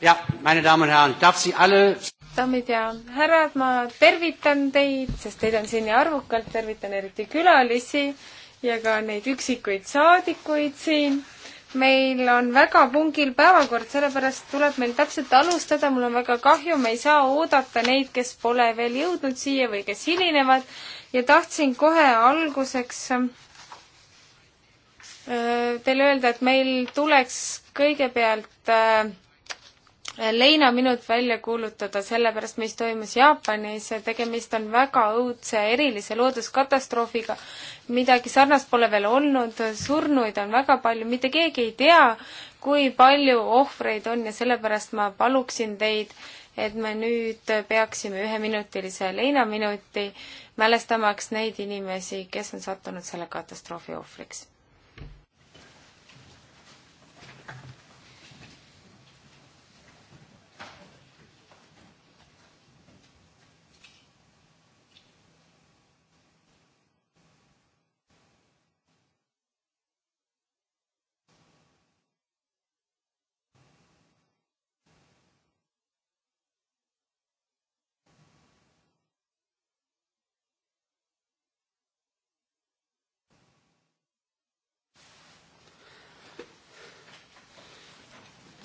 jah, meine Damen und Herren, darf Sie alle daamid ja härrad, ma tervitan teid, sest teid on siin nii arvukalt, tervitan eriti külalisi ja ka neid üksikuid saadikuid siin. meil on väga pungil päevakord, sellepärast tuleb meil täpselt alustada, mul on väga kahju, me ei saa oodata neid, kes pole veel jõudnud siia või kes hilinevad ja tahtsin kohe alguseks äh, teile öelda, et meil tuleks kõigepealt äh, leinaminut välja kuulutada selle pärast, mis toimus Jaapanis. tegemist on väga õudse erilise looduskatastroofiga. midagi sarnast pole veel olnud, surnuid on väga palju, mitte keegi ei tea, kui palju ohvreid on ja sellepärast ma paluksin teid, et me nüüd peaksime üheminutilise leinaminuti mälestamaks neid inimesi, kes on sattunud selle katastroofi ohvriks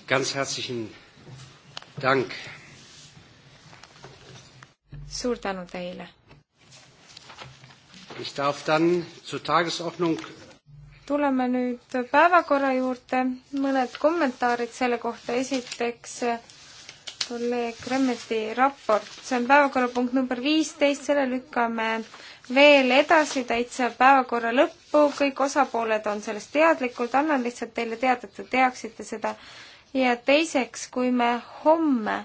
ganz herzlichen Dank. suur tänu teile. Ich darf dann zur Tagesordnung tuleme nüüd päevakorra juurde, mõned kommentaarid selle kohta, esiteks kolleeg Remmeti raport, see on päevakorrapunkt number viisteist, selle lükkame veel edasi täitsa päevakorra lõppu, kõik osapooled on sellest teadlikud, annan lihtsalt teile teada, et te teaksite seda, ja teiseks, kui me homme,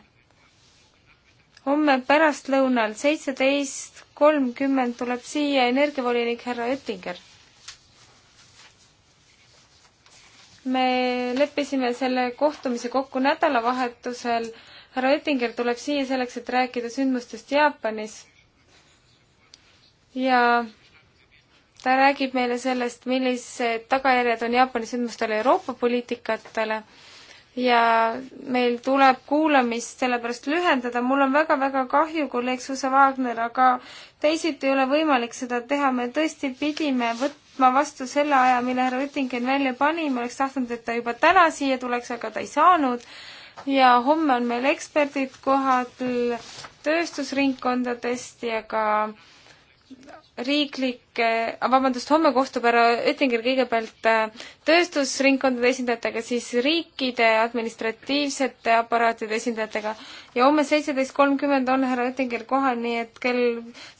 homme pärastlõunal seitseteist kolmkümmend tuleb siia energiavolinik härra Oettinger. me leppisime selle kohtumise kokku nädalavahetusel. härra Oettinger tuleb siia selleks, et rääkida sündmustest Jaapanis. ja ta räägib meile sellest, millised tagajärjed on Jaapani sündmustel Euroopa poliitikatele ja meil tuleb kuulamist sellepärast lühendada. mul on väga-väga kahju, kolleeg Suisa Wagner, aga teisiti ei ole võimalik seda teha. me tõesti pidime võtma vastu selle aja, mille härra Oettingen välja pani. ma oleks tahtnud, et ta juba täna siia tuleks, aga ta ei saanud. ja homme on meil eksperdid kohal tööstusringkondadest ja ka riiklik, vabandust, homme kohtub härra Oettinger kõigepealt äh, tööstusringkondade esindajatega, siis riikide administratiivsete aparaatide esindajatega ja homme seitseteist kolmkümmend on härra Oettinger kohal, nii et kell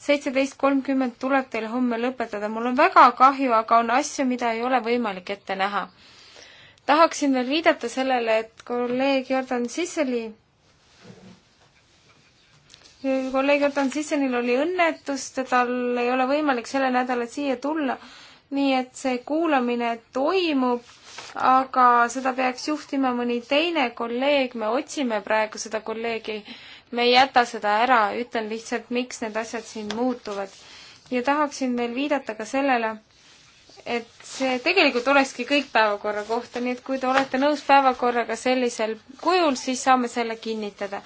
seitseteist kolmkümmend tuleb teil homme lõpetada. mul on väga kahju, aga on asju, mida ei ole võimalik ette näha. tahaksin veel viidata sellele, et kolleeg Jordan Sisseli kolleeg Otan Sissenil oli õnnetus, tal ei ole võimalik sellel nädalal siia tulla, nii et see kuulamine toimub, aga seda peaks juhtima mõni teine kolleeg, me otsime praegu seda kolleegi, me ei jäta seda ära, ütlen lihtsalt, miks need asjad siin muutuvad. ja tahaksin veel viidata ka sellele, et see tegelikult olekski kõik päevakorra kohta, nii et kui te olete nõus päevakorraga sellisel kujul, siis saame selle kinnitada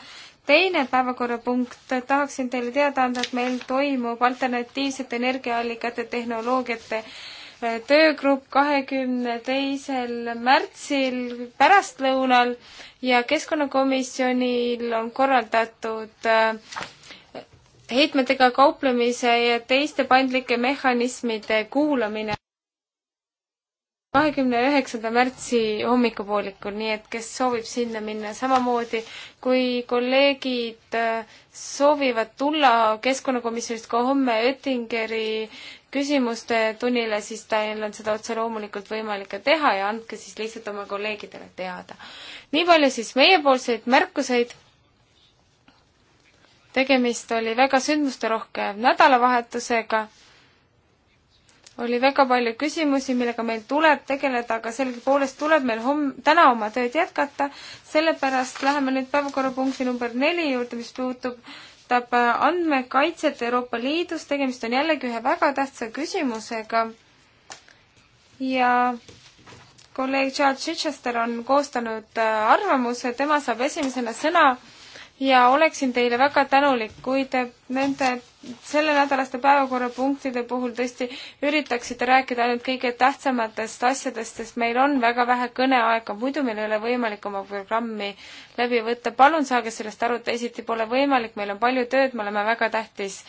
teine päevakorrapunkt, tahaksin teile teada anda, et meil toimub alternatiivsete energiaallikate tehnoloogiate äh, töögrupp kahekümne teisel märtsil pärastlõunal ja Keskkonnakomisjonil on korraldatud äh, heitmetega kauplemise ja teiste paindlike mehhanismide kuulamine kahekümne üheksanda märtsi hommikupoolikul, nii et kes soovib sinna minna, samamoodi kui kolleegid äh, soovivad tulla Keskkonnakomisjonist ka homme Oettingeri küsimuste tunnile, siis teil on seda otse loomulikult võimalik ka teha ja andke siis lihtsalt oma kolleegidele teada. nii palju siis meiepoolseid märkuseid. tegemist oli väga sündmusterohke nädalavahetusega oli väga palju küsimusi, millega meil tuleb tegeleda, aga sellegipoolest tuleb meil homme, täna oma tööd jätkata. sellepärast läheme nüüd päevakorrapunkti number neli juurde, mis puudutab äh, andmekaitset Euroopa Liidus. tegemist on jällegi ühe väga tähtsa küsimusega. ja kolleeg Charles Chichester on koostanud äh, arvamuse, tema saab esimesena sõna ja oleksin teile väga tänulik, kui te nende sellenädalaste päevakorrapunktide puhul tõesti üritaksite rääkida ainult kõige tähtsamatest asjadest, sest meil on väga vähe kõneaega, muidu meil ei ole võimalik oma programmi läbi võtta. palun saage sellest aru, teisiti pole võimalik, meil on palju tööd, me oleme väga tähtis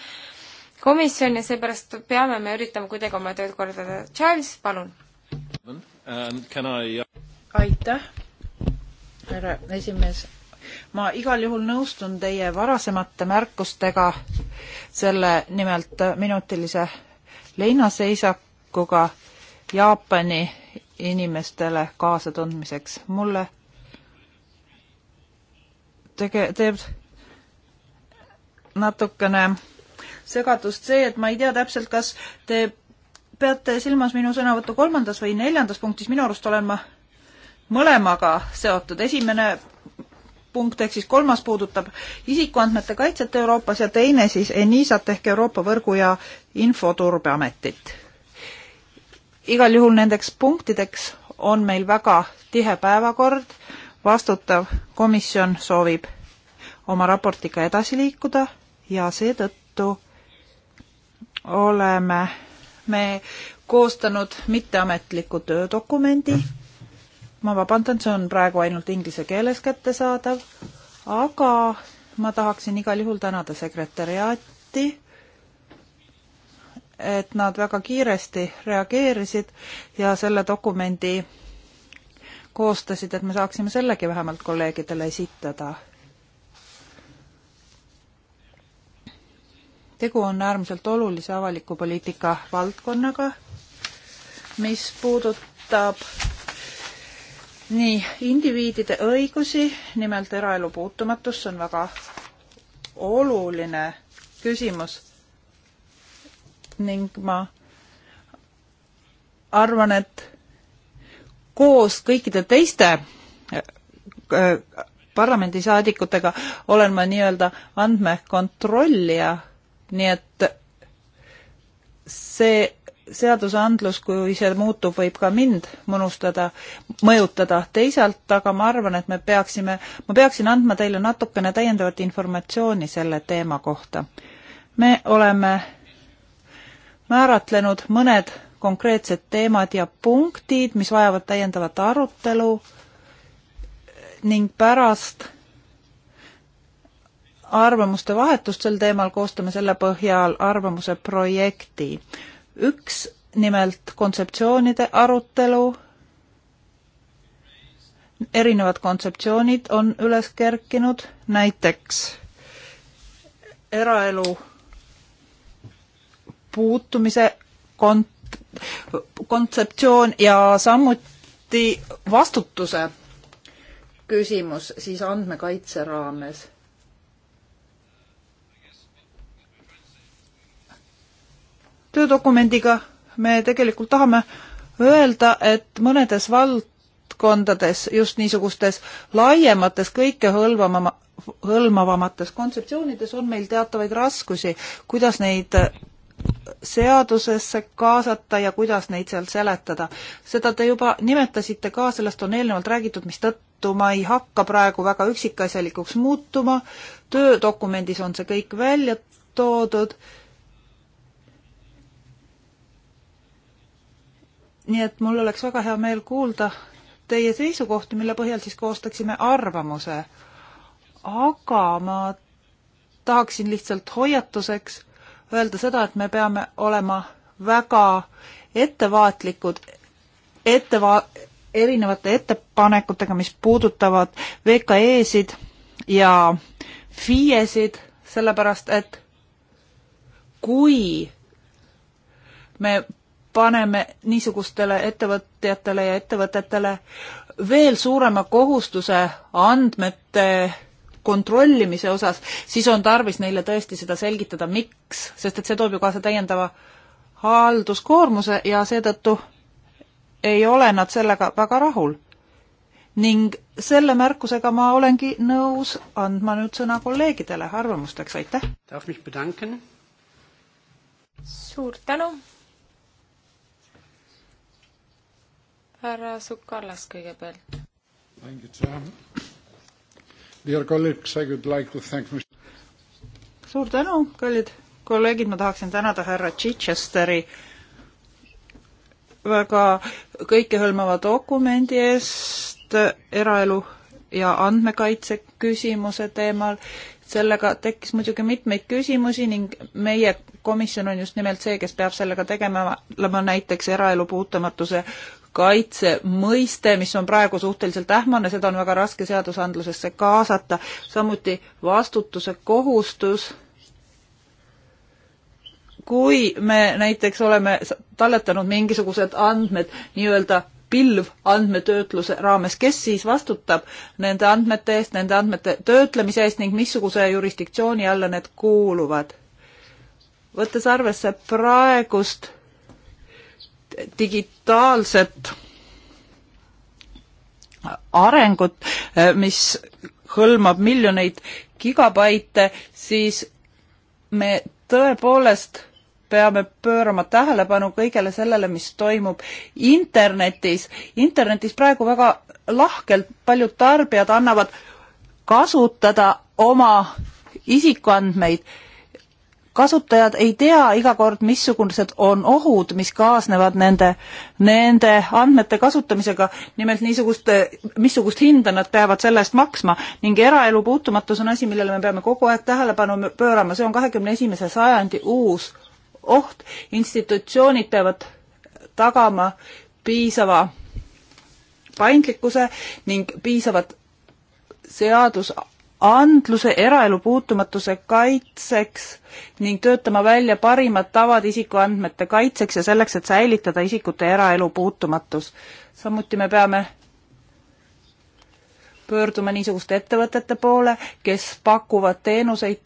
komisjon ja seepärast peame me üritama kuidagi oma tööd korraldada. Charles, palun. aitäh, härra esimees ma igal juhul nõustun teie varasemate märkustega selle nimelt minutilise leinaseisakuga Jaapani inimestele kaasatundmiseks. mulle tege-, teeb natukene segadust see, et ma ei tea täpselt, kas te peate silmas minu sõnavõttu kolmandas või neljandas punktis, minu arust olen ma mõlemaga seotud. esimene punkt ehk siis kolmas puudutab isikuandmete kaitset Euroopas ja teine siis ENISA-t ehk Euroopa Võrgu- ja Infoturbeametit. igal juhul nendeks punktideks on meil väga tihe päevakord, vastutav komisjon soovib oma raportiga edasi liikuda ja seetõttu oleme me koostanud mitteametliku töödokumendi mm ma vabandan, see on praegu ainult inglise keeles kättesaadav, aga ma tahaksin igal juhul tänada sekretäriaati, et nad väga kiiresti reageerisid ja selle dokumendi koostasid, et me saaksime sellegi vähemalt kolleegidele esitada. tegu on äärmiselt olulise avaliku poliitika valdkonnaga, mis puudutab nii indiviidide õigusi, nimelt eraelu puutumatus, see on väga oluline küsimus. ning ma arvan, et koos kõikide teiste äh, parlamendisaadikutega olen ma nii-öelda andmekontrollija, nii et see seadusandlus, kui see muutub, võib ka mind munustada, mõjutada. teisalt aga ma arvan, et me peaksime, ma peaksin andma teile natukene täiendavat informatsiooni selle teema kohta. me oleme määratlenud mõned konkreetsed teemad ja punktid, mis vajavad täiendavat arutelu ning pärast arvamuste vahetust sel teemal koostame selle põhjal arvamuse projekti üks nimelt kontseptsioonide arutelu. erinevad kontseptsioonid on üles kerkinud, näiteks eraelu puutumise kont-, kontseptsioon ja samuti vastutuse küsimus siis andmekaitse raames töödokumendiga me tegelikult tahame öelda, et mõnedes valdkondades, just niisugustes laiemates, kõikehõlvama, hõlmavamates kontseptsioonides on meil teatavaid raskusi, kuidas neid seadusesse kaasata ja kuidas neid seal seletada. seda te juba nimetasite ka, sellest on eelnevalt räägitud, mistõttu ma ei hakka praegu väga üksikasjalikuks muutuma, töödokumendis on see kõik välja toodud nii et mul oleks väga hea meel kuulda teie seisukohti, mille põhjal siis koostaksime arvamuse. aga ma tahaksin lihtsalt hoiatuseks öelda seda, et me peame olema väga ettevaatlikud etteva-, erinevate ettepanekutega, mis puudutavad VKE-sid ja FIE-sid, sellepärast et kui me paneme niisugustele ettevõtjatele ja ettevõtetele veel suurema kohustuse andmete kontrollimise osas, siis on tarvis neile tõesti seda selgitada, miks, sest et see toob ju kaasa täiendava halduskoormuse ja seetõttu ei ole nad sellega väga rahul. ning selle märkusega ma olengi nõus andma nüüd sõna kolleegidele arvamusteks, aitäh! suur tänu! härra Sukalas kõigepealt. suur tänu, kallid kolleegid, ma tahaksin tänada härra Chichesteri väga kõikehõlmava dokumendi eest eraelu ja andmekaitse küsimuse teemal. sellega tekkis muidugi mitmeid küsimusi ning meie komisjon on just nimelt see, kes peab sellega tegelema näiteks eraelu puutumatuse kaitse mõiste, mis on praegu suhteliselt ähmane, seda on väga raske seadusandlusesse kaasata, samuti vastutuse kohustus. kui me näiteks oleme talletanud mingisugused andmed nii-öelda pilvandmetöötluse raames, kes siis vastutab nende andmete eest, nende andmete töötlemise eest ning missuguse jurisdiktsiooni alla need kuuluvad? võttes arvesse praegust digitaalset arengut, mis hõlmab miljoneid gigabaite, siis me tõepoolest peame pöörama tähelepanu kõigele sellele, mis toimub internetis. internetis praegu väga lahkelt paljud tarbijad annavad kasutada oma isikuandmeid kasutajad ei tea iga kord, missugused on ohud, mis kaasnevad nende, nende andmete kasutamisega, nimelt niisugust, missugust hinda nad peavad selle eest maksma ning eraelu puutumatus on asi, millele me peame kogu aeg tähelepanu pöörama, see on kahekümne esimese sajandi uus oht, institutsioonid peavad tagama piisava paindlikkuse ning piisavad seadus andluse eraelu puutumatuse kaitseks ning töötama välja parimad tavad isikuandmete kaitseks ja selleks, et säilitada isikute eraelu puutumatus. samuti me peame pöörduma niisuguste ettevõtete poole, kes pakuvad teenuseid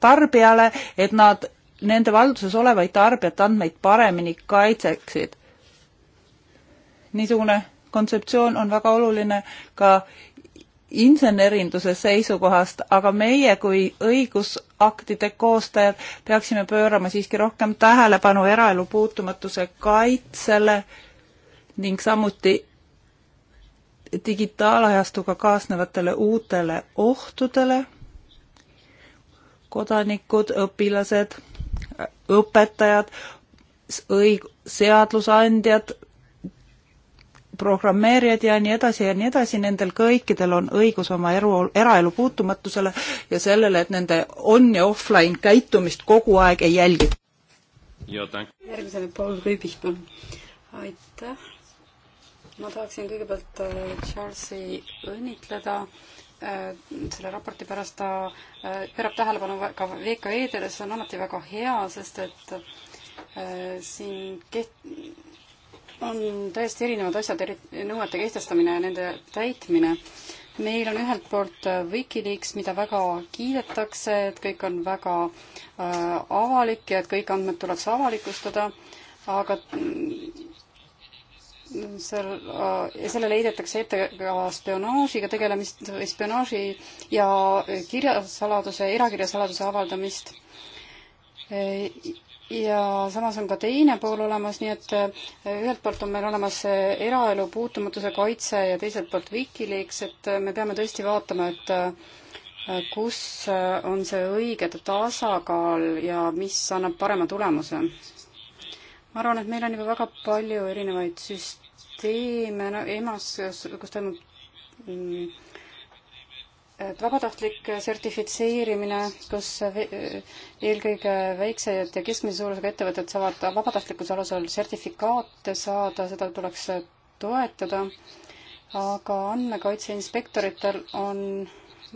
tarbijale, et nad nende valduses olevaid tarbijate andmeid paremini kaitseksid. niisugune kontseptsioon on väga oluline ka insenerinduse seisukohast, aga meie kui õigusaktide koostajad peaksime pöörama siiski rohkem tähelepanu eraelu puutumatuse kaitsele ning samuti digitaalajastuga kaasnevatele uutele ohtudele. kodanikud, õpilased, õpetajad, õig-, seadusandjad programmeerijad ja nii edasi ja nii edasi, nendel kõikidel on õigus oma eru, eraelu puutumatusele ja sellele, et nende on- ja offline käitumist kogu aeg ei jälgita. järgmisena Paul Rüübik, palun. aitäh. ma tahaksin kõigepealt äh, Charlesi õnnitleda äh, selle raporti pärast ta äh, pöörab tähelepanu ka VKE-dele, see on alati väga hea, sest et siin keht-, on täiesti erinevad asjad, eri-, nõuete kehtestamine ja nende täitmine. meil on ühelt poolt äh, Wikileaks, mida väga kiidetakse, et kõik on väga äh, avalik ja et kõik andmed tuleks avalikustada, aga mm, seal äh,, sellele heidetakse ette ka spionaažiga tegelemist, spionaaži ja kirjasaladuse, erakirjasaladuse avaldamist e ja samas on ka teine pool olemas, nii et äh, ühelt poolt on meil olemas äh, eraelu puutumatuse kaitse ja teiselt poolt Wikileaks, et äh, me peame tõesti vaatama, et kus on see õige tasakaal ja mis annab parema tulemuse. ma arvan, et meil on juba väga palju erinevaid süsteeme, no EMAS, kus toimub mm, et vabatahtlik sertifitseerimine, kus eelkõige väiksed ja keskmise suurusega ettevõtted saavad vabatahtlikkuse alusel sertifikaate saada, seda tuleks toetada, aga andmekaitse inspektoritel on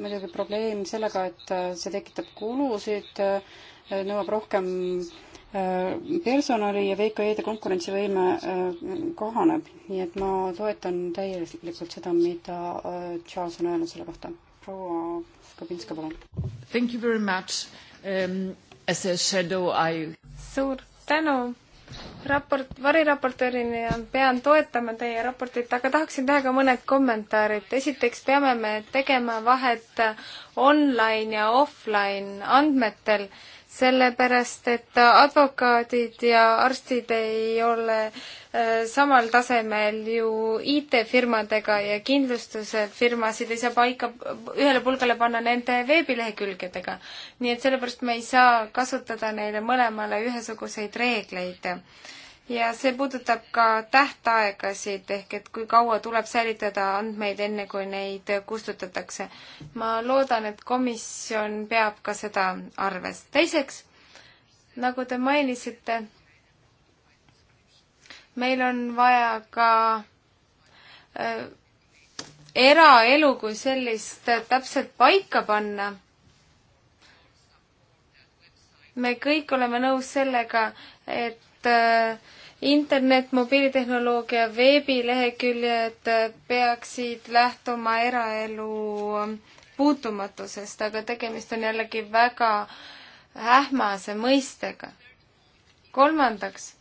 muidugi probleem sellega, et see tekitab kulusid, nõuab rohkem äh, personali ja VKE-de konkurentsivõime äh, kahaneb, nii et ma toetan täielikult seda, mida äh, Charles on öelnud selle kohta proua Skabinska, palun. Thank you very much um,. As a shadow I. suur tänu raport, variraportöörini ja pean toetama teie raportit, aga tahaksin teha ka mõned kommentaarid. esiteks peame me tegema vahet online ja offline andmetel sellepärast et advokaadid ja arstid ei ole äh, samal tasemel ju IT-firmadega ja kindlustused firmasid ei saa paika, ühele pulgale panna nende veebilehekülgedega. nii et sellepärast me ei saa kasutada neile mõlemale ühesuguseid reegleid ja see puudutab ka tähtaegasid, ehk et kui kaua tuleb säilitada andmeid, enne kui neid kustutatakse. ma loodan, et komisjon peab ka seda arves. teiseks, nagu te mainisite, meil on vaja ka äh, eraelu kui sellist täpselt paika panna me kõik oleme nõus sellega, et Äh, internet, mobiilitehnoloogia, veebileheküljed äh, peaksid lähtuma eraelu ähm, puutumatusest, aga tegemist on jällegi väga ähmase mõistega. kolmandaks,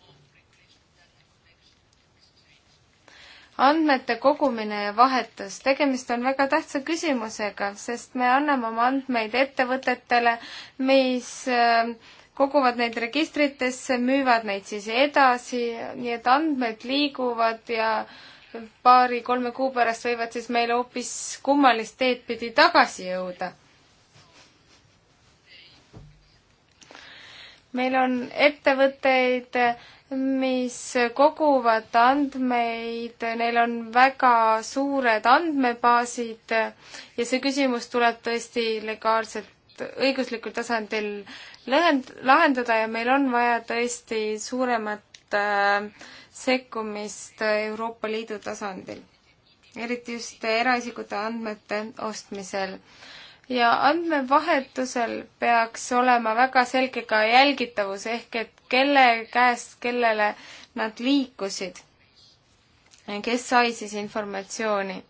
andmete kogumine ja vahetus. tegemist on väga tähtsa küsimusega, sest me anname oma andmeid ettevõtetele, mis äh, koguvad neid registritesse, müüvad neid siis edasi, nii et andmed liiguvad ja paari-kolme kuu pärast võivad siis meile hoopis kummalist teed pidi tagasi jõuda. meil on ettevõtteid, mis koguvad andmeid, neil on väga suured andmebaasid ja see küsimus tuleb tõesti legaalselt, õiguslikul tasandil lähend-, lahendada ja meil on vaja tõesti suuremat äh, sekkumist äh, Euroopa Liidu tasandil. eriti just eraisikute andmete ostmisel. ja andmevahetusel peaks olema väga selge ka jälgitavus, ehk et kelle käest kellele nad liikusid, kes sai siis informatsiooni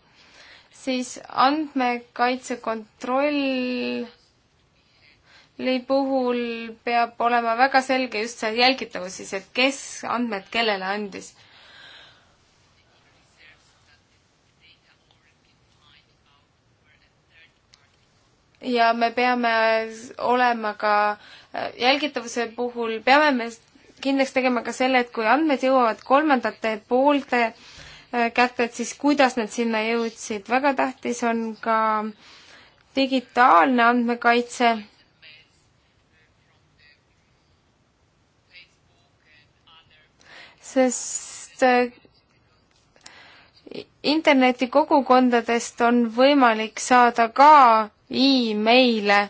siis andmekaitsekontroll puhul peab olema väga selge just see jälgitavus siis, et kes andmed kellele andis ja me peame olema ka äh, jälgitavuse puhul, peame me kindlaks tegema ka selle, et kui andmed jõuavad kolmandate poolte äh, kätte, et siis kuidas nad sinna jõudsid. väga tähtis on ka digitaalne andmekaitse sest äh, internetikogukondadest on võimalik saada ka emaile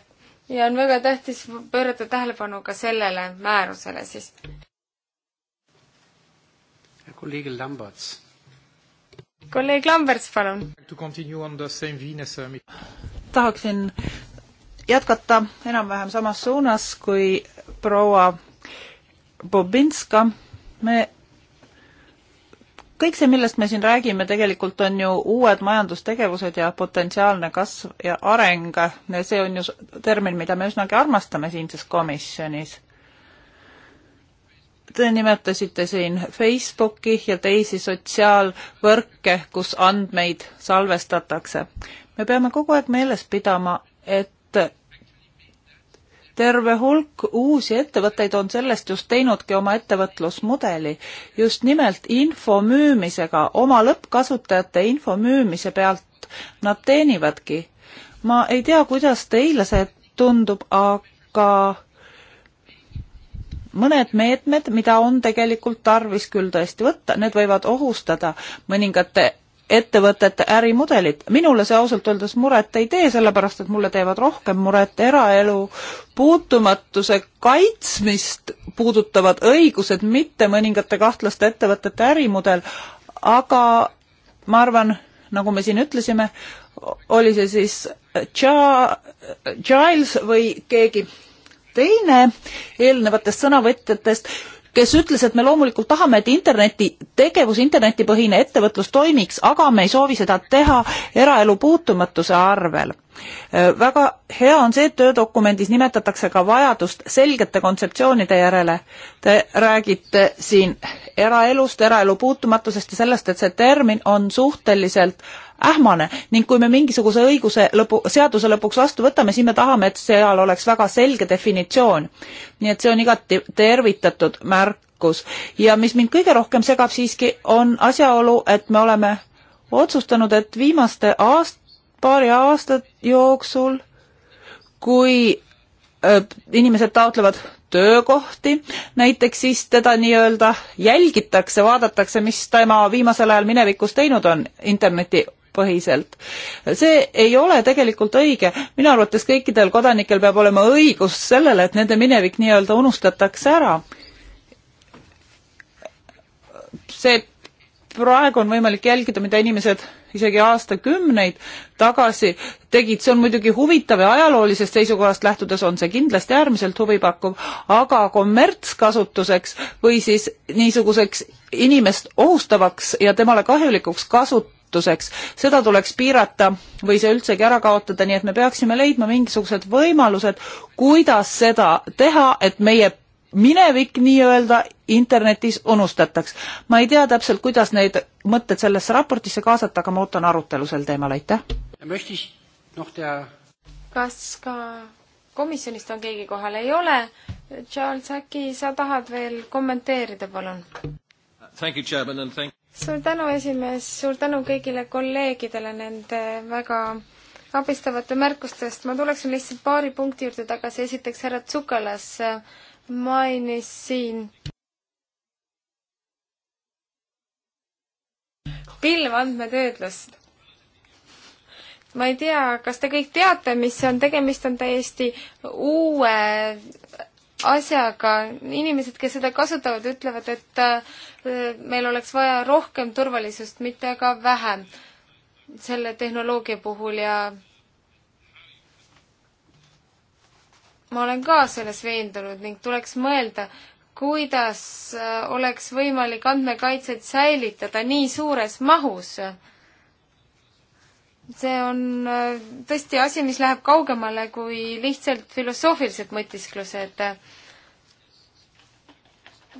ja on väga tähtis pöörata tähelepanu ka sellele määrusele siis. kolleeg Lamberts. kolleeg Lamberts, palun. Uh, tahaksin jätkata enam-vähem samas suunas kui proua Bobinska. me kõik see, millest me siin räägime, tegelikult on ju uued majandustegevused ja potentsiaalne kasv ja areng. see on ju termin, mida me üsnagi armastame siinses komisjonis. Te nimetasite siin Facebooki ja teisi sotsiaalvõrke, kus andmeid salvestatakse. me peame kogu aeg meeles pidama, et terve hulk uusi ettevõtteid on sellest just teinudki oma ettevõtlusmudeli. just nimelt info müümisega, oma lõppkasutajate info müümise pealt nad teenivadki. ma ei tea, kuidas teile see tundub, aga mõned meetmed, mida on tegelikult tarvis küll tõesti võtta, need võivad ohustada mõningate ettevõtete ärimudelit. minule see ausalt öeldes muret ei tee, sellepärast et mulle teevad rohkem muret eraelu puutumatuse kaitsmist puudutavad õigused, mitte mõningate kahtlaste ettevõtete ärimudel, aga ma arvan, nagu me siin ütlesime, oli see siis Giles või keegi teine eelnevatest sõnavõtjatest kes ütles, et me loomulikult tahame, et interneti, tegevus internetipõhine ettevõtlus toimiks, aga me ei soovi seda teha eraelu puutumatuse arvel. Äh, väga hea on see, et töödokumendis nimetatakse ka vajadust selgete kontseptsioonide järele. Te räägite siin eraelust, eraelu puutumatusest ja sellest, et see termin on suhteliselt ähmane ning kui me mingisuguse õiguse lõpu, seaduse lõpuks vastu võtame, siis me tahame, et seal oleks väga selge definitsioon. nii et see on igati tervitatud märkus ja mis mind kõige rohkem segab siiski, on asjaolu, et me oleme otsustanud, et viimaste aast-, paari aasta jooksul, kui öö, äh, inimesed taotlevad töökohti, näiteks siis teda nii-öelda jälgitakse, vaadatakse, mis tema viimasel ajal minevikus teinud on interneti põhiselt. see ei ole tegelikult õige, minu arvates kõikidel kodanikel peab olema õigus sellele, et nende minevik nii-öelda unustatakse ära. see, et praegu on võimalik jälgida, mida inimesed isegi aastakümneid tagasi tegid, see on muidugi huvitav ja ajaloolisest seisukohast lähtudes on see kindlasti äärmiselt huvipakkuv, aga kommertskasutuseks või siis niisuguseks inimest ohustavaks ja temale kahjulikuks kasut-, kasutuseks. seda tuleks piirata või see üldsegi ära kaotada, nii et me peaksime leidma mingisugused võimalused, kuidas seda teha, et meie minevik nii-öelda internetis unustataks. ma ei tea täpselt, kuidas neid mõtted sellesse raportisse kaasata, aga ma ootan arutelu sel teemal, aitäh. kas ka komisjonist on keegi kohal, ei ole. Charles, äkki sa tahad veel kommenteerida, palun? Thank you, Chairman, and thank suur tänu, esimees, suur tänu kõigile kolleegidele nende väga abistavate märkustest. ma tuleksin lihtsalt paari punkti juurde tagasi. esiteks härra Tsukalas mainis siin pilvandmetöötlust. ma ei tea, kas te kõik teate, mis see on, tegemist on täiesti uue asjaga. inimesed, kes seda kasutavad, ütlevad, et äh, meil oleks vaja rohkem turvalisust, mitte aga vähem selle tehnoloogia puhul ja ma olen ka selles veendunud ning tuleks mõelda, kuidas äh, oleks võimalik andmekaitset säilitada nii suures mahus see on äh, tõesti asi, mis läheb kaugemale kui lihtsalt filosoofilised mõtisklused.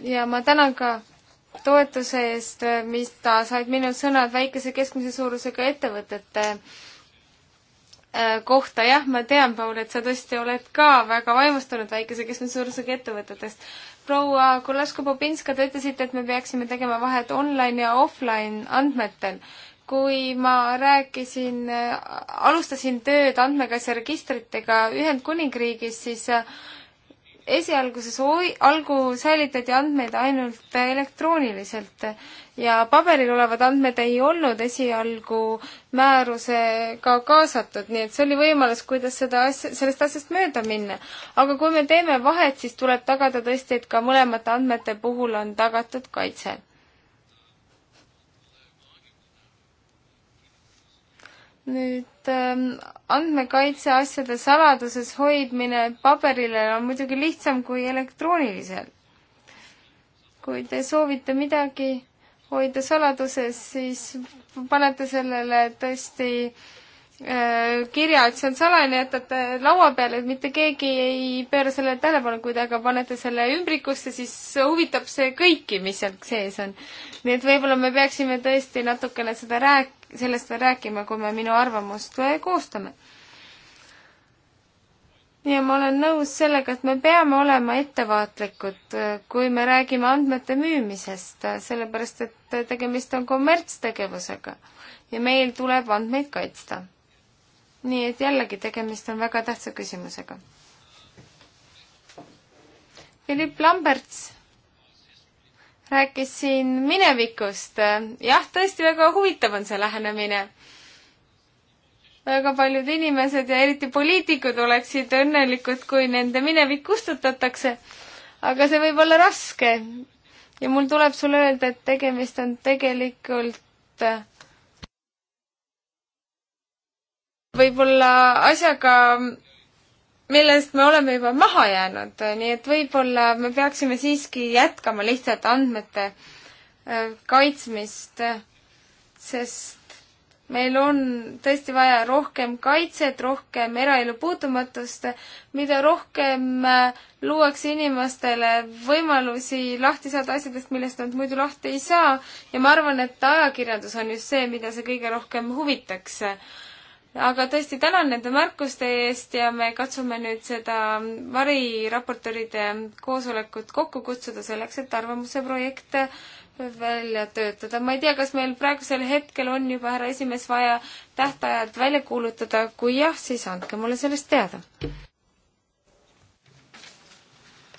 ja ma tänan ka toetuse eest, äh, mis ta said minu sõnad väikese keskmise suurusega ettevõtete äh, kohta, jah, ma tean, Paul, et sa tõesti oled ka väga vaimustunud väikese keskmise suurusega ettevõtetest. proua Kulasko-Popinska, te ütlesite, et me peaksime tegema vahet online ja offline andmetel kui ma rääkisin, alustasin tööd andmekaitseregistritega Ühendkuningriigis, siis äh, esialguses oi, algu säilitati andmeid ainult elektrooniliselt ja paberil olevad andmed ei olnud esialgu määrusega ka kaasatud, nii et see oli võimalus, kuidas seda asja, sellest asjast mööda minna. aga kui me teeme vahet, siis tuleb tagada tõesti, et ka mõlemate andmete puhul on tagatud kaitse nüüd ähm, andmekaitse asjade saladuses hoidmine paberile on muidugi lihtsam kui elektroonilisel. kui te soovite midagi hoida saladuses, siis panete sellele tõesti äh, Äh, kirja, et see on salajane, jätate laua peale, et mitte keegi ei pööra sellele tähelepanu, kui te aga panete selle ümbrikusse, siis huvitab see kõiki, mis seal sees on. nii et võib-olla me peaksime tõesti natukene seda rääk-, sellest veel rääkima, kui me minu arvamust koostame. ja ma olen nõus sellega, et me peame olema ettevaatlikud, äh, kui me räägime andmete müümisest, äh, sellepärast et tegemist on kommertstegevusega ja meil tuleb andmeid kaitsta nii et jällegi, tegemist on väga tähtsa küsimusega. Philipp Lamberts rääkis siin minevikust. jah, tõesti väga huvitav on see lähenemine. väga paljud inimesed ja eriti poliitikud oleksid õnnelikud, kui nende minevik kustutatakse. aga see võib olla raske. ja mul tuleb sulle öelda, et tegemist on tegelikult võib-olla asjaga, millest me oleme juba maha jäänud, nii et võib-olla me peaksime siiski jätkama lihtsalt andmete äh, kaitsmist, sest meil on tõesti vaja rohkem kaitset, rohkem eraelu puutumatust, mida rohkem äh, luuakse inimestele võimalusi lahti saada asjadest, millest nad muidu lahti ei saa ja ma arvan, et ajakirjandus on just see, mida see kõige rohkem huvitaks aga tõesti tänan nende märkuste eest ja me katsume nüüd seda variraportööride koosolekut kokku kutsuda selleks, et arvamuse projekt välja töötada. ma ei tea, kas meil praegusel hetkel on juba, härra esimees, vaja tähtajad välja kuulutada, kui jah, siis andke mulle sellest teada.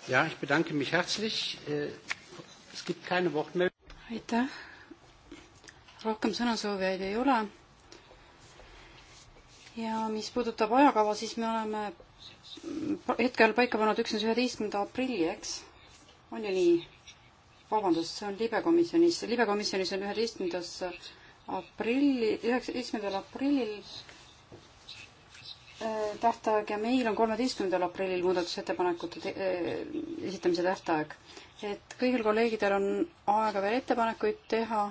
jah, ich bedanke mich herzlich. Äh, es gibt keine Wortmeldung. aitäh. rohkem sõnasoovijaid ei ole ja mis puudutab ajakava, siis me oleme hetkel paika pannud üksnes üheteistkümnenda aprilli, eks? on ju nii? vabandust, see on libekomisjonis, libekomisjonis on üheteistkümnendas aprilli, üheksateistkümnendal aprillil äh, tähtaeg ja meil on kolmeteistkümnendal aprillil muudatusettepanekute te äh, esitamise tähtaeg. et kõigil kolleegidel on aega veel ettepanekuid teha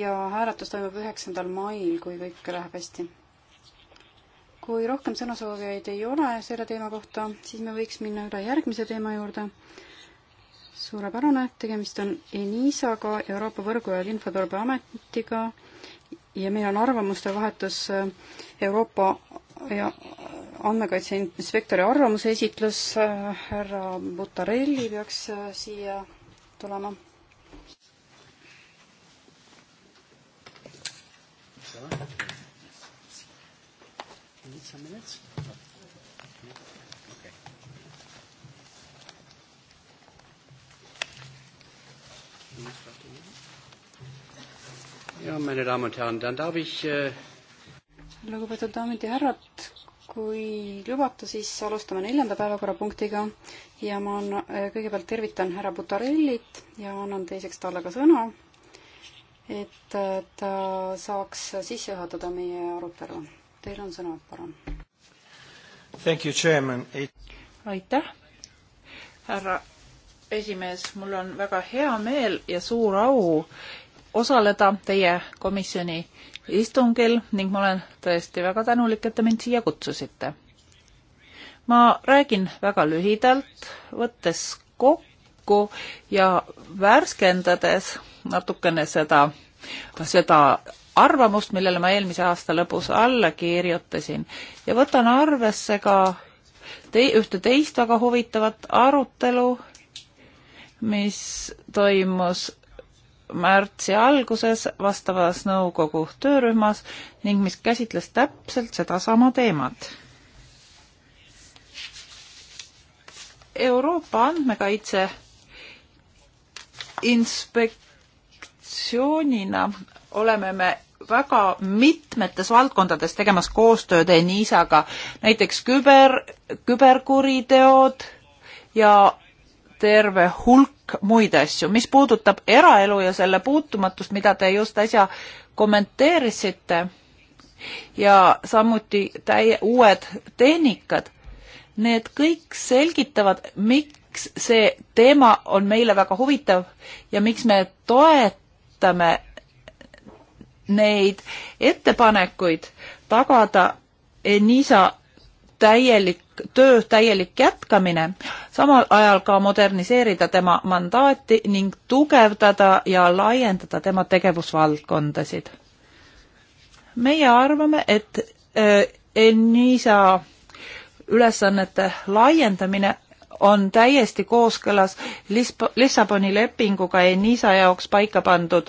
ja hääletus toimub üheksandal mail, kui kõik läheb hästi. kui rohkem sõnasoovijaid ei ole selle teema kohta, siis me võiks minna üle järgmise teema juurde. suurepärane, tegemist on ENISA-ga, Euroopa Võrgu- ja Infoturbeametiga ja meil on arvamuste vahetus äh, Euroopa ja äh, andmekaitse inspektori arvamuse esitlus, äh, härra Butarelli peaks siia tulema Ja, meine Damen und Herren, dann darf ich äh lugupeetud daamid ja härrad, kui lubate, siis alustame neljanda päevakorrapunktiga ja ma anna, äh, kõigepealt tervitan härra Butarellit ja annan teiseks talle ka sõna et ta saaks sisse juhatada meie arutelu. Teil on sõna, palun. aitäh, härra esimees, mul on väga hea meel ja suur au osaleda teie komisjoni istungil ning ma olen tõesti väga tänulik, et te mind siia kutsusite. ma räägin väga lühidalt, võttes kokku kokku ja värskendades natukene seda, seda arvamust, millele ma eelmise aasta lõpus alla kirjutasin ja võtan arvesse ka te ühte teist väga huvitavat arutelu, mis toimus märtsi alguses vastavas nõukogu töörühmas ning mis käsitles täpselt sedasama teemat. Euroopa andmekaitse inspektsioonina oleme me väga mitmetes valdkondades tegemas koostööd ENISAga, näiteks küber, küberkuriteod ja terve hulk muid asju. mis puudutab eraelu ja selle puutumatust, mida te just äsja kommenteerisite, ja samuti täie, uued tehnikad, need kõik selgitavad, miks miks see teema on meile väga huvitav ja miks me toetame neid ettepanekuid tagada NISA täielik töö täielik jätkamine, samal ajal ka moderniseerida tema mandaati ning tugevdada ja laiendada tema tegevusvaldkondasid. meie arvame, et äh, ENISA ülesannete laiendamine on täiesti kooskõlas Lissaboni lepinguga ENISA jaoks paika pandud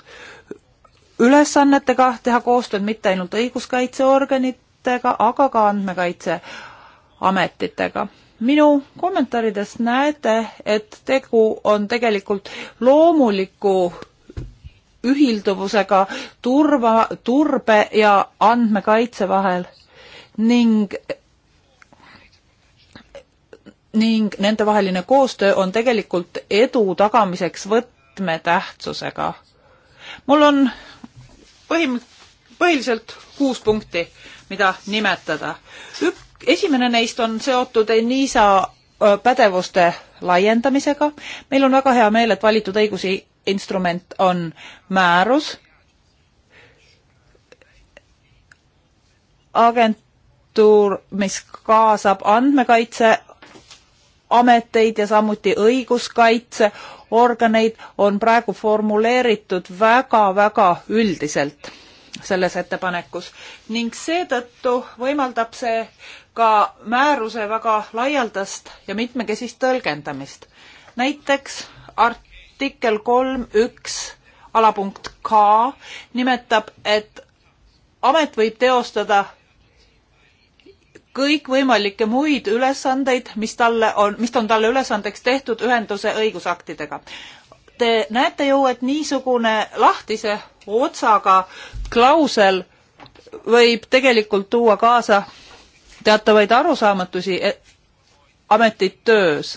ülesannetega teha koostööd mitte ainult õiguskaitseorganitega, aga ka andmekaitseametitega. minu kommentaaridest näete, et tegu on tegelikult loomuliku ühilduvusega turva, turbe ja andmekaitse vahel ning ning nendevaheline koostöö on tegelikult edu tagamiseks võtmetähtsusega. mul on põhim-, põhiliselt kuus punkti, mida nimetada. Ük-, esimene neist on seotud Enisa pädevuste laiendamisega. meil on väga hea meel, et valitud õigusi instrument on määrus. agentuur, mis kaasab andmekaitse ameteid ja samuti õiguskaitseorganeid on praegu formuleeritud väga-väga üldiselt selles ettepanekus ning seetõttu võimaldab see ka määruse väga laialdast ja mitmekesist tõlgendamist. näiteks artikkel kolm üks alapunkt K nimetab, et amet võib teostada kõikvõimalikke muid ülesandeid, mis talle on, mis on talle ülesandeks tehtud ühenduse õigusaktidega. Te näete ju, et niisugune lahtise otsaga klausel võib tegelikult tuua kaasa teatavaid arusaamatusi e, ametit töös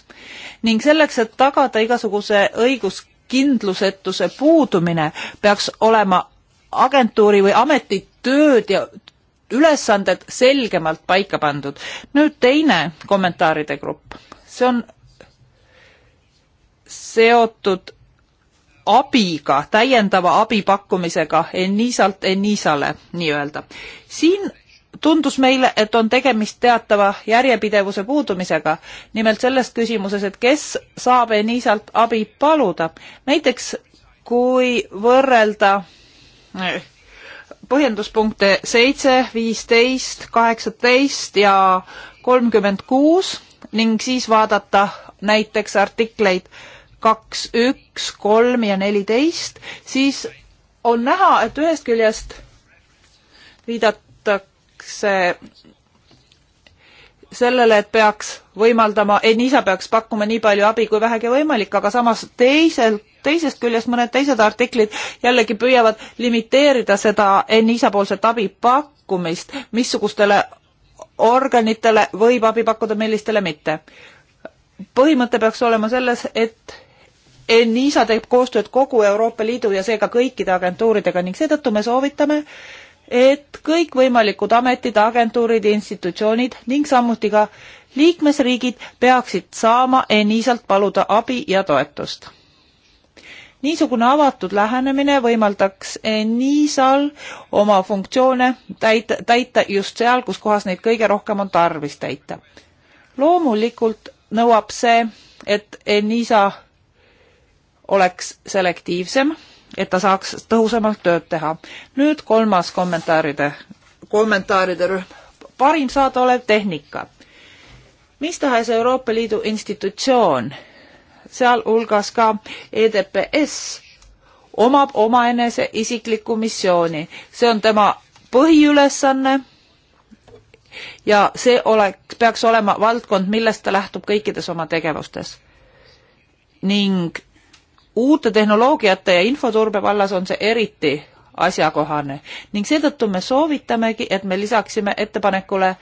ning selleks, et tagada igasuguse õiguskindlusetuse puudumine, peaks olema agentuuri või ameti tööd ja ülesanded selgemalt paika pandud. nüüd teine kommentaaride grupp, see on seotud abiga, täiendava abi pakkumisega Enisalt Enisale nii-öelda. siin tundus meile, et on tegemist teatava järjepidevuse puudumisega, nimelt selles küsimuses, et kes saab Enisalt abi paluda. näiteks kui võrrelda põhjenduspunkte seitse, viisteist, kaheksateist ja kolmkümmend kuus ning siis vaadata näiteks artikleid kaks, üks, kolm ja neliteist, siis on näha, et ühest küljest viidatakse sellele, et peaks võimaldama, et NISA peaks pakkuma nii palju abi kui vähegi võimalik, aga samas teiselt teisest küljest mõned teised artiklid jällegi püüavad limiteerida seda NISA-poolset abi pakkumist, missugustele organitele võib abi pakkuda, millistele mitte. põhimõte peaks olema selles, et NISA teeb koostööd kogu Euroopa Liidu ja seega kõikide agentuuridega ning seetõttu me soovitame, et kõikvõimalikud ametid, agentuurid, institutsioonid ning samuti ka liikmesriigid peaksid saama ENISA-lt paluda abi ja toetust niisugune avatud lähenemine võimaldaks eh, niisal oma funktsioone täita, täita just seal, kus kohas neid kõige rohkem on tarvis täita. loomulikult nõuab see, et eh, niisa oleks selektiivsem, et ta saaks tõhusamalt tööd teha. nüüd kolmas kommentaaride, kommentaaride rühm. parim saadaolev tehnika. mis tahes Euroopa Liidu institutsioon sealhulgas ka EDPS omab omaenese isiklikku missiooni. see on tema põhiülesanne ja see oleks, peaks olema valdkond, millest ta lähtub kõikides oma tegevustes. ning uute tehnoloogiate ja infoturbe vallas on see eriti asjakohane ning seetõttu me soovitamegi, et me lisaksime ettepanekule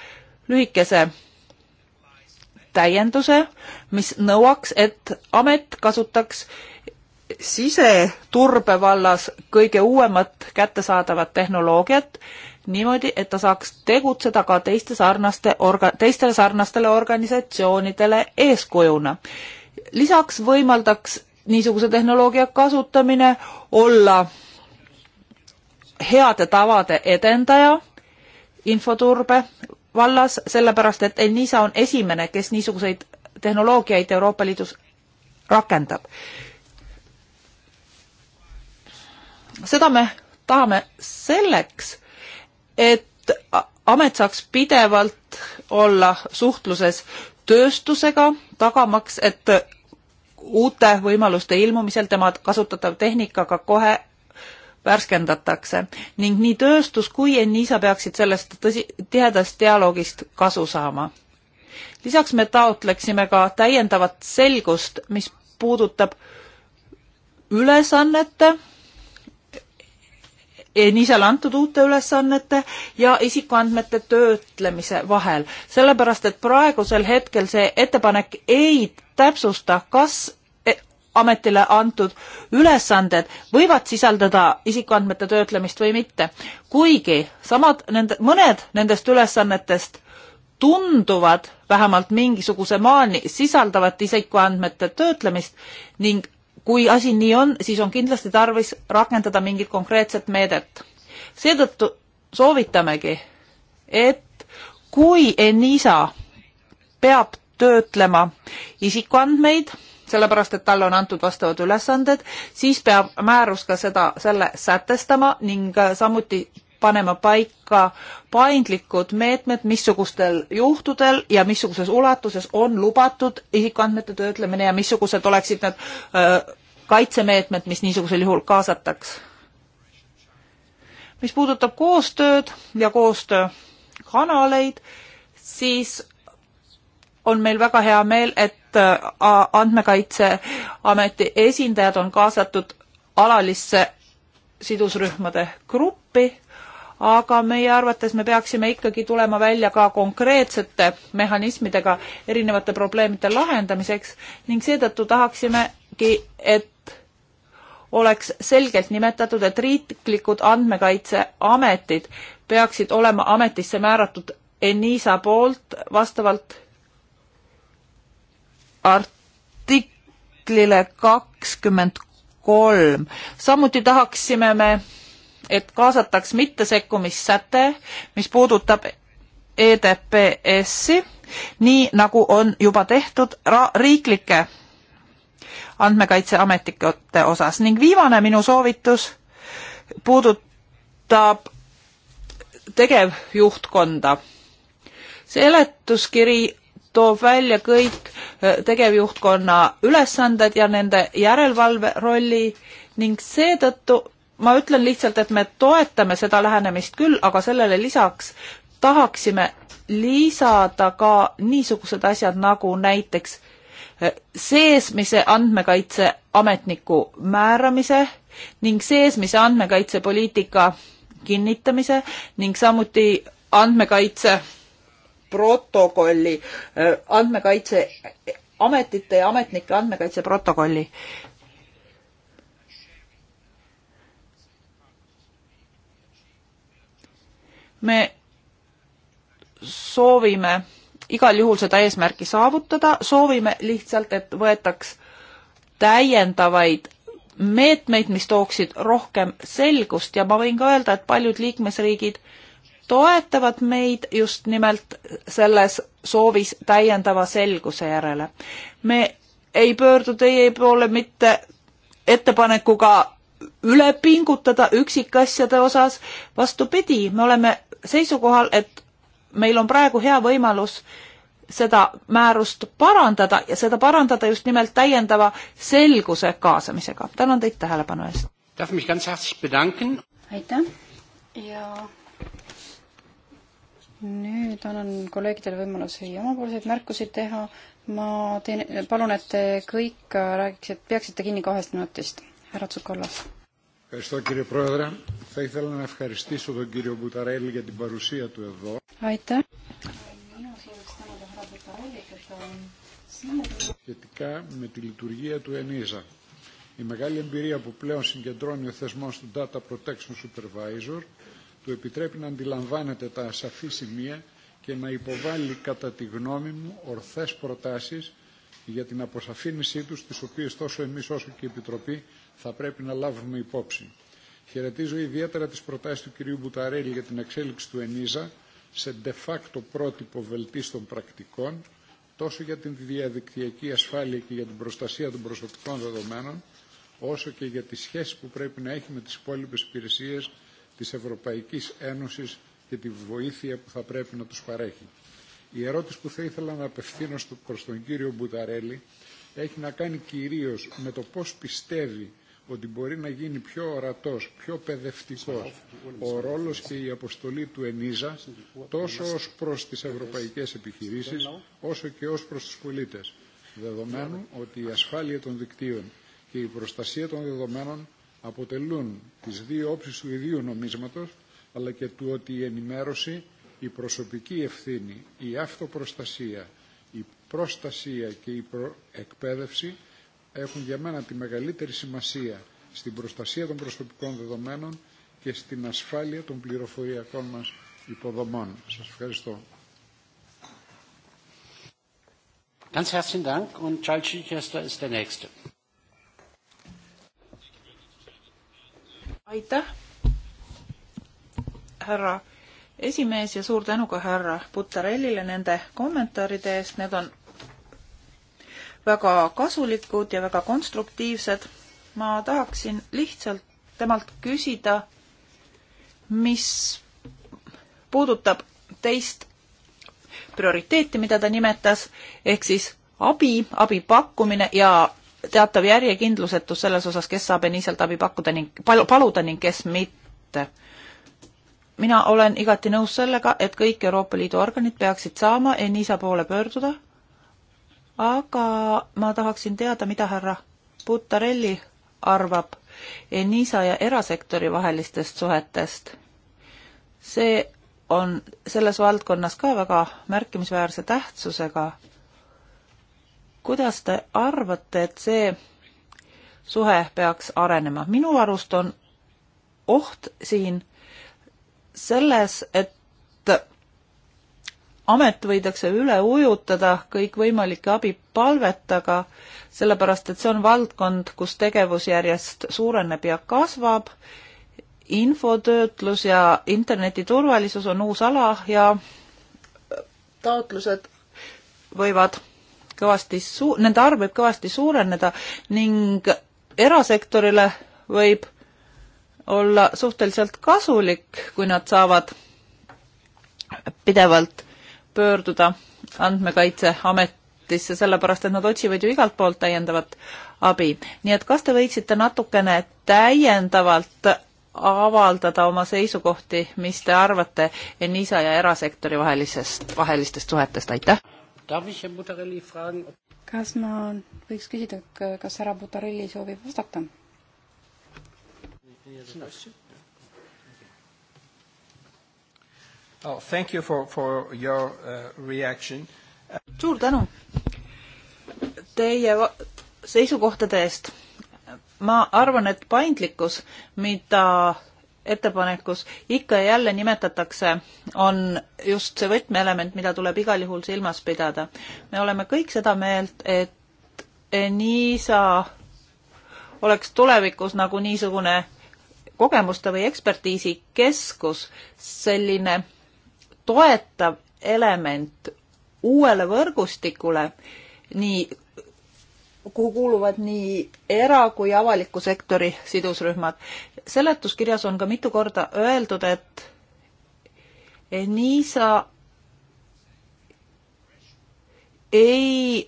lühikese täienduse, mis nõuaks, et amet kasutaks siseturbe vallas kõige uuemat kättesaadavat tehnoloogiat niimoodi, et ta saaks tegutseda ka teiste sarnaste orga-, teistele sarnastele organisatsioonidele eeskujuna. lisaks võimaldaks niisuguse tehnoloogia kasutamine olla heade tavade edendaja infoturbe vallas, sellepärast et Elisa on esimene, kes niisuguseid tehnoloogiaid Euroopa Liidus rakendab. seda me tahame selleks, et amet saaks pidevalt olla suhtluses tööstusega, tagamaks, et uute võimaluste ilmumisel tema kasutatav tehnika ka kohe värskendatakse ning nii tööstus kui Enisa peaksid sellest tõsi, tihedast dialoogist kasu saama. lisaks me taotleksime ka täiendavat selgust, mis puudutab ülesannete, Enisele antud uute ülesannete ja isikuandmete töötlemise vahel, sellepärast et praegusel hetkel see ettepanek ei täpsusta, kas ametile antud ülesanded võivad sisaldada isikuandmete töötlemist või mitte. kuigi samad nende, mõned nendest ülesannetest tunduvad vähemalt mingisuguse maani sisaldavat isikuandmete töötlemist ning kui asi nii on, siis on kindlasti tarvis rakendada mingit konkreetset meedet. seetõttu soovitamegi, et kui ENISA peab töötlema isikuandmeid, sellepärast et talle on antud vastavad ülesanded, siis peab määrus ka seda, selle sätestama ning äh, samuti panema paika paindlikud meetmed, missugustel juhtudel ja missuguses ulatuses on lubatud isikuandmete töötlemine ja missugused oleksid need öö, äh, kaitsemeetmed, mis niisugusel juhul kaasataks. mis puudutab koostööd ja koostöökanaleid, siis on meil väga hea meel, et äh, Andmekaitseameti esindajad on kaasatud alalisse sidusrühmade gruppi, aga meie arvates me peaksime ikkagi tulema välja ka konkreetsete mehhanismidega erinevate probleemide lahendamiseks ning seetõttu tahaksimegi, et oleks selgelt nimetatud, et riiklikud andmekaitseametid peaksid olema ametisse määratud ENISA poolt vastavalt artiklile kakskümmend kolm. samuti tahaksime me, et kaasataks mittesekkumissäte, mis puudutab EDPS-i, nii nagu on juba tehtud riiklike andmekaitseametite osas ning viimane minu soovitus puudutab tegevjuhtkonda. seletuskiri toob välja kõik eh, tegevjuhtkonna ülesanded ja nende järelevalve rolli ning seetõttu ma ütlen lihtsalt, et me toetame seda lähenemist küll, aga sellele lisaks tahaksime lisada ka niisugused asjad nagu näiteks eh, seesmise andmekaitseametniku määramise ning seesmise andmekaitsepoliitika kinnitamise ning samuti andmekaitse protokolli, äh, andmekaitse ametite ja ametnike andmekaitse protokolli. me soovime igal juhul seda eesmärki saavutada, soovime lihtsalt, et võetaks täiendavaid meetmeid, mis tooksid rohkem selgust ja ma võin ka öelda, et paljud liikmesriigid äh, toetavad meid just nimelt selles soovis täiendava selguse järele. me ei pöördu teie poole mitte ettepanekuga üle pingutada üksikasjade osas, vastupidi, me oleme seisukohal, et meil on praegu hea võimalus seda määrust parandada ja seda parandada just nimelt täiendava selguse kaasamisega. tänan teid tähelepanu eest. aitäh ja nüüd annan kolleegidele võimalusi omapoolseid märkusi teha. ma teen, palun, et te kõik räägiksite, peaksite kinni kahest minutist. härra Tsukallas. aitäh. mina sooviks tänada härra Butarellit, et ta on σχετικά με τη λειτουργία του ΕΝΙΖΑ. Η μεγάλη εμπειρία που πλέον συγκεντρώνει ο θεσμός του Data Protection Supervisor του επιτρέπει να αντιλαμβάνεται τα ασαφή σημεία και να υποβάλει κατά τη γνώμη μου ορθές προτάσεις για την αποσαφήνισή τους, τις οποίες τόσο εμείς όσο και η Επιτροπή θα πρέπει να λάβουμε υπόψη. Χαιρετίζω ιδιαίτερα τις προτάσεις του κυρίου Μπουταρέλη για την εξέλιξη του ΕΝΙΖΑ σε de facto πρότυπο βελτίστων πρακτικών, τόσο για την διαδικτυακή ασφάλεια και για την προστασία των προσωπικών δεδομένων, όσο και για τη σχέση που πρέπει να έχει με τις υπόλοιπες υπηρεσίες της Ευρωπαϊκής Ένωσης και τη βοήθεια που θα πρέπει να τους παρέχει. Η ερώτηση που θα ήθελα να απευθύνω προς τον κύριο Μπουταρέλη έχει να κάνει κυρίως με το πώς πιστεύει ότι μπορεί να γίνει πιο ορατός, πιο παιδευτικός ο ρόλος και η αποστολή του ΕΝΙΖΑ τόσο ως προς τις ευρωπαϊκές επιχειρήσεις όσο και ως προς τους πολίτες, δεδομένου ότι η ασφάλεια των δικτύων και η προστασία των δεδομένων αποτελούν τις δύο όψεις του ιδίου νομίσματος, αλλά και του ότι η ενημέρωση, η προσωπική ευθύνη, η αυτοπροστασία, η προστασία και η εκπαίδευση έχουν για μένα τη μεγαλύτερη σημασία στην προστασία των προσωπικών δεδομένων και στην ασφάλεια των πληροφοριακών μας υποδομών. Σας ευχαριστώ. Ganz herzlichen Dank und Charles Chichester ist der Nächste. aitäh, härra esimees ja suur tänu ka härra Butarellile nende kommentaaride eest, need on väga kasulikud ja väga konstruktiivsed. ma tahaksin lihtsalt temalt küsida, mis puudutab teist prioriteeti, mida ta nimetas, ehk siis abi, abi pakkumine ja teatav järjekindlusetus selles osas, kes saab Eniselt abi pakkuda ning pal-, paluda ning kes mitte. mina olen igati nõus sellega, et kõik Euroopa Liidu organid peaksid saama Enisa poole pöörduda, aga ma tahaksin teada, mida härra Butarelli arvab Enisa ja erasektori vahelistest suhetest. see on selles valdkonnas ka väga märkimisväärse tähtsusega kuidas te arvate, et see suhe peaks arenema? minu arust on oht siin selles, et amet võidakse üle ujutada kõikvõimalike abipalvetega, sellepärast et see on valdkond, kus tegevus järjest suureneb ja kasvab, infotöötlus ja internetiturvalisus on uus ala ja taotlused võivad kõvasti suu-, nende arv võib kõvasti suureneda ning erasektorile võib olla suhteliselt kasulik, kui nad saavad pidevalt pöörduda Andmekaitseametisse, sellepärast et nad otsivad ju igalt poolt täiendavat abi. nii et kas te võiksite natukene täiendavalt avaldada oma seisukohti, mis te arvate Enisa ja erasektori vahelisest, vahelistest suhetest, aitäh! kas ma võiks küsida, kas härra Butarelli soovib vastata? Oh, thank you for, for your uh, reaction. suur tänu teie seisukohtade eest. ma arvan, et paindlikkus, mida ettepanekus ikka ja jälle nimetatakse, on just see võtmeelement, mida tuleb igal juhul silmas pidada. me oleme kõik seda meelt, et NISA oleks tulevikus nagu niisugune kogemuste või ekspertiisi keskus, selline toetav element uuele võrgustikule, nii kuhu kuuluvad nii era- kui avaliku sektori sidusrühmad. seletuskirjas on ka mitu korda öeldud, et Niisa ei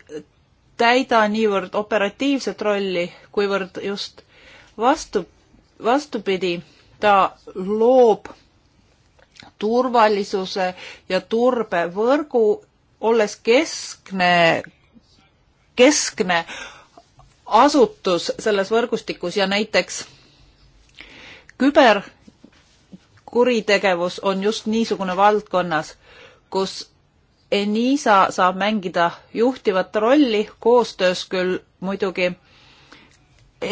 täida niivõrd operatiivset rolli, kuivõrd just vastu, vastupidi, ta loob turvalisuse ja turbevõrgu, olles keskne keskne asutus selles võrgustikus ja näiteks küberkuritegevus on just niisugune valdkonnas, kus Enisa saab mängida juhtivat rolli koostöös küll muidugi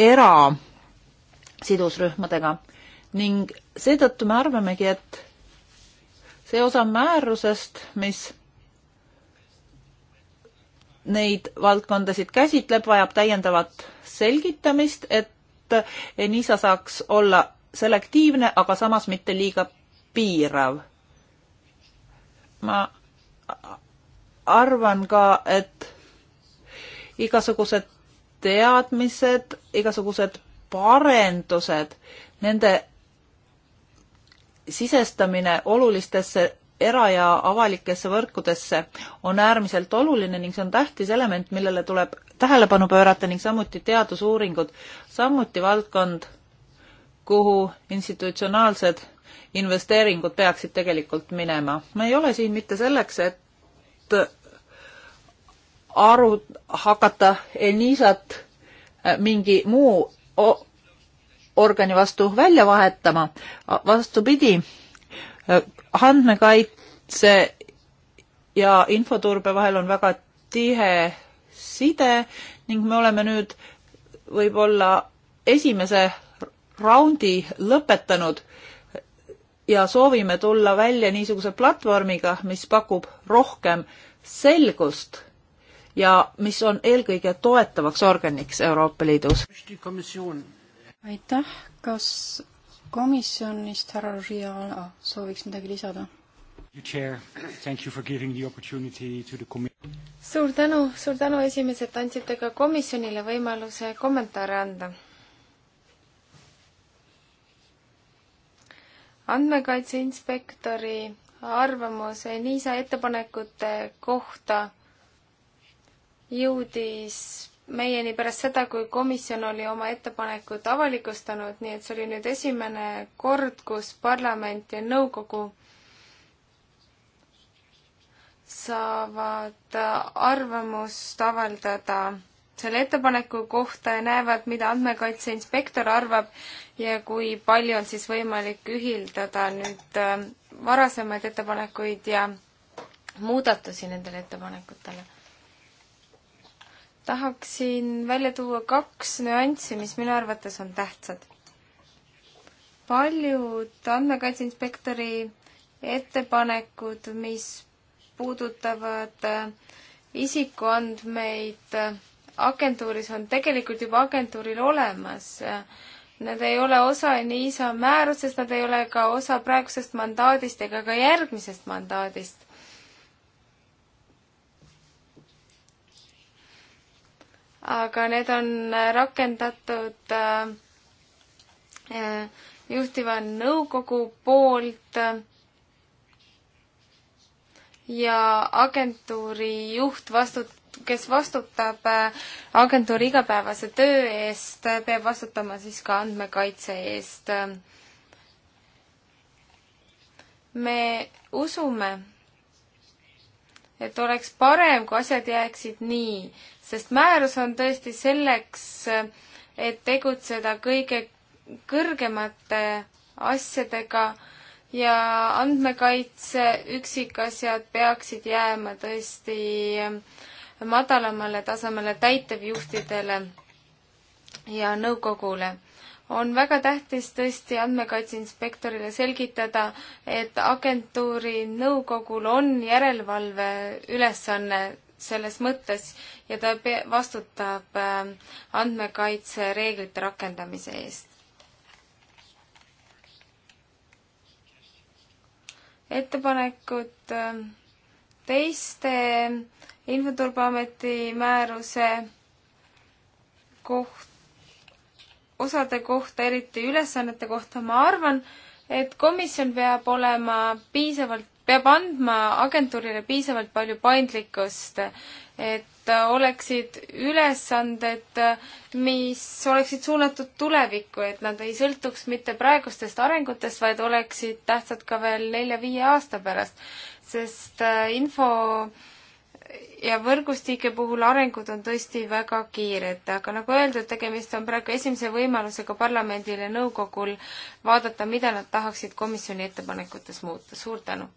erasidusrühmadega ning seetõttu me arvamegi, et see osa määrusest, mis neid valdkondasid käsitleb, vajab täiendavat selgitamist, et Enisa saaks olla selektiivne, aga samas mitte liiga piirav. ma arvan ka, et igasugused teadmised, igasugused parendused, nende sisestamine olulistesse era- ja avalikesse võrkudesse on äärmiselt oluline ning see on tähtis element, millele tuleb tähelepanu pöörata ning samuti teadusuuringud, samuti valdkond, kuhu institutsionaalsed investeeringud peaksid tegelikult minema. me ei ole siin mitte selleks, et aru, hakata Enisat äh, mingi muu organi vastu välja vahetama, vastupidi andmekaitse ja infoturbe vahel on väga tihe side ning me oleme nüüd võib-olla esimese raundi lõpetanud ja soovime tulla välja niisuguse platvormiga, mis pakub rohkem selgust ja mis on eelkõige toetavaks organiks Euroopa Liidus. aitäh, kas komisjonist härra Rožia sooviks midagi lisada. suur tänu, suur tänu esimees, et andsite ka komisjonile võimaluse kommentaare anda andmekaitse inspektori arvamuse NISA ettepanekute kohta jõudis meieni pärast seda, kui komisjon oli oma ettepanekud avalikustanud, nii et see oli nüüd esimene kord, kus parlament ja nõukogu saavad arvamust avaldada selle ettepaneku kohta ja näevad, mida andmekaitse inspektor arvab ja kui palju on siis võimalik ühildada nüüd äh, varasemaid ettepanekuid ja muudatusi nendele ettepanekutele tahaksin välja tuua kaks nüanssi, mis minu arvates on tähtsad. paljud andmekaitse inspektori ettepanekud, mis puudutavad äh, isikuandmeid äh, agentuuris, on tegelikult juba agentuuril olemas. Nad ei ole osa NISA määrusest, nad ei ole ka osa praegusest mandaadist ega ka järgmisest mandaadist aga need on äh, rakendatud äh, äh, juhtiva nõukogu poolt ja agentuuri juht vastutab kes vastutab agentuuri igapäevase töö eest, peab vastutama siis ka andmekaitse eest. me usume, et oleks parem, kui asjad jääksid nii, sest määrus on tõesti selleks, et tegutseda kõige kõrgemate asjadega ja andmekaitse üksikasjad peaksid jääma tõesti madalamale tasemele täitevjuhtidele ja nõukogule. on väga tähtis tõesti andmekaitse inspektorile selgitada, et agentuuri nõukogul on järelevalve ülesanne selles mõttes ja ta vastutab ähm, andmekaitsereeglite rakendamise eest. ettepanekud ähm, teiste Infoturbeameti määruse koht, osade kohta, eriti ülesannete kohta, ma arvan, et komisjon peab olema piisavalt peab andma agentuurile piisavalt palju paindlikkust, et oleksid ülesanded, mis oleksid suunatud tulevikku, et nad ei sõltuks mitte praegustest arengutest, vaid oleksid tähtsad ka veel nelja-viie aasta pärast. sest äh, info ja võrgustike puhul arengud on tõesti väga kiired, aga nagu öeldud, tegemist on praegu esimese võimalusega parlamendil ja nõukogul vaadata, mida nad tahaksid komisjoni ettepanekutes muuta. suur tänu!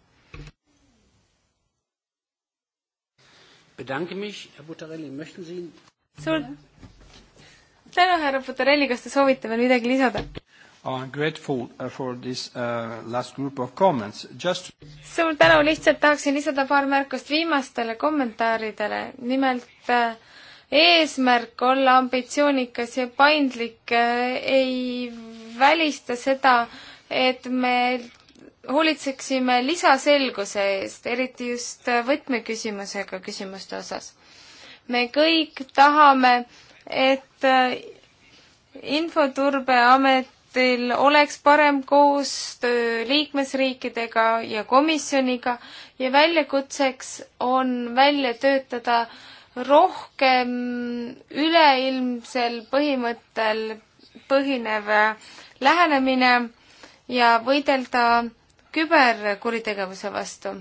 bedanke mich, Herr Buttarelli, möchten Sie? suur tänu, härra Buttarelli, kas te soovite veel midagi lisada? I'm grateful uh, for this uh, last group of comments. Just... suur tänu, lihtsalt tahaksin lisada paar märkust viimastele kommentaaridele. nimelt äh, eesmärk olla ambitsioonikas ja paindlik äh, ei välista seda, et meil hoolitseksime lisaselguse eest, eriti just võtmeküsimusega küsimuste osas. me kõik tahame, et infoturbeametil oleks parem koostöö liikmesriikidega ja komisjoniga ja väljakutseks on välja töötada rohkem üleilmsel põhimõttel põhinev lähenemine ja võidelda küberkuritegevuse vastu.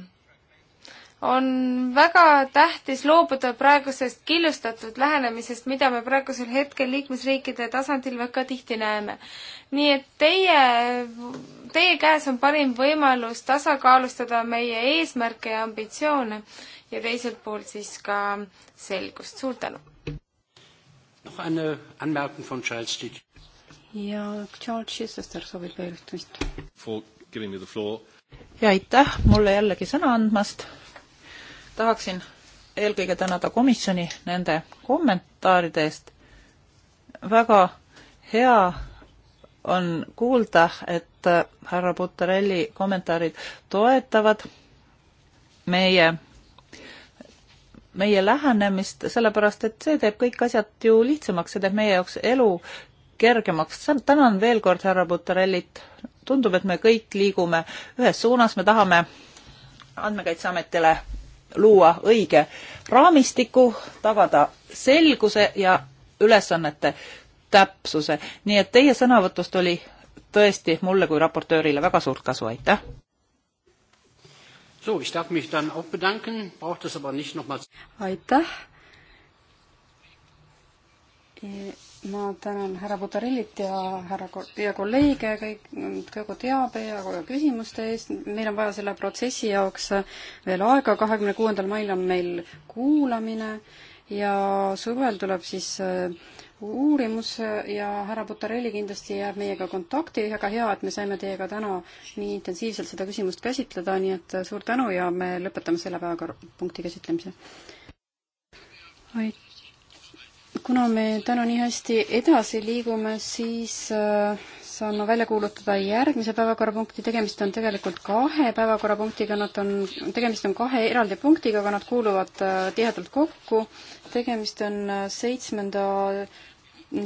on väga tähtis loobuda praegusest killustatud lähenemisest, mida me praegusel hetkel liikmesriikide tasandil väga tihti näeme. nii et teie, teie käes on parim võimalus tasakaalustada meie eesmärke ja ambitsioone ja teiselt poolt siis ka selgust. suur tänu! Noch eine Anmerkung von Charles Stitch. Ja, Charles Chichester soovib veel ütlemist giving me the floor. ja aitäh mulle jällegi sõna andmast. tahaksin eelkõige tänada komisjoni nende kommentaaride eest. väga hea on kuulda, et härra Butarelli kommentaarid toetavad meie, meie lähenemist, sellepärast et see teeb kõik asjad ju lihtsamaks, see teeb meie jaoks elu kergemaks. tänan veel kord härra Butarellit. tundub, et me kõik liigume ühes suunas, me tahame Andmekaitseametile luua õige raamistiku, tagada selguse ja ülesannete täpsuse. nii et teie sõnavõtust oli tõesti mulle kui raportöörile väga suurt kasu, aitäh! aitäh! ma tänan härra Butarellit ja härra ja kolleege kõik, kogu teabe ja kogu küsimuste eest. meil on vaja selle protsessi jaoks veel aega, kahekümne kuuendal mail on meil kuulamine ja suvel tuleb siis äh, uurimus ja härra Butarelli kindlasti jääb meiega kontakti. väga hea, et me saime teiega täna nii intensiivselt seda küsimust käsitleda, nii et äh, suur tänu ja me lõpetame selle päevakorrapunkti käsitlemise. aitäh! kuna me täna nii hästi edasi liigume, siis äh, saan ma välja kuulutada järgmise päevakorrapunkti, tegemist on tegelikult kahe päevakorrapunktiga, nad on, tegemist on kahe eraldi punktiga, aga nad kuuluvad äh, tihedalt kokku. tegemist on äh, seitsmenda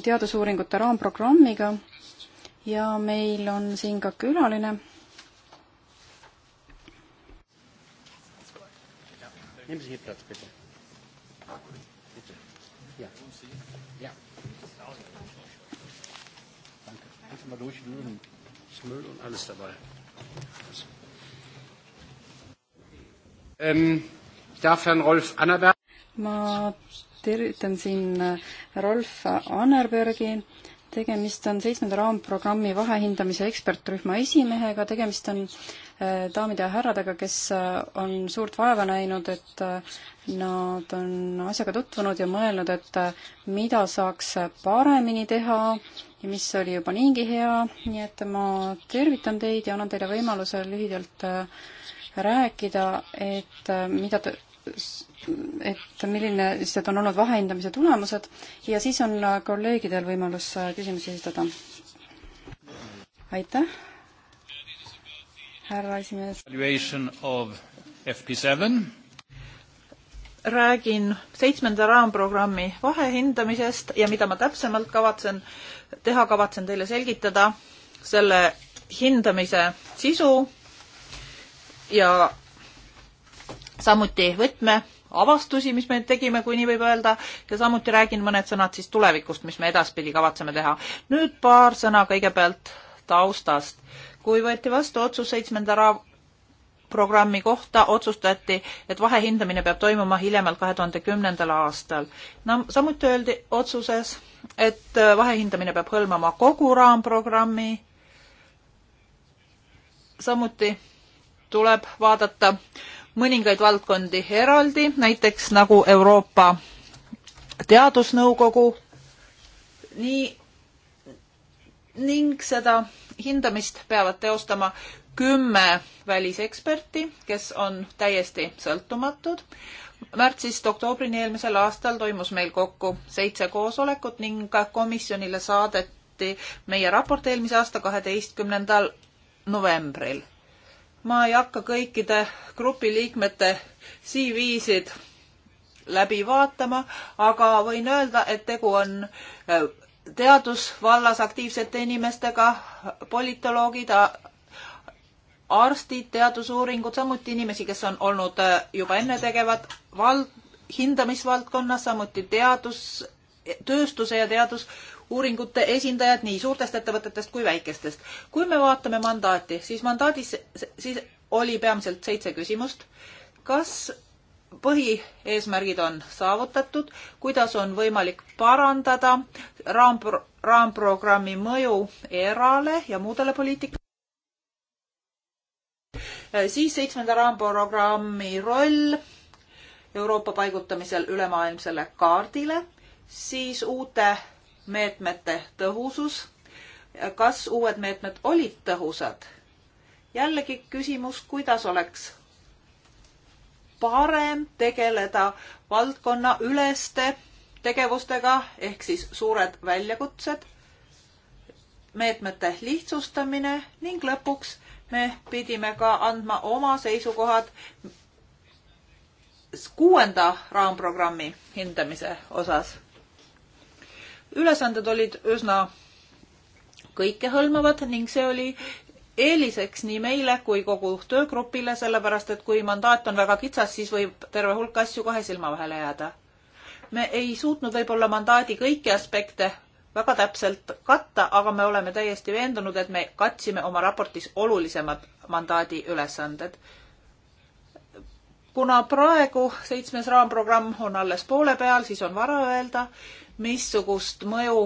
teadusuuringute raamprogrammiga ja meil on siin ka külaline. Nehmen Sie hier Platz bitte. einmal durchwühlen. Ist Müll und alles dabei. Ähm, ich darf Herrn Rolf Annerberg. Ma tervitan siin äh, Rolf Annerbergi. tegemist on seitsmenda raamprogrammi vahehindamise ekspertrühma esimehega, tegemist on äh, daamide ja härradega, kes äh, on suurt vaeva näinud, et nad on asjaga tutvunud ja mõelnud, et mida saaks paremini teha ja mis oli juba niigi hea, nii et ma tervitan teid ja annan teile võimaluse lühidalt äh, rääkida, et äh, mida te et milline lihtsalt on olnud vahehindamise tulemused ja siis on äh, kolleegidel võimalus küsimusi esitada. aitäh, härra esimees. räägin seitsmenda raamprogrammi vahehindamisest ja mida ma täpsemalt kavatsen äh, teha, kavatsen teile selgitada selle hindamise sisu ja samuti võtmeavastusi, mis me tegime, kui nii võib öelda, ja samuti räägin mõned sõnad siis tulevikust, mis me edaspidi kavatseme teha. nüüd paar sõna kõigepealt taustast. kui võeti vastu otsus seitsmenda programmi kohta otsustati, et vahehindamine peab toimuma hiljemalt kahe tuhande kümnendal aastal. no samuti öeldi otsuses, et äh, vahehindamine peab hõlmama kogu raamprogrammi. samuti tuleb vaadata mõningaid valdkondi eraldi, näiteks nagu Euroopa Teadusnõukogu, nii ning seda hindamist peavad teostama kümme väliseksperti, kes on täiesti sõltumatud. märtsist oktoobrini eelmisel aastal toimus meil kokku seitse koosolekut ning komisjonile saadeti meie raport eelmise aasta kaheteistkümnendal novembril. ma ei hakka kõikide grupi liikmete CV-sid läbi vaatama, aga võin öelda, et tegu on äh, teadusvallas aktiivsete inimestega, politoloogid, arstid, teadusuuringud, samuti inimesi, kes on olnud äh, juba enne tegevad vald, hindamisvaldkonnas, samuti teadus, tööstuse ja teadusuuringute esindajad nii suurtest ettevõtetest kui väikestest. kui me vaatame mandaati, siis mandaadis, siis oli peamiselt seitse küsimust. kas põhieesmärgid on saavutatud, kuidas on võimalik parandada raampro-, raamprogrammi mõju erale ja muudele poliitikale? Äh, siis seitsmenda raamprogrammi roll Euroopa paigutamisel ülemaailmsele kaardile, siis uute meetmete tõhusus. Äh, kas uued meetmed olid tõhusad? jällegi küsimus, kuidas oleks parem tegeleda valdkonna üleste tegevustega ehk siis suured väljakutsed, meetmete lihtsustamine ning lõpuks me pidime ka andma oma seisukohad kuuenda raamprogrammi hindamise osas. ülesanded olid üsna kõikehõlmavad ning see oli eeliseks nii meile kui kogu töögrupile, sellepärast et kui mandaat on väga kitsas, siis võib terve hulk asju kahe silma vahele jääda. me ei suutnud võib-olla mandaadi kõiki aspekte väga täpselt katta, aga me oleme täiesti veendunud, et me katsime oma raportis olulisemad mandaadi ülesanded. kuna praegu seitsmes raamprogramm on alles poole peal, siis on vara öelda, missugust mõju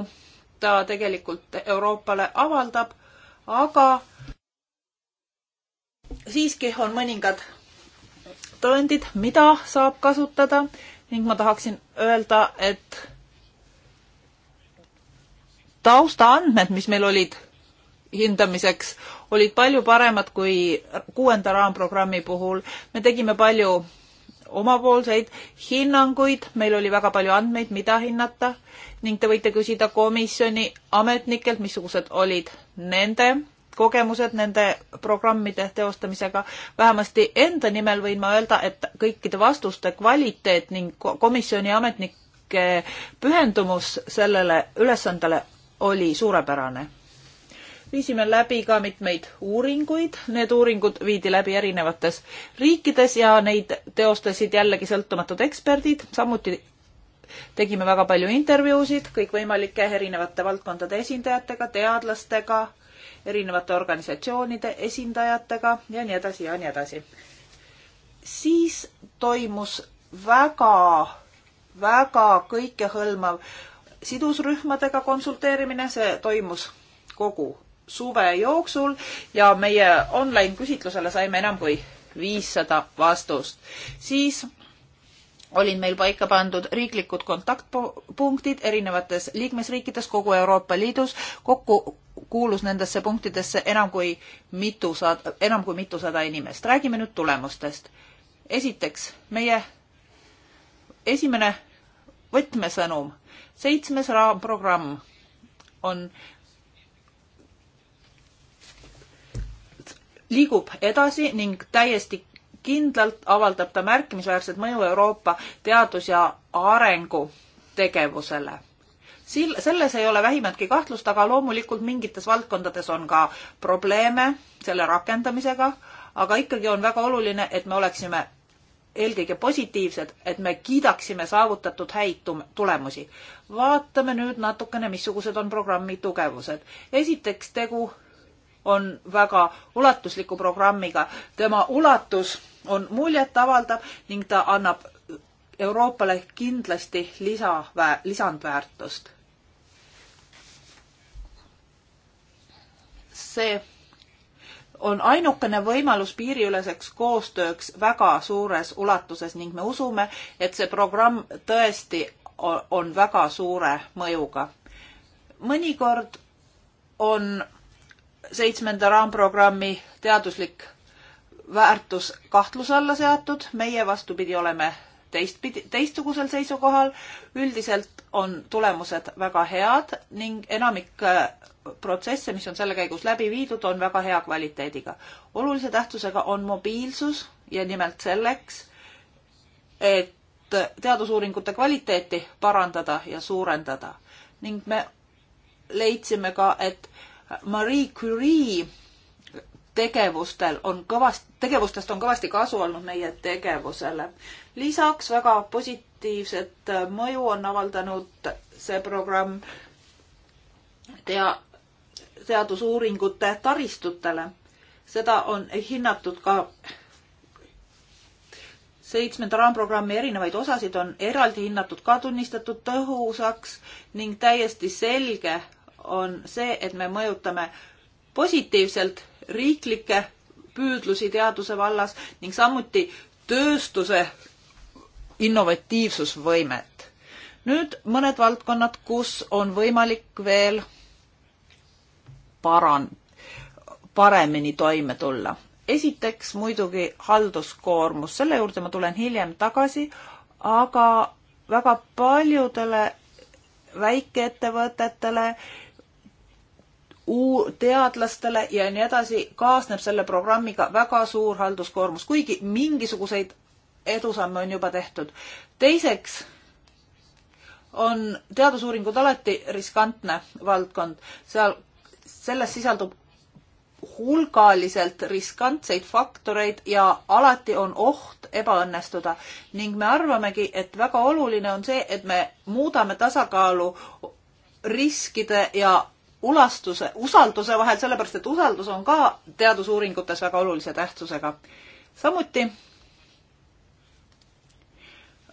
ta tegelikult Euroopale avaldab, aga siiski on mõningad tõendid, mida saab kasutada ning ma tahaksin öelda, et taustaandmed, mis meil olid hindamiseks, olid palju paremad kui kuuenda raamprogrammi puhul. me tegime palju omapoolseid hinnanguid, meil oli väga palju andmeid, mida hinnata ning te võite küsida komisjoni ametnikelt, missugused olid nende kogemused nende programmide teostamisega. vähemasti enda nimel võin ma öelda, et kõikide vastuste kvaliteet ning komisjoni ametnike pühendumus sellele ülesandele oli suurepärane. viisime läbi ka mitmeid uuringuid, need uuringud viidi läbi erinevates riikides ja neid teostasid jällegi sõltumatud eksperdid, samuti tegime väga palju intervjuusid kõikvõimalike erinevate valdkondade esindajatega, teadlastega, erinevate organisatsioonide esindajatega ja nii edasi ja nii edasi. siis toimus väga, väga kõikehõlmav sidusrühmadega konsulteerimine, see toimus kogu suve jooksul ja meie online küsitlusele saime enam kui viissada vastust. siis olid meil paika pandud riiklikud kontaktpunktid erinevates liikmesriikides kogu Euroopa Liidus. kokku kuulus nendesse punktidesse enam kui mitusada, enam kui mitusada inimest. räägime nüüd tulemustest. esiteks, meie esimene võtmesõnum seitsmes raamprogramm on, liigub edasi ning täiesti kindlalt avaldab ta märkimisväärset mõju Euroopa teadus- ja arengutegevusele Sil-, selles ei ole vähimatki kahtlust, aga loomulikult mingites valdkondades on ka probleeme selle rakendamisega, aga ikkagi on väga oluline, et me oleksime eelkõige positiivsed, et me kiidaksime saavutatud häid tulemusi. vaatame nüüd natukene, missugused on programmi tugevused. esiteks tegu on väga ulatusliku programmiga. tema ulatus on muljetavaldav ning ta annab Euroopale kindlasti lisa, lisandväärtust. see on ainukene võimalus piiriüleseks koostööks väga suures ulatuses ning me usume, et see programm tõesti on väga suure mõjuga. mõnikord on seitsmenda raamprogrammi teaduslik väärtus kahtluse alla seatud, meie vastupidi oleme teistpidi, teistsugusel seisukohal. üldiselt on tulemused väga head ning enamik protsesse, mis on selle käigus läbi viidud, on väga hea kvaliteediga. olulise tähtsusega on mobiilsus ja nimelt selleks, et teadusuuringute kvaliteeti parandada ja suurendada ning me leidsime ka, et Marie Curie tegevustel on kõvasti, tegevustest on kõvasti kasu olnud meie tegevusele. lisaks väga positiivset mõju on avaldanud see programm tea-, teadusuuringute taristutele. seda on hinnatud ka seitsmenda raamprogrammi erinevaid osasid on eraldi hinnatud ka tunnistatud tõhusaks ning täiesti selge on see, et me mõjutame positiivselt riiklikke püüdlusi teaduse vallas ning samuti tööstuse innovatiivsusvõimet. nüüd mõned valdkonnad, kus on võimalik veel paran-, paremini toime tulla. esiteks muidugi halduskoormus, selle juurde ma tulen hiljem tagasi, aga väga paljudele väikeettevõtetele uu-, teadlastele ja nii edasi kaasneb selle programmiga väga suur halduskoormus, kuigi mingisuguseid edusamme on juba tehtud. teiseks on teadusuuringud alati riskantne valdkond, seal selles sisaldub hulgaliselt riskantseid faktoreid ja alati on oht ebaõnnestuda ning me arvamegi, et väga oluline on see, et me muudame tasakaalu riskide ja ulastuse, usalduse vahel, sellepärast et usaldus on ka teadusuuringutes väga olulise tähtsusega. samuti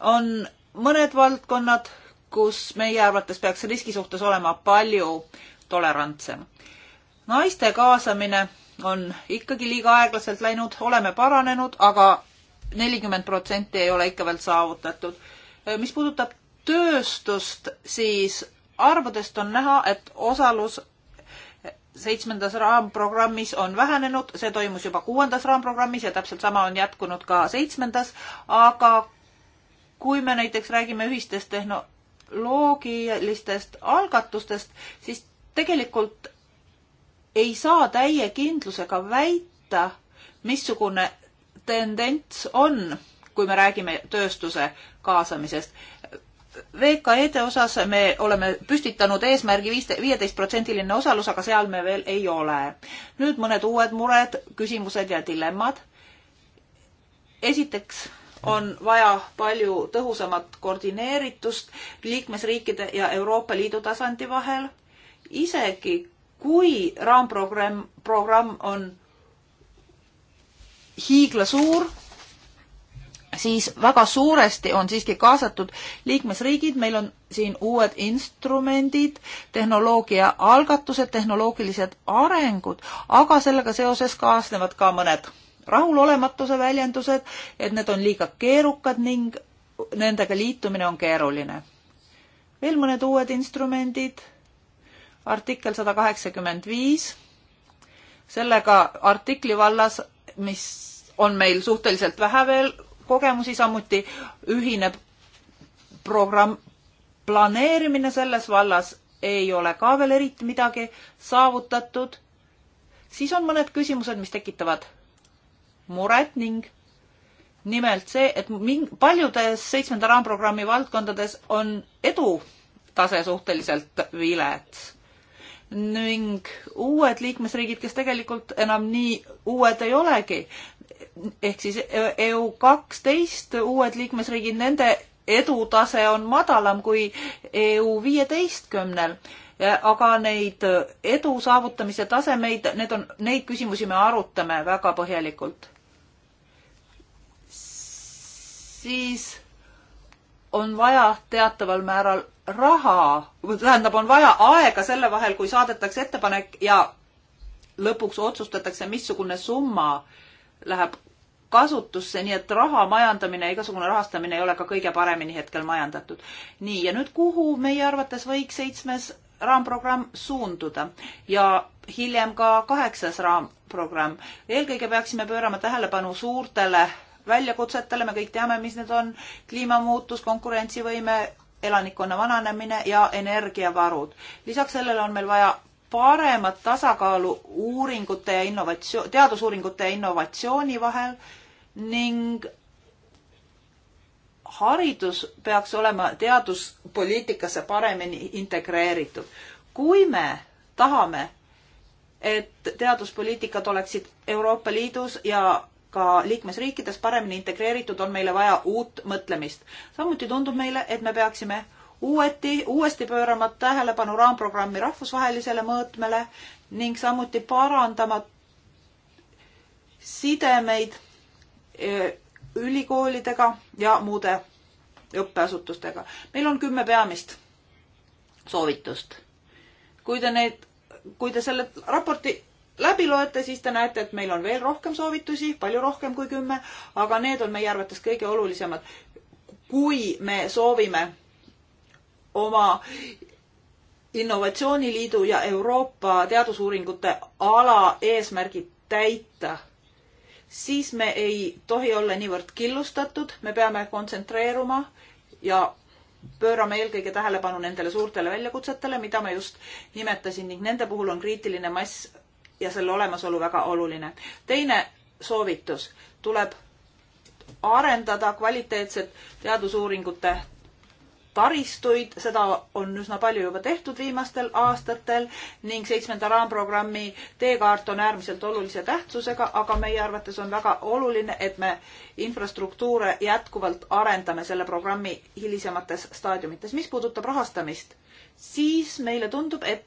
on mõned valdkonnad, kus meie arvates peaks riski suhtes olema palju tolerantsem naiste kaasamine on ikkagi liiga aeglaselt läinud, oleme paranenud aga, aga nelikümmend protsenti ei ole ikka veel saavutatud. mis puudutab tööstust, siis arvudest on näha, et osalus seitsmendas raamprogrammis on vähenenud, see toimus juba kuuendas raamprogrammis ja täpselt sama on jätkunud ka seitsmendas, aga kui me näiteks räägime ühistest tehnoloogilistest algatustest, siis tegelikult ei saa täie kindlusega väita, missugune tendents on, kui me räägime tööstuse kaasamisest. VKE-de e osas me oleme püstitanud eesmärgi viieteist protsendiline osalus, aga seal me veel ei ole. nüüd mõned uued mured, küsimused ja dilemmad. esiteks on vaja palju tõhusamat koordineeritust liikmesriikide ja Euroopa Liidu tasandi vahel. isegi kui raamprogramm, programm on hiiglasuur, siis väga suuresti on siiski kaasatud liikmesriigid, meil on siin uued instrumendid, tehnoloogia algatused, tehnoloogilised arengud, aga sellega seoses kaasnevad ka mõned rahulolematuse väljendused, et need on liiga keerukad ning nendega liitumine on keeruline. veel mõned uued instrumendid artikkel sada kaheksakümmend viis. sellega artikli vallas, mis on meil suhteliselt vähe veel kogemusi, samuti ühine programm, planeerimine selles vallas ei ole ka veel eriti midagi saavutatud. siis on mõned küsimused, mis tekitavad muret ning nimelt see, et paljudes seitsmenda raamprogrammi valdkondades on edu tase suhteliselt vilets ning uued liikmesriigid, kes tegelikult enam nii uued ei olegi, ehk siis EU kaksteist uued liikmesriigid, nende edutase on madalam kui EU viieteistkümnel. aga neid edu saavutamise tasemeid, need on, neid küsimusi me arutame väga põhjalikult. siis on vaja teataval määral raha, tähendab, on vaja aega selle vahel, kui saadetakse ettepanek ja lõpuks otsustatakse, missugune summa läheb kasutusse, nii et raha majandamine, igasugune rahastamine ei ole ka kõige paremini hetkel majandatud. nii, ja nüüd kuhu meie arvates võiks seitsmes raamprogramm suunduda ja hiljem ka kaheksas raamprogramm. eelkõige peaksime pöörama tähelepanu suurtele väljakutsetele, me kõik teame, mis need on, kliimamuutus, konkurentsivõime, elanikkonna vananemine ja energiavarud. lisaks sellele on meil vaja paremat tasakaalu uuringute ja innovatsioon, teadusuuringute ja innovatsiooni vahel ning haridus peaks olema teaduspoliitikasse paremini integreeritud. kui me tahame, et teaduspoliitikad oleksid Euroopa Liidus ja ka liikmesriikides paremini integreeritud, on meile vaja uut mõtlemist. samuti tundub meile, et me peaksime uueti, uuesti pöörama tähelepanu raamprogrammi rahvusvahelisele mõõtmele ning samuti parandama sidemeid e, ülikoolidega ja muude õppeasutustega. meil on kümme peamist soovitust. kui te need, kui te selle raporti läbi loete, siis te näete, et meil on veel rohkem soovitusi, palju rohkem kui kümme, aga need on meie arvates kõige olulisemad. kui me soovime oma innovatsiooniliidu ja Euroopa teadusuuringute ala eesmärgid täita, siis me ei tohi olla niivõrd killustatud, me peame kontsentreeruma ja pöörame eelkõige tähelepanu nendele suurtele väljakutsetele, mida ma just nimetasin ning nende puhul on kriitiline mass ja selle olemasolu väga oluline. teine soovitus, tuleb arendada kvaliteetset teadusuuringute taristuid, seda on üsna palju juba tehtud viimastel aastatel ning seitsmenda raamprogrammi teekaart on äärmiselt olulise tähtsusega, aga meie arvates on väga oluline, et me infrastruktuure jätkuvalt arendame selle programmi hilisemates staadiumites. mis puudutab rahastamist, siis meile tundub, et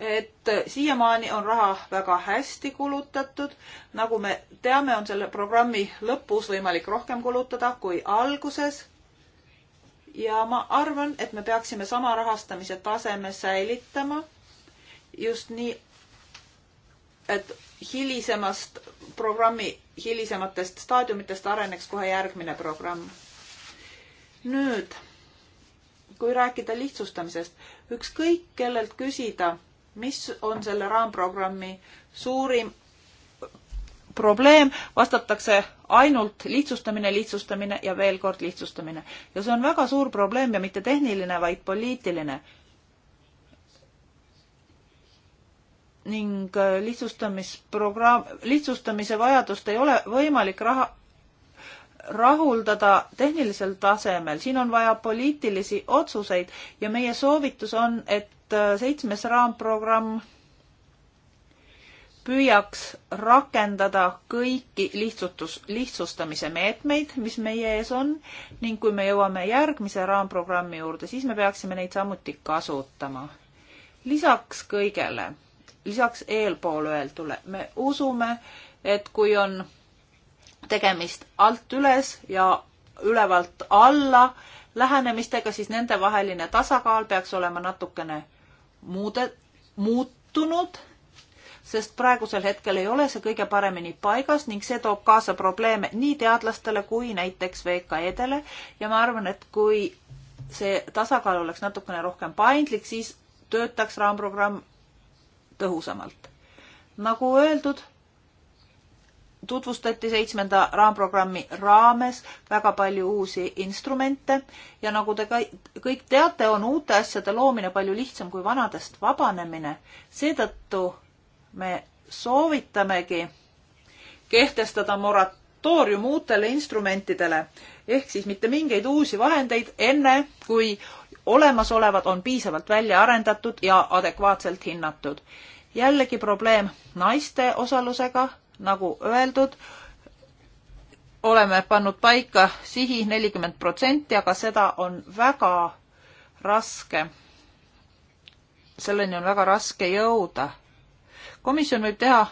et siiamaani on raha väga hästi kulutatud. nagu me teame, on selle programmi lõpus võimalik rohkem kulutada kui alguses. ja ma arvan, et me peaksime sama rahastamise taseme säilitama just nii, et hilisemast programmi, hilisematest staadiumitest areneks kohe järgmine programm. nüüd, kui rääkida lihtsustamisest, ükskõik kellelt küsida mis on selle raamprogrammi suurim probleem, vastatakse ainult lihtsustamine, lihtsustamine ja veel kord lihtsustamine. ja see on väga suur probleem ja mitte tehniline, vaid poliitiline. ning äh, lihtsustamisprogramm, lihtsustamise vajadust ei ole võimalik raha, rahuldada tehnilisel tasemel, siin on vaja poliitilisi otsuseid ja meie soovitus on, et Äh, seitsmes raamprogramm püüaks rakendada kõiki lihtsutus, lihtsustamise meetmeid, mis meie ees on ning kui me jõuame järgmise raamprogrammi juurde, siis me peaksime neid samuti kasutama. lisaks kõigele, lisaks eelpool öeldule, me usume, et kui on tegemist alt üles ja ülevalt alla lähenemistega, siis nendevaheline tasakaal peaks olema natukene muude, muutunud, sest praegusel hetkel ei ole see kõige paremini paigas ning see toob kaasa probleeme nii teadlastele kui näiteks VKE-dele ja ma arvan, et kui see tasakaal oleks natukene rohkem paindlik, siis töötaks raamprogramm tõhusamalt. nagu öeldud, tutvustati seitsmenda raamprogrammi raames väga palju uusi instrumente ja nagu te ka kõik teate, on uute asjade loomine palju lihtsam kui vanadest vabanemine. seetõttu me soovitamegi kehtestada moratoorium uutele instrumentidele ehk siis mitte mingeid uusi vahendeid enne, kui olemasolevad on piisavalt välja arendatud ja adekvaatselt hinnatud jällegi probleem naiste osalusega nagu öeldud, oleme pannud paika sihi nelikümmend protsenti, aga seda on väga raske, selleni on väga raske jõuda. komisjon võib teha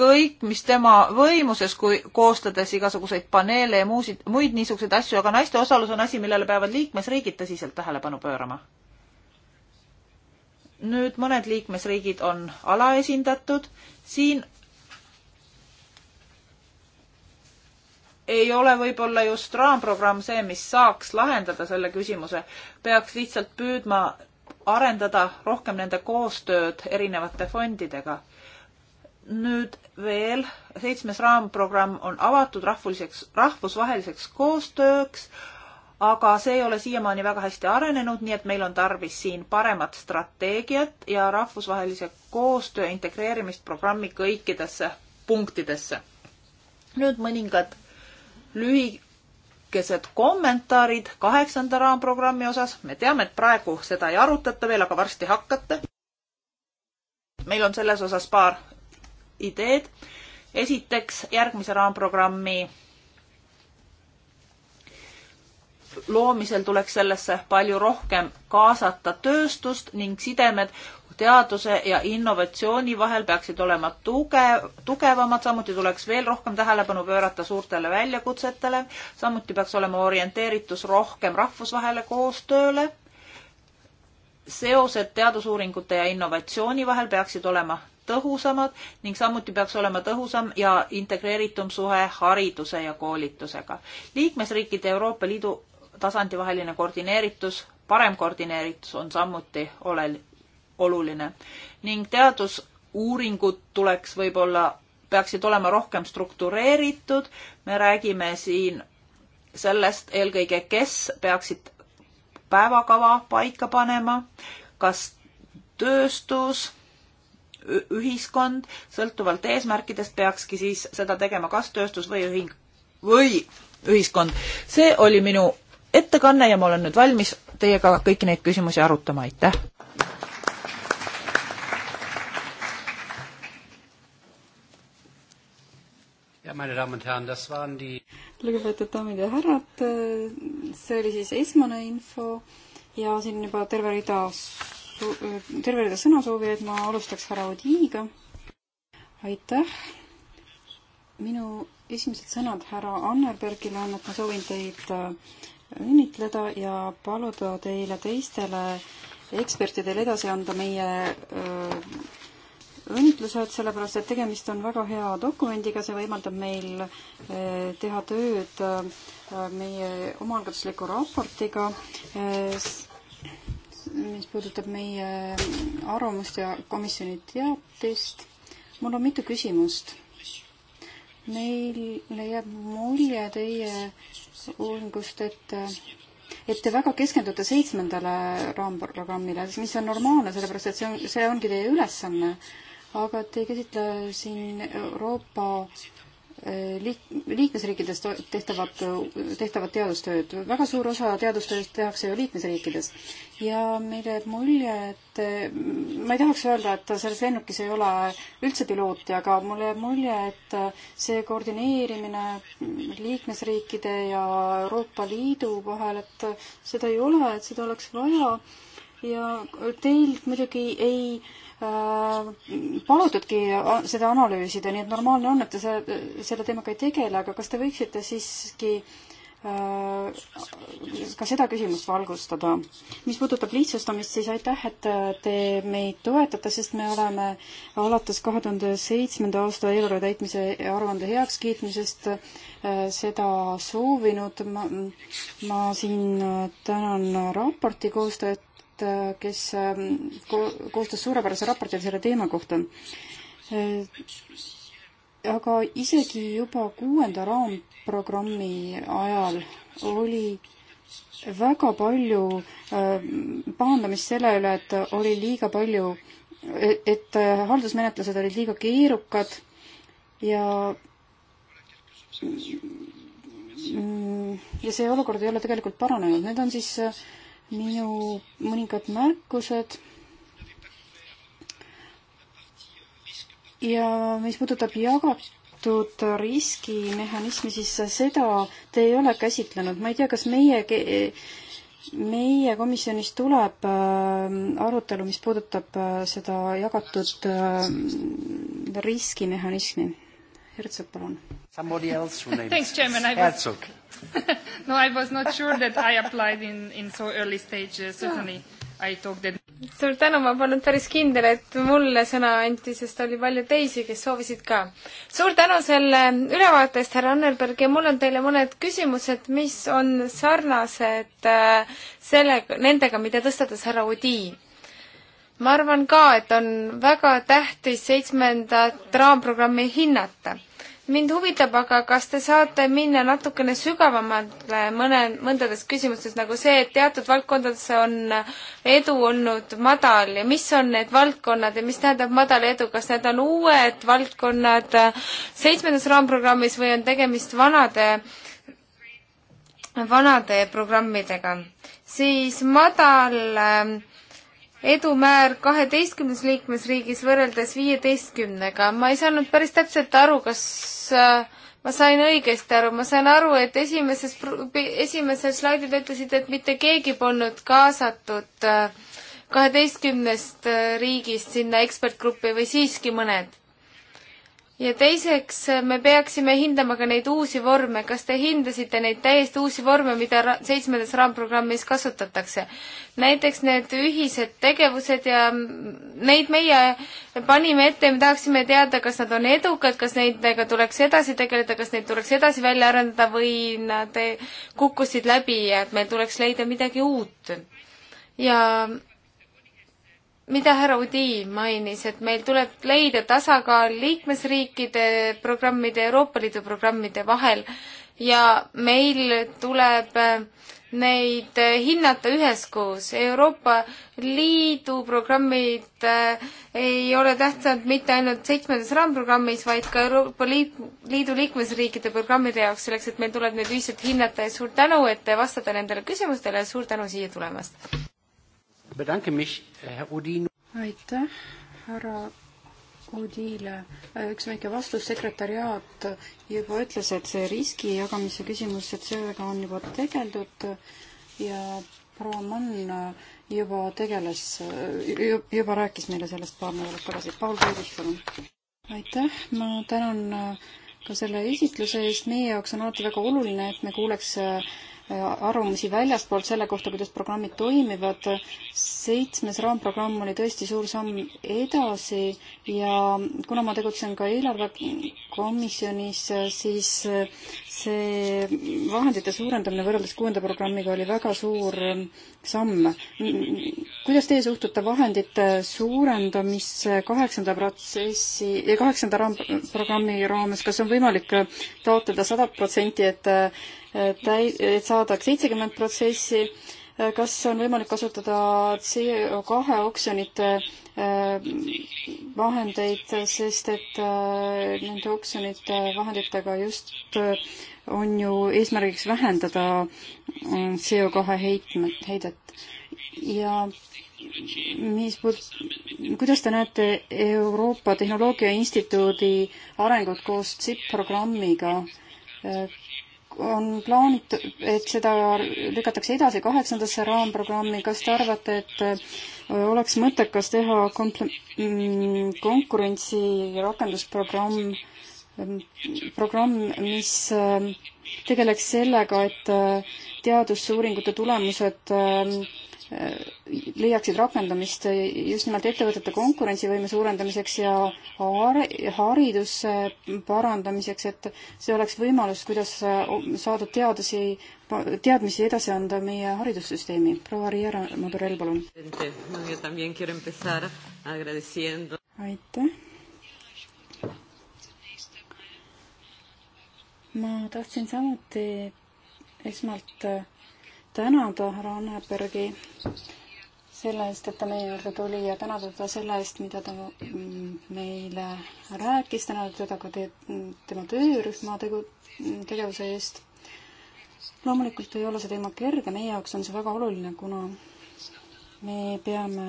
kõik, mis tema võimuses, kui koostades igasuguseid paneele ja muusid, muid niisuguseid asju, aga naiste osalus on asi, millele peavad liikmesriigid tõsiselt tähelepanu pöörama. nüüd mõned liikmesriigid on alaesindatud, siin ei ole võib-olla just raamprogramm see, mis saaks lahendada selle küsimuse. peaks lihtsalt püüdma arendada rohkem nende koostööd erinevate fondidega. nüüd veel, seitsmes raamprogramm on avatud rahvuseks, rahvusvaheliseks koostööks, aga see ei ole siiamaani väga hästi arenenud, nii et meil on tarvis siin paremat strateegiat ja rahvusvahelise koostöö integreerimist programmi kõikidesse punktidesse. nüüd mõningad lühikesed kommentaarid kaheksanda raamprogrammi osas. me teame, et praegu seda ei arutata veel, aga varsti hakkate. meil on selles osas paar ideed. esiteks järgmise raamprogrammi loomisel tuleks sellesse palju rohkem kaasata tööstust ning sidemed teaduse ja innovatsiooni vahel peaksid olema tugev, tugevamad, samuti tuleks veel rohkem tähelepanu pöörata suurtele väljakutsetele, samuti peaks olema orienteeritus rohkem rahvusvahele koostööle. seosed teadusuuringute ja innovatsiooni vahel peaksid olema tõhusamad ning samuti peaks olema tõhusam ja integreeritum suhe hariduse ja koolitusega. liikmesriikide Euroopa Liidu tasandivaheline koordineeritus, parem koordineeritus on samuti olel-, oluline. ning teadusuuringud tuleks võib-olla, peaksid olema rohkem struktureeritud, me räägime siin sellest eelkõige, kes peaksid päevakava paika panema, kas tööstus, ühiskond, sõltuvalt eesmärkidest peakski siis seda tegema kas tööstus või ühing või ühiskond. see oli minu ettekanne ja ma olen nüüd valmis teiega kõiki neid küsimusi arutama, aitäh! lugupeetud daamid ja härrad, see oli siis esmane info ja siin juba terve rida, terve rida sõnasoovijaid, ma alustaks härra Odiiga. aitäh! minu esimesed sõnad härra Annerbergile on, et ma soovin teid õnnitleda ja paluda teile teistele ekspertidele edasi anda meie õnnitlused, sellepärast et tegemist on väga hea dokumendiga, see võimaldab meil teha tööd meie omaalgatusliku raportiga, mis puudutab meie arvamust ja komisjoni teatist. mul on mitu küsimust meile jääb mulje teie uuringust, et et te väga keskendute seitsmendale raamprogrammile, mis on normaalne, sellepärast et see on, see ongi teie ülesanne, aga te ei käsitle siin Euroopa äh, liik-, liikmesriikides tehtavat, tehtavat teadustööd. väga suur osa teadustööst tehakse ju liikmesriikides. ja meil jääb mulje, et ma ei tahaks öelda, et selles lennukis ei ole üldse pilooti, aga mul jääb mulje, et see koordineerimine liikmesriikide ja Euroopa Liidu vahel, et seda ei ole, et seda oleks vaja ja teilt muidugi ei äh, palutudki seda analüüsida, nii et normaalne on, et te selle, selle teemaga ei tegele, aga kas te võiksite siiski äh, ka seda küsimust valgustada. mis puudutab lihtsustamist, siis aitäh, et te meid toetate, sest me oleme alates kahe tuhande seitsmenda aasta eelarve täitmise aruande heakskiitmisest äh, seda soovinud. ma siin tänan raporti koostajat, Lambert, äh, kes ähm, koostas suurepärase raporti selle teema kohta. Äh, aga isegi juba kuuenda raamprogrammi ajal oli väga palju äh, pahandamist selle üle, et oli liiga palju, e-, et haldusmenetlused olid liiga keerukad ja mm, ja see olukord ei ole tegelikult paranenud. Need on siis minu mõningad märkused. ja mis puudutab jagatud riskimehhanismi, siis seda te ei ole käsitlenud, ma ei tea, kas meie meie komisjonis tuleb ähm, arutelu, mis puudutab äh, seda jagatud ähm, riskimehhanismi Herzog, palun. Somebody else who named Thanks, Chairman. I was... Herzog. no, I was not sure that I applied in, in so early stage uh,, certainly ah. I talked that suur tänu, ma polnud päris kindel, et mulle sõna anti, sest oli palju teisi, kes soovisid ka. suur tänu selle ülevaate eest, härra Annerberg, ja mul on teile mõned küsimused, mis on sarnased äh, selle, nendega, mida tõstatas härra Udi. ma arvan ka, et on väga tähtis seitsmendat raamprogrammi hinnata mind huvitab aga, kas te saate minna natukene sügavamale mõne, mõndades küsimustes, nagu see, et teatud valdkondades on edu olnud madal ja mis on need valdkonnad ja mis tähendab madal edu, kas need on uued valdkonnad seitsmendas raamprogrammis või on tegemist vanade, vanade programmidega? siis madal ähm, edumäär kaheteistkümnes liikmesriigis võrreldes viieteistkümnega. ma ei saanud päris täpselt aru, kas äh, ma sain õigesti aru, ma sain aru, et esimeses, esimesel slaidil ütlesite, et mitte keegi polnud kaasatud äh, kaheteistkümnest äh, riigist sinna ekspertgruppi või siiski mõned? ja teiseks, me peaksime hindama ka neid uusi vorme, kas te hindasite neid täiesti uusi vorme, mida seitsmendas raamprogrammis kasutatakse? näiteks need ühised tegevused ja neid meie panime ette ja me tahaksime teada, kas nad on edukad, kas nendega tuleks edasi tegeleda, kas neid tuleks edasi välja arendada või nad eh, kukkusid läbi ja et meil tuleks leida midagi uut. ja mida härra Udi mainis, et meil tuleb leida tasakaal liikmesriikide programmide, Euroopa Liidu programmide vahel ja meil tuleb äh, neid äh, hinnata üheskoos. Euroopa Liidu programmid äh, ei ole tähtsad mitte ainult seitsmendas raamprogrammis, vaid ka Euroopa Liidu liikmesriikide programmide jaoks, selleks et meil tuleb neid ühiselt hinnata ja suur tänu, et te vastate nendele küsimustele ja suur tänu siia tulemast! Äh, aitäh, härra Udile. üks väike vastus, sekretäriaat juba ütles, et see riski jagamise küsimus, et sellega on juba tegeldud ja proua Mann juba tegeles, juba rääkis meile sellest paar nädalat tagasi. Paul Kuudik, palun. aitäh, ma tänan ka selle esitluse eest. meie jaoks on alati väga oluline, et me kuuleks Äh, arvamusi väljaspoolt selle kohta, kuidas programmid toimivad. seitsmes raamprogramm oli tõesti suur samm edasi ja kuna ma tegutsen ka eelarvekomisjonis, siis see vahendite suurendamine võrreldes kuuenda programmiga oli väga suur samm. kuidas teie suhtute vahendite suurendamisse kaheksanda protsessi, kaheksanda raamprogrammi raames, kas on võimalik taotleda sadat protsenti, et täi-, et saada seitsekümmend protsessi, kas on võimalik kasutada CO kahe oksjonite äh, vahendeid, sest et äh, nende oksjonite vahenditega just äh, on ju eesmärgiks vähendada CO kahe heitmet, heidet. ja mis puud-, kuidas te näete Euroopa Tehnoloogia Instituudi arengut koos CIP programmiga, on plaanit-, et seda lükatakse edasi kaheksandasse raamprogrammi, kas te arvate, et äh, oleks mõttekas teha komple-, mm, konkurentsi rakendusprogramm, ähm, programm, mis ähm, tegeleks sellega, et äh, teadusuuringute tulemused ähm, leiaksid rakendamist just nimelt ettevõtete konkurentsivõime suurendamiseks ja hariduse parandamiseks, et see oleks võimalus, kuidas saadud teadusi, teadmisi edasi anda meie haridussüsteemi. proua Riera Madurell, palun. aitäh. ma tahtsin samuti esmalt tänada härra Annebergi selle eest, et ta meie juurde tuli ja tänada teda selle eest, mida ta mm, meile rääkis, tänada teda ka te, tema töörühma tegu, tegevuse eest. loomulikult ei ole see teema kerge, meie jaoks on see väga oluline, kuna me peame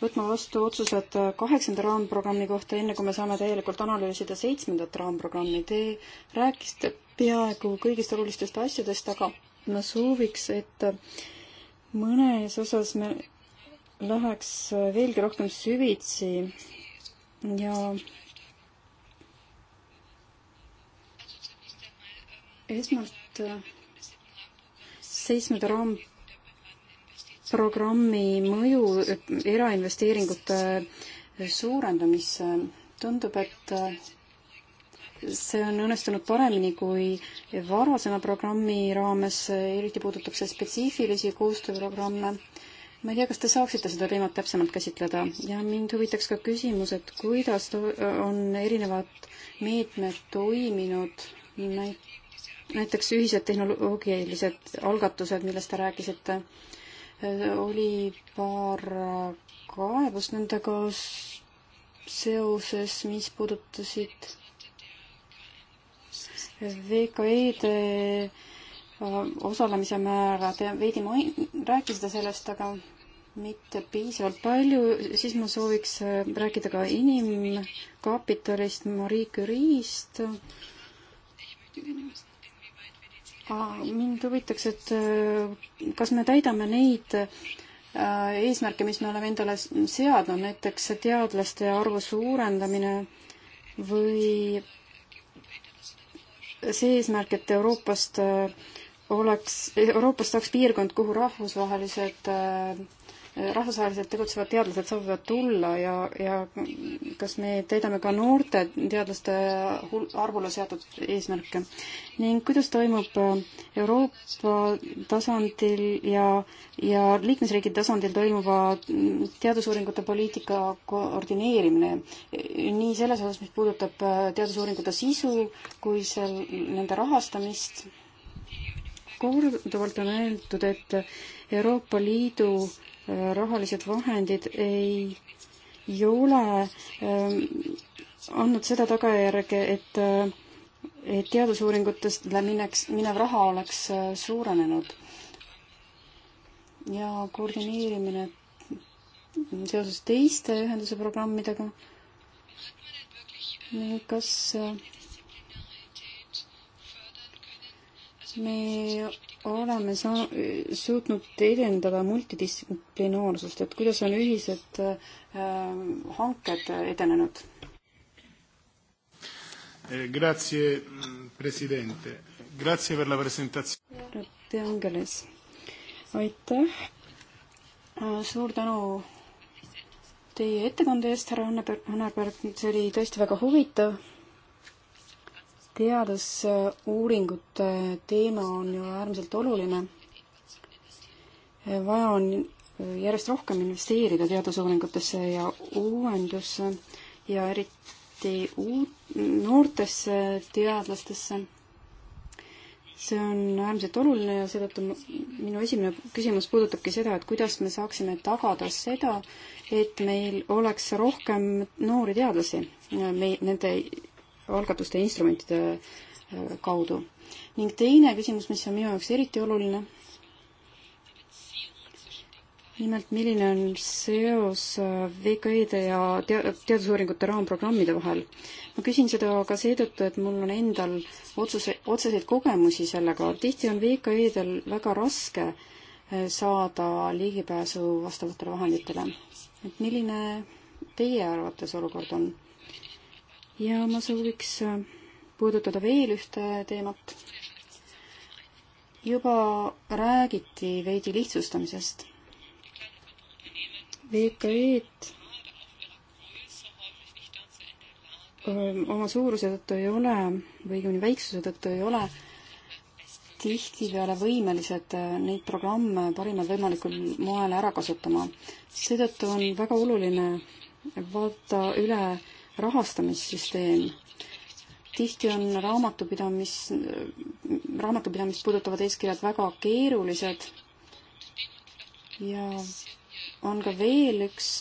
võtma vastu otsused kaheksanda raamprogrammi kohta, enne kui me saame täielikult analüüsida seitsmendat raamprogrammi. Te rääkisite peaaegu kõigist olulistest asjadest, aga ma sooviks, et mõnes osas me läheks veelgi rohkem süvitsi ja esmalt seitsmenda raamprogrammi mõju erainvesteeringute suurendamisse tundub, et see on õnnestunud paremini kui varasema programmi raames, eriti puudutab see spetsiifilisi koostööprogramme. ma ei tea, kas te saaksite seda teemat täpsemalt käsitleda ja mind huvitaks ka küsimus, et kuidas on erinevad meetmed toiminud, näiteks ühised tehnoloogilised algatused, millest te rääkisite, oli paar kaebust nendega seoses, mis puudutasid VKE-de osalemise määra, te veidi main-, rääkisite sellest, aga mitte piisavalt palju, siis ma sooviks rääkida ka inimkapitalist, Marie Curie'st. mind huvitaks, et äh, kas me täidame neid äh, eesmärke, mis me oleme endale seadnud, näiteks teadlaste arvu suurendamine või see eesmärk, et Euroopast äh, oleks, Euroopast saaks piirkond, kuhu rahvusvahelised äh, rahvusvaheliselt tegutsevad teadlased soovivad tulla ja, ja kas me täidame ka noorte teadlaste arvule seatud eesmärke ning kuidas toimub äh, Euroopa tasandil ja, ja liikmesriigi tasandil toimuva mm, teadusuuringute poliitika koordineerimine nii selles osas, mis puudutab äh, teadusuuringute sisu kui seal nende rahastamist korduvalt on öeldud, et Euroopa Liidu rahalised vahendid ei, ei ole ähm, andnud seda tagajärge, et, äh, et teadusuuringutest mineks, minev raha oleks äh, suurenenud. ja koordineerimine seoses teiste ühenduse programmidega. kas äh, me oleme saa-, suutnud edendada multidistsiplinaarsust, et kuidas on ühised äh, hanked edenenud? Eh, grazie, mm, president. Grazie per la presentatsioon. Angeles, aitäh. Äh, suur tänu teie ettekande eest, härra Anneberg, see oli tõesti väga huvitav teadusuuringute teema on ju äärmiselt oluline. vaja on järjest rohkem investeerida teadusuuringutesse ja uuendusse ja eriti uut, noortesse teadlastesse. see on äärmiselt oluline ja seetõttu minu esimene küsimus puudutabki seda, et kuidas me saaksime tagada seda, et meil oleks rohkem noori teadlasi me, nende algatuste ja instrumentide äh, kaudu. ning teine küsimus, mis on minu jaoks eriti oluline, nimelt, milline on seos äh, VKE-de ja te teadusuuringute raamprogrammide vahel? ma küsin seda ka seetõttu, et mul on endal otsuse, otseseid kogemusi sellega. tihti on VKE-del väga raske äh, saada ligipääsu vastavatele vahenditele. et milline teie arvates olukord on? ja ma sooviks äh, puudutada veel ühte teemat. juba räägiti veidi lihtsustamisest. VKE-d ähm, oma suuruse tõttu ei ole või kuni väiksuse tõttu ei ole tihtipeale võimelised äh, neid programme parimal võimalikul moel ära kasutama. seetõttu on väga oluline vaadata üle rahastamissüsteem. tihti on raamatupidamis, raamatupidamist puudutavad eeskirjad väga keerulised ja on ka veel üks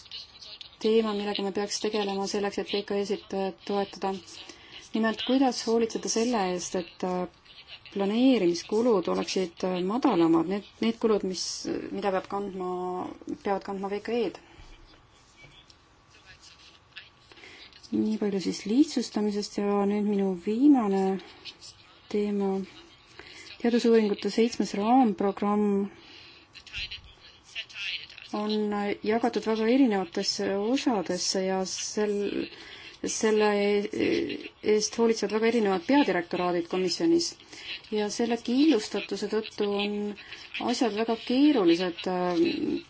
teema, millega me peaks tegelema selleks, et VKE-sid toetada. nimelt, kuidas hoolitseda selle eest, et äh, planeerimiskulud oleksid äh, madalamad, need, need kulud, mis, mida peab kandma, peavad kandma VKE-d nii palju siis lihtsustamisest ja nüüd minu viimane teema, teadusuuringute seitsmes raamprogramm on jagatud väga erinevatesse osadesse ja sel selle eest hoolitsevad väga erinevad peadirektoraadid komisjonis ja selle killustatuse tõttu on asjad väga keerulised.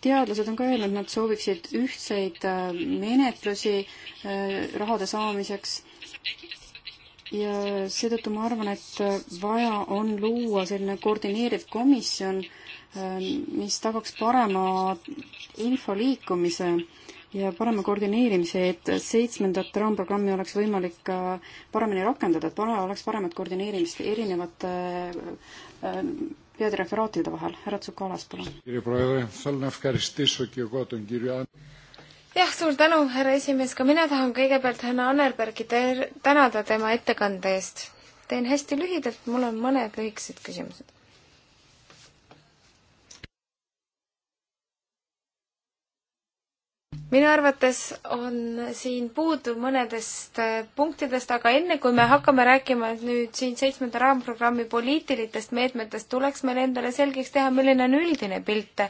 teadlased on ka öelnud, nad sooviksid ühtseid äh, menetlusi äh, rahade saamiseks ja seetõttu ma arvan, et äh, vaja on luua selline koordineeriv komisjon, mis tagaks parema info liikumise ja parema koordineerimise, et seitsmendat raamprogrammi oleks võimalik paremini rakendada, et pare-, oleks paremat koordineerimist erinevate äh, äh, peadirektoraatide vahel. härra Tsukalas, palun. jah, suur tänu, härra esimees, ka mina tahan kõigepealt härra Annerbergi tänada tema ettekande eest. teen hästi lühidalt, mul on mõned lühikesed küsimused minu arvates on siin puudu mõnedest äh, punktidest, aga enne kui me hakkame rääkima nüüd siin seitsmenda raamprogrammi poliitilistest meetmetest, tuleks meil endale selgeks teha, milline on üldine pilt.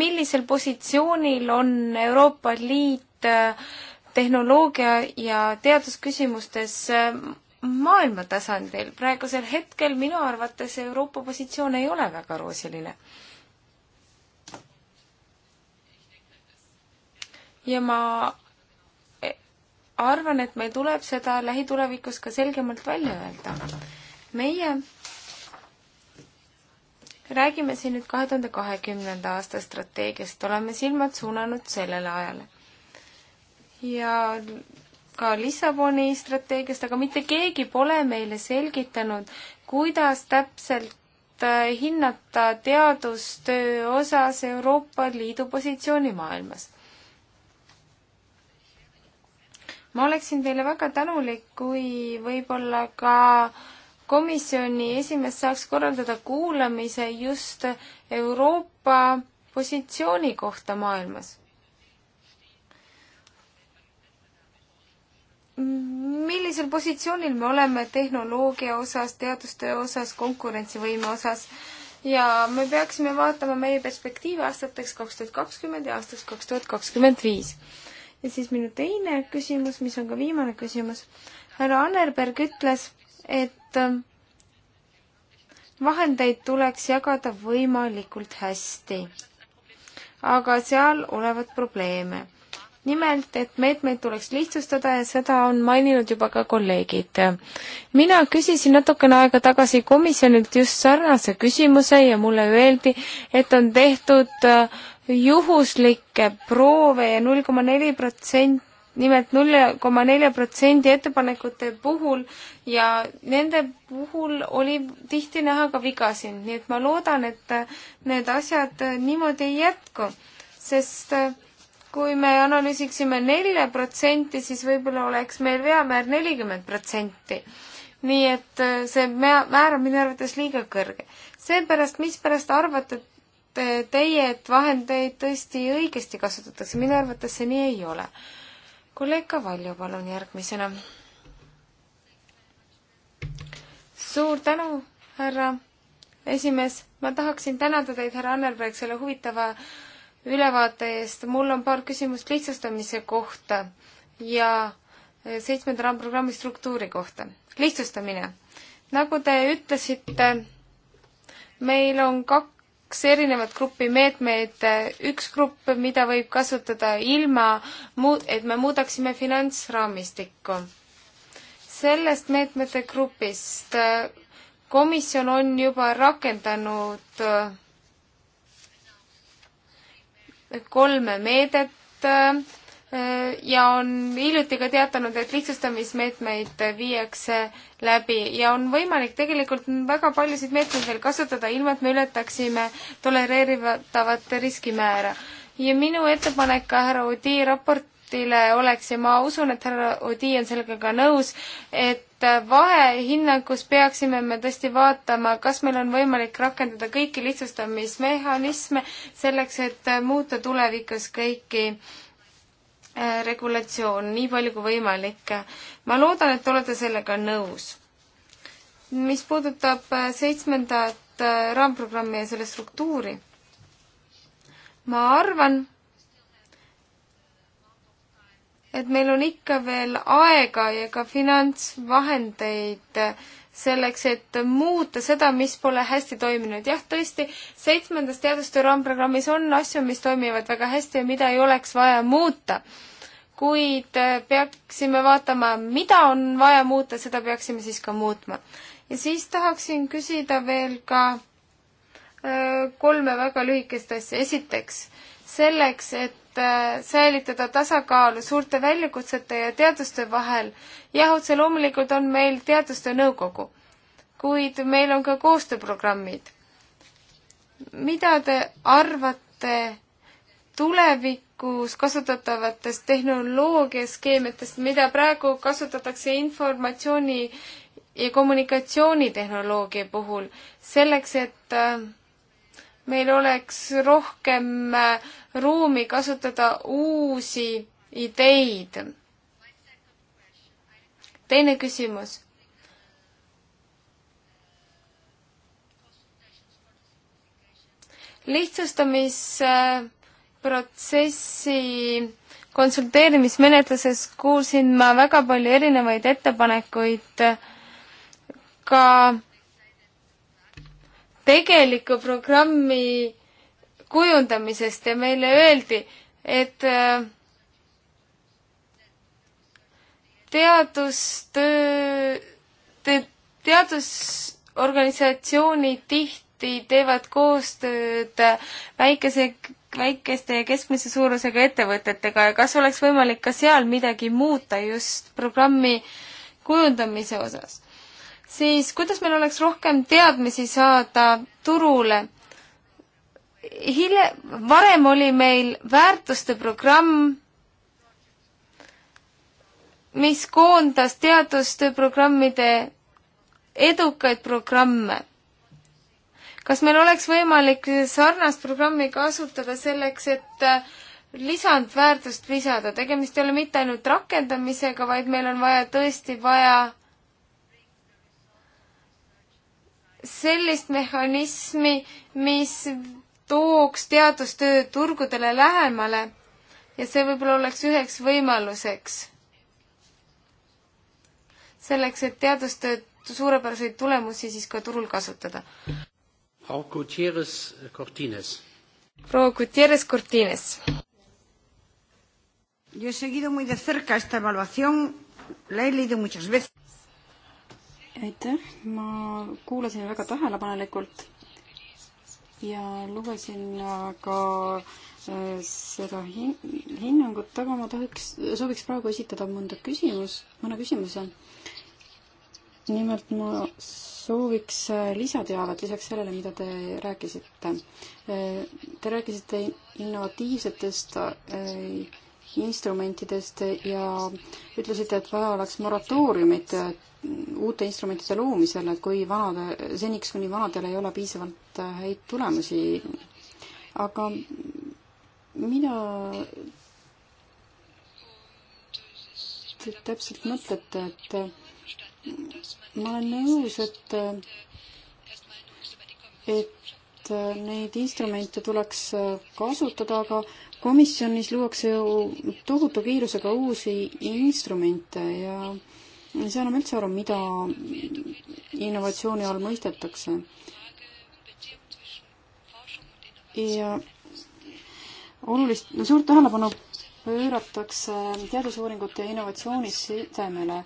millisel positsioonil on Euroopa Liit äh, tehnoloogia ja teadusküsimustes äh, maailma tasandil. praegusel hetkel minu arvates Euroopa positsioon ei ole väga roosiline ja ma e, arvan, et meil tuleb seda lähitulevikus ka selgemalt välja öelda. meie räägime siin nüüd kahe tuhande kahekümnenda aasta strateegiast, oleme silmad suunanud sellele ajale. ja ka Lissaboni strateegiast, aga mitte keegi pole meile selgitanud, kuidas täpselt äh, hinnata teadustöö osas Euroopa Liidu positsiooni maailmas. ma oleksin teile väga tänulik, kui võib-olla ka komisjoni esimees saaks korraldada kuulamise just Euroopa positsiooni kohta maailmas. millisel positsioonil me oleme tehnoloogia osas, teadustöö osas, konkurentsivõime osas ja me peaksime vaatama meie perspektiive aastateks kaks tuhat kakskümmend ja aastaks kaks tuhat kakskümmend viis ja siis minu teine küsimus, mis on ka viimane küsimus. härra Annerberg ütles, et ähm, vahendeid tuleks jagada võimalikult hästi. aga seal olevat probleeme. nimelt, et meetmeid tuleks lihtsustada ja seda on maininud juba ka kolleegid. mina küsisin natukene aega tagasi komisjonilt just sarnase küsimuse ja mulle öeldi, et on tehtud äh, juhuslikke proove ja null koma neli protsenti nimelt null koma nelja protsendi ettepanekute puhul ja nende puhul oli tihti näha ka vigasid, nii et ma loodan, et need asjad niimoodi ei jätku, sest kui me analüüsiksime nelja protsenti, siis võib-olla oleks meil veamäär nelikümmend protsenti. nii et see määr on minu arvates liiga kõrge. seepärast, mispärast arvate, teie, et vahendeid tõesti õigesti kasutatakse, minu arvates see nii ei ole. kolleeg Kavaljo, palun järgmisena. suur tänu, härra esimees, ma tahaksin tänada teid, härra Annerberg, selle huvitava ülevaate eest, mul on paar küsimust lihtsustamise kohta ja seitsmenda raamprogrammi struktuuri kohta. lihtsustamine. nagu te ütlesite, meil on kaks kaks erinevat gruppi meetmeid, üks grupp, mida võib kasutada ilma muud, et me muudaksime finantsraamistikku. sellest meetmete grupist komisjon on juba rakendanud äh, kolme meedet, äh, ja on hiljuti ka teatanud, et lihtsustamismeetmeid viiakse läbi ja on võimalik tegelikult väga paljusid meetmeid veel kasutada, ilma et me ületaksime tolereeritavat riskimäära. ja minu ettepanek ka härra Odi raportile oleks ja ma usun, et härra Odi on sellega ka nõus, et vahehinnangus peaksime me tõesti vaatama, kas meil on võimalik rakendada kõiki lihtsustamismehhanisme selleks, et muuta tulevikus kõiki äh, Äh, regulatsioon nii palju kui võimalik. ma loodan, et olete sellega nõus. mis puudutab äh, seitsmendat äh, raamprogrammi ja selle struktuuri, ma arvan, et meil on ikka veel aega ja ka finantsvahendeid äh, selleks, et muuta seda, mis pole hästi toiminud. jah, tõesti, seitsmendas teadustöö raamprogrammis on asju, mis toimivad väga hästi ja mida ei oleks vaja muuta. kuid äh, peaksime vaatama, mida on vaja muuta, seda peaksime siis ka muutma. ja siis tahaksin küsida veel ka äh, kolme väga lühikest asja. esiteks äh, selleks, et äh, säilitada tasakaalu suurte väljakutsete ja teaduste vahel. jah, otse loomulikult on meil teaduste nõukogu, kuid meil on ka koostööprogrammid. mida te arvate tulevikus kasutatavatest tehnoloogiaskeemitest, mida praegu kasutatakse informatsiooni ja kommunikatsioonitehnoloogia puhul selleks, et äh, meil oleks rohkem äh, ruumi kasutada uusi ideid. teine küsimus. lihtsustamisprotsessi konsulteerimismenetluses kuulsin ma väga palju erinevaid ettepanekuid ka tegeliku programmi kujundamisest ja meile öeldi, et äh, teadustöö, teadusorganisatsioonid tihti teevad koostööd väikese, väikeste ja keskmise suurusega ettevõtetega ja kas oleks võimalik ka seal midagi muuta just programmi kujundamise osas? siis kuidas meil oleks rohkem teadmisi saada turule? hilja, varem oli meil väärtuste programm, mis koondas teadustööprogrammide edukaid programme. kas meil oleks võimalik sarnast programmi kasutada selleks, et äh, lisandväärtust lisada, tegemist ei ole mitte ainult rakendamisega, vaid meil on vaja tõesti vaja sellist mehhanismi, mis tooks teadustöö turgudele lähemale ja see võib-olla oleks üheks võimaluseks selleks, et teadustöö suurepäraseid tulemusi siis ka turul kasutada. proua Gutierrez Cortines. proua Gutierrez Cortines. Yo he seguido muy de cerca esta evaluación, la he leído muchas veces aitäh, ma kuulasin väga tähelepanelikult ja lugesin ka äh, seda hin-, hinnangut, aga ma tahaks, sooviks praegu esitada mõnda küsimus, mõne küsimuse. nimelt ma sooviks äh, lisateavet lisaks sellele, mida te rääkisite. Äh, te rääkisite innovatiivsetest instrumentidest ja ütlesite, et vaja oleks moratooriumit uute instrumentide loomisel, et kui vanade, seniks, kuni vanadel ei ole piisavalt äh, häid tulemusi, aga mida te täpselt mõtlete, et ma olen nõus, et et neid instrumente tuleks kasutada, aga komisjonis luuakse ju tohutu kiirusega uusi instrumente ja äh, ei saa enam üldse aru, mida innovatsiooni all mõistetakse. ja olulist, no suurt tähelepanu pööratakse teadusuuringute ja innovatsiooni sidemele.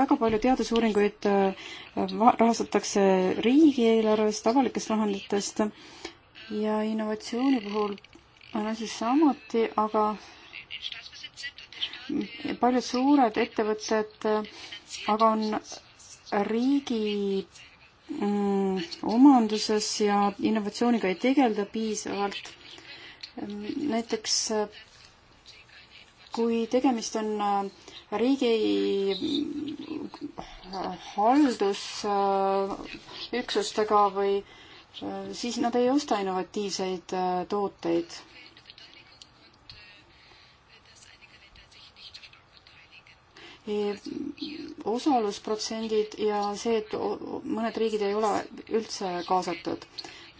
väga palju teadusuuringuid äh, rahastatakse riigieelarvest, avalikest vahenditest ja innovatsiooni puhul on asi samuti, aga paljud suured ettevõtted aga on riigi mm, omanduses ja innovatsiooniga ei tegelda piisavalt. näiteks kui tegemist on äh, riigi äh, haldusüksustega äh, või siis nad ei osta innovatiivseid tooteid osalusprotsendid ja see, et mõned riigid ei ole üldse kaasatud.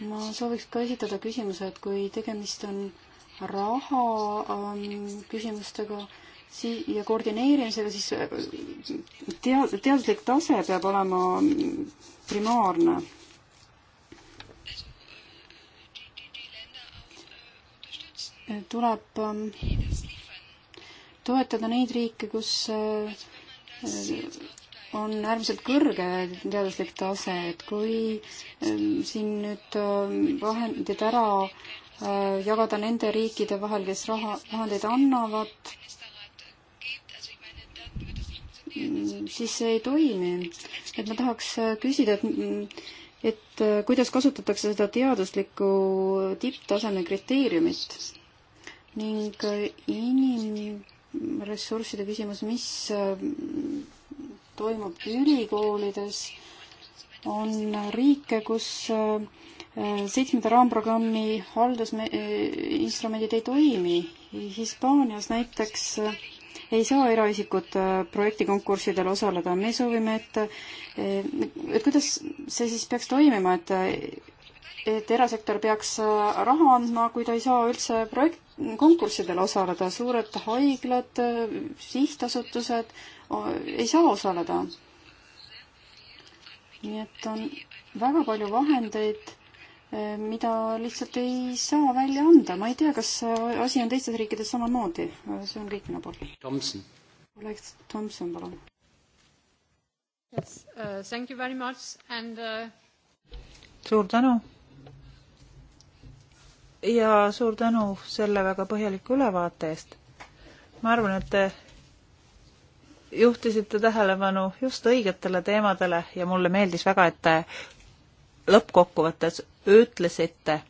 ma sooviks ka esitada küsimuse, et kui tegemist on raha ähm, küsimustega, sii- ja koordineerimisega, siis äh, tea-, teaduslik tase peab olema primaarne. Äh, tuleb ähm, toetada neid riike, kus äh, on äärmiselt kõrge teaduslik tase, et kui äh, siin nüüd äh, vahendid ära jagada nende riikide vahel, kes raha, vahendeid annavad, siis see ei toimi. et ma tahaks küsida, et, mm, et kuidas kasutatakse seda teaduslikku tipptaseme kriteeriumit ning inim-, ressursside küsimus, mis äh, toimub ülikoolides, on riike, kus äh, äh, seitsmenda raamprogrammi haldusinstrumendid ei toimi. Hispaanias näiteks ei saa eraisikud projektikonkurssidel osaleda. me soovime, et, et kuidas see siis peaks toimima, et, et erasektor peaks raha andma, kui ta ei saa üldse projekt, konkurssidel osaleda, suured haiglad, sihtasutused ei saa osaleda. nii et on väga palju vahendeid, e, mida lihtsalt ei saa välja anda. ma ei tea, kas asi on teistes riikides samamoodi. see on kõik minu poolt. Tomson. Oleks Tomson, palun. Yes, uh, thank you very much and uh... suur tänu ja suur tänu selle väga põhjaliku ülevaate eest. ma arvan, et te juhtisite tähelepanu just õigetele teemadele ja mulle meeldis väga, et te lõppkokkuvõttes ütlesite,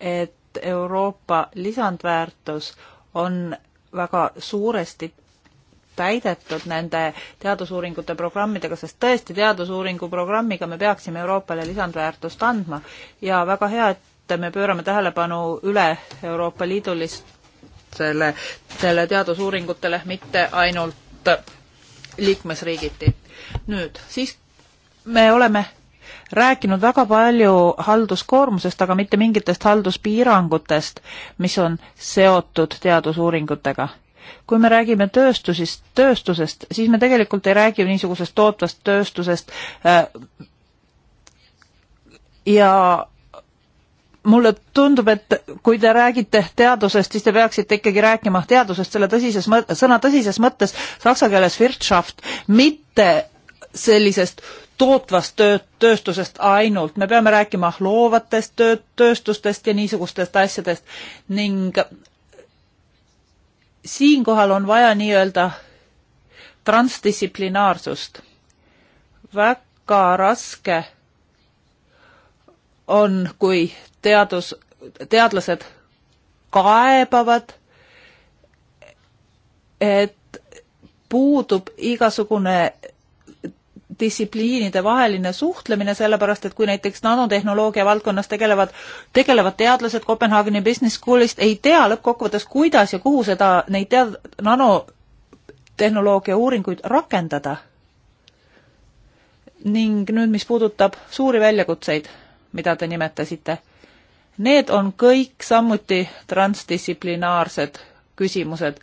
et Euroopa lisandväärtus on väga suuresti täidetud nende teadusuuringute programmidega, sest tõesti, teadusuuringu programmiga me peaksime Euroopale lisandväärtust andma ja väga hea, et me pöörame tähelepanu üle Euroopa Liidulistele selle teadusuuringutele, mitte ainult liikmesriigiti. nüüd, siis me oleme rääkinud väga palju halduskoormusest, aga mitte mingitest halduspiirangutest, mis on seotud teadusuuringutega. kui me räägime tööstusist, tööstusest, siis me tegelikult ei räägi niisugusest tootvast tööstusest äh, ja mulle tundub, et kui te räägite teadusest, siis te peaksite ikkagi rääkima teadusest selle tõsises mõ-, sõna tõsises mõttes, saksa keeles Wirtschaft, mitte sellisest tootvast töö, tööstusest ainult, me peame rääkima loovatest töö, tööstustest ja niisugustest asjadest ning siinkohal on vaja nii-öelda transdistsiplinaarsust. väga raske on, kui teadus, teadlased kaebavad, et puudub igasugune distsipliinide vaheline suhtlemine, sellepärast et kui näiteks nanotehnoloogia valdkonnas tegelevad, tegelevad teadlased Kopenhaageni Business Schoolist, ei tea lõppkokkuvõttes, kuidas ja kuhu seda, neid tead-, nanotehnoloogia uuringuid rakendada. ning nüüd, mis puudutab suuri väljakutseid mida te nimetasite, need on kõik samuti transdistsiplinaarsed küsimused.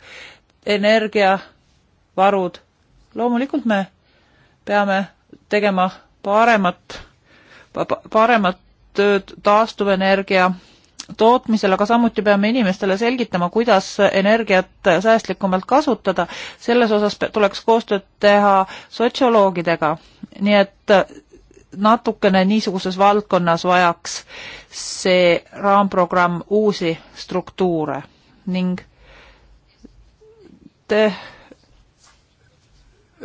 energiavarud, loomulikult me peame tegema paremat, paremat tööd taastuvenergia tootmisel, aga samuti peame inimestele selgitama, kuidas energiat säästlikumalt kasutada. selles osas tuleks koostööd teha sotsioloogidega. nii et natukene niisuguses valdkonnas vajaks see raamprogramm uusi struktuure ning te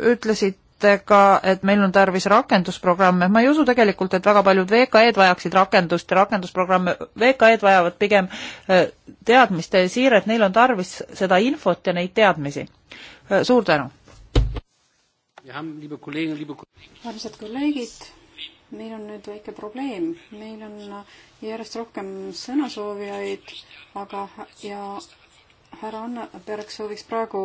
ütlesite ka, et meil on tarvis rakendusprogramme, ma ei usu tegelikult, et väga paljud VKE-d vajaksid rakendust ja rakendusprogramme, VKE-d vajavad pigem äh, teadmiste siiret, neil on tarvis seda infot ja neid teadmisi. Äh, suur tänu! armsad kolleegid, meil on nüüd väike probleem, meil on järjest rohkem sõnasoovijaid, aga ja härra Annaberg sooviks praegu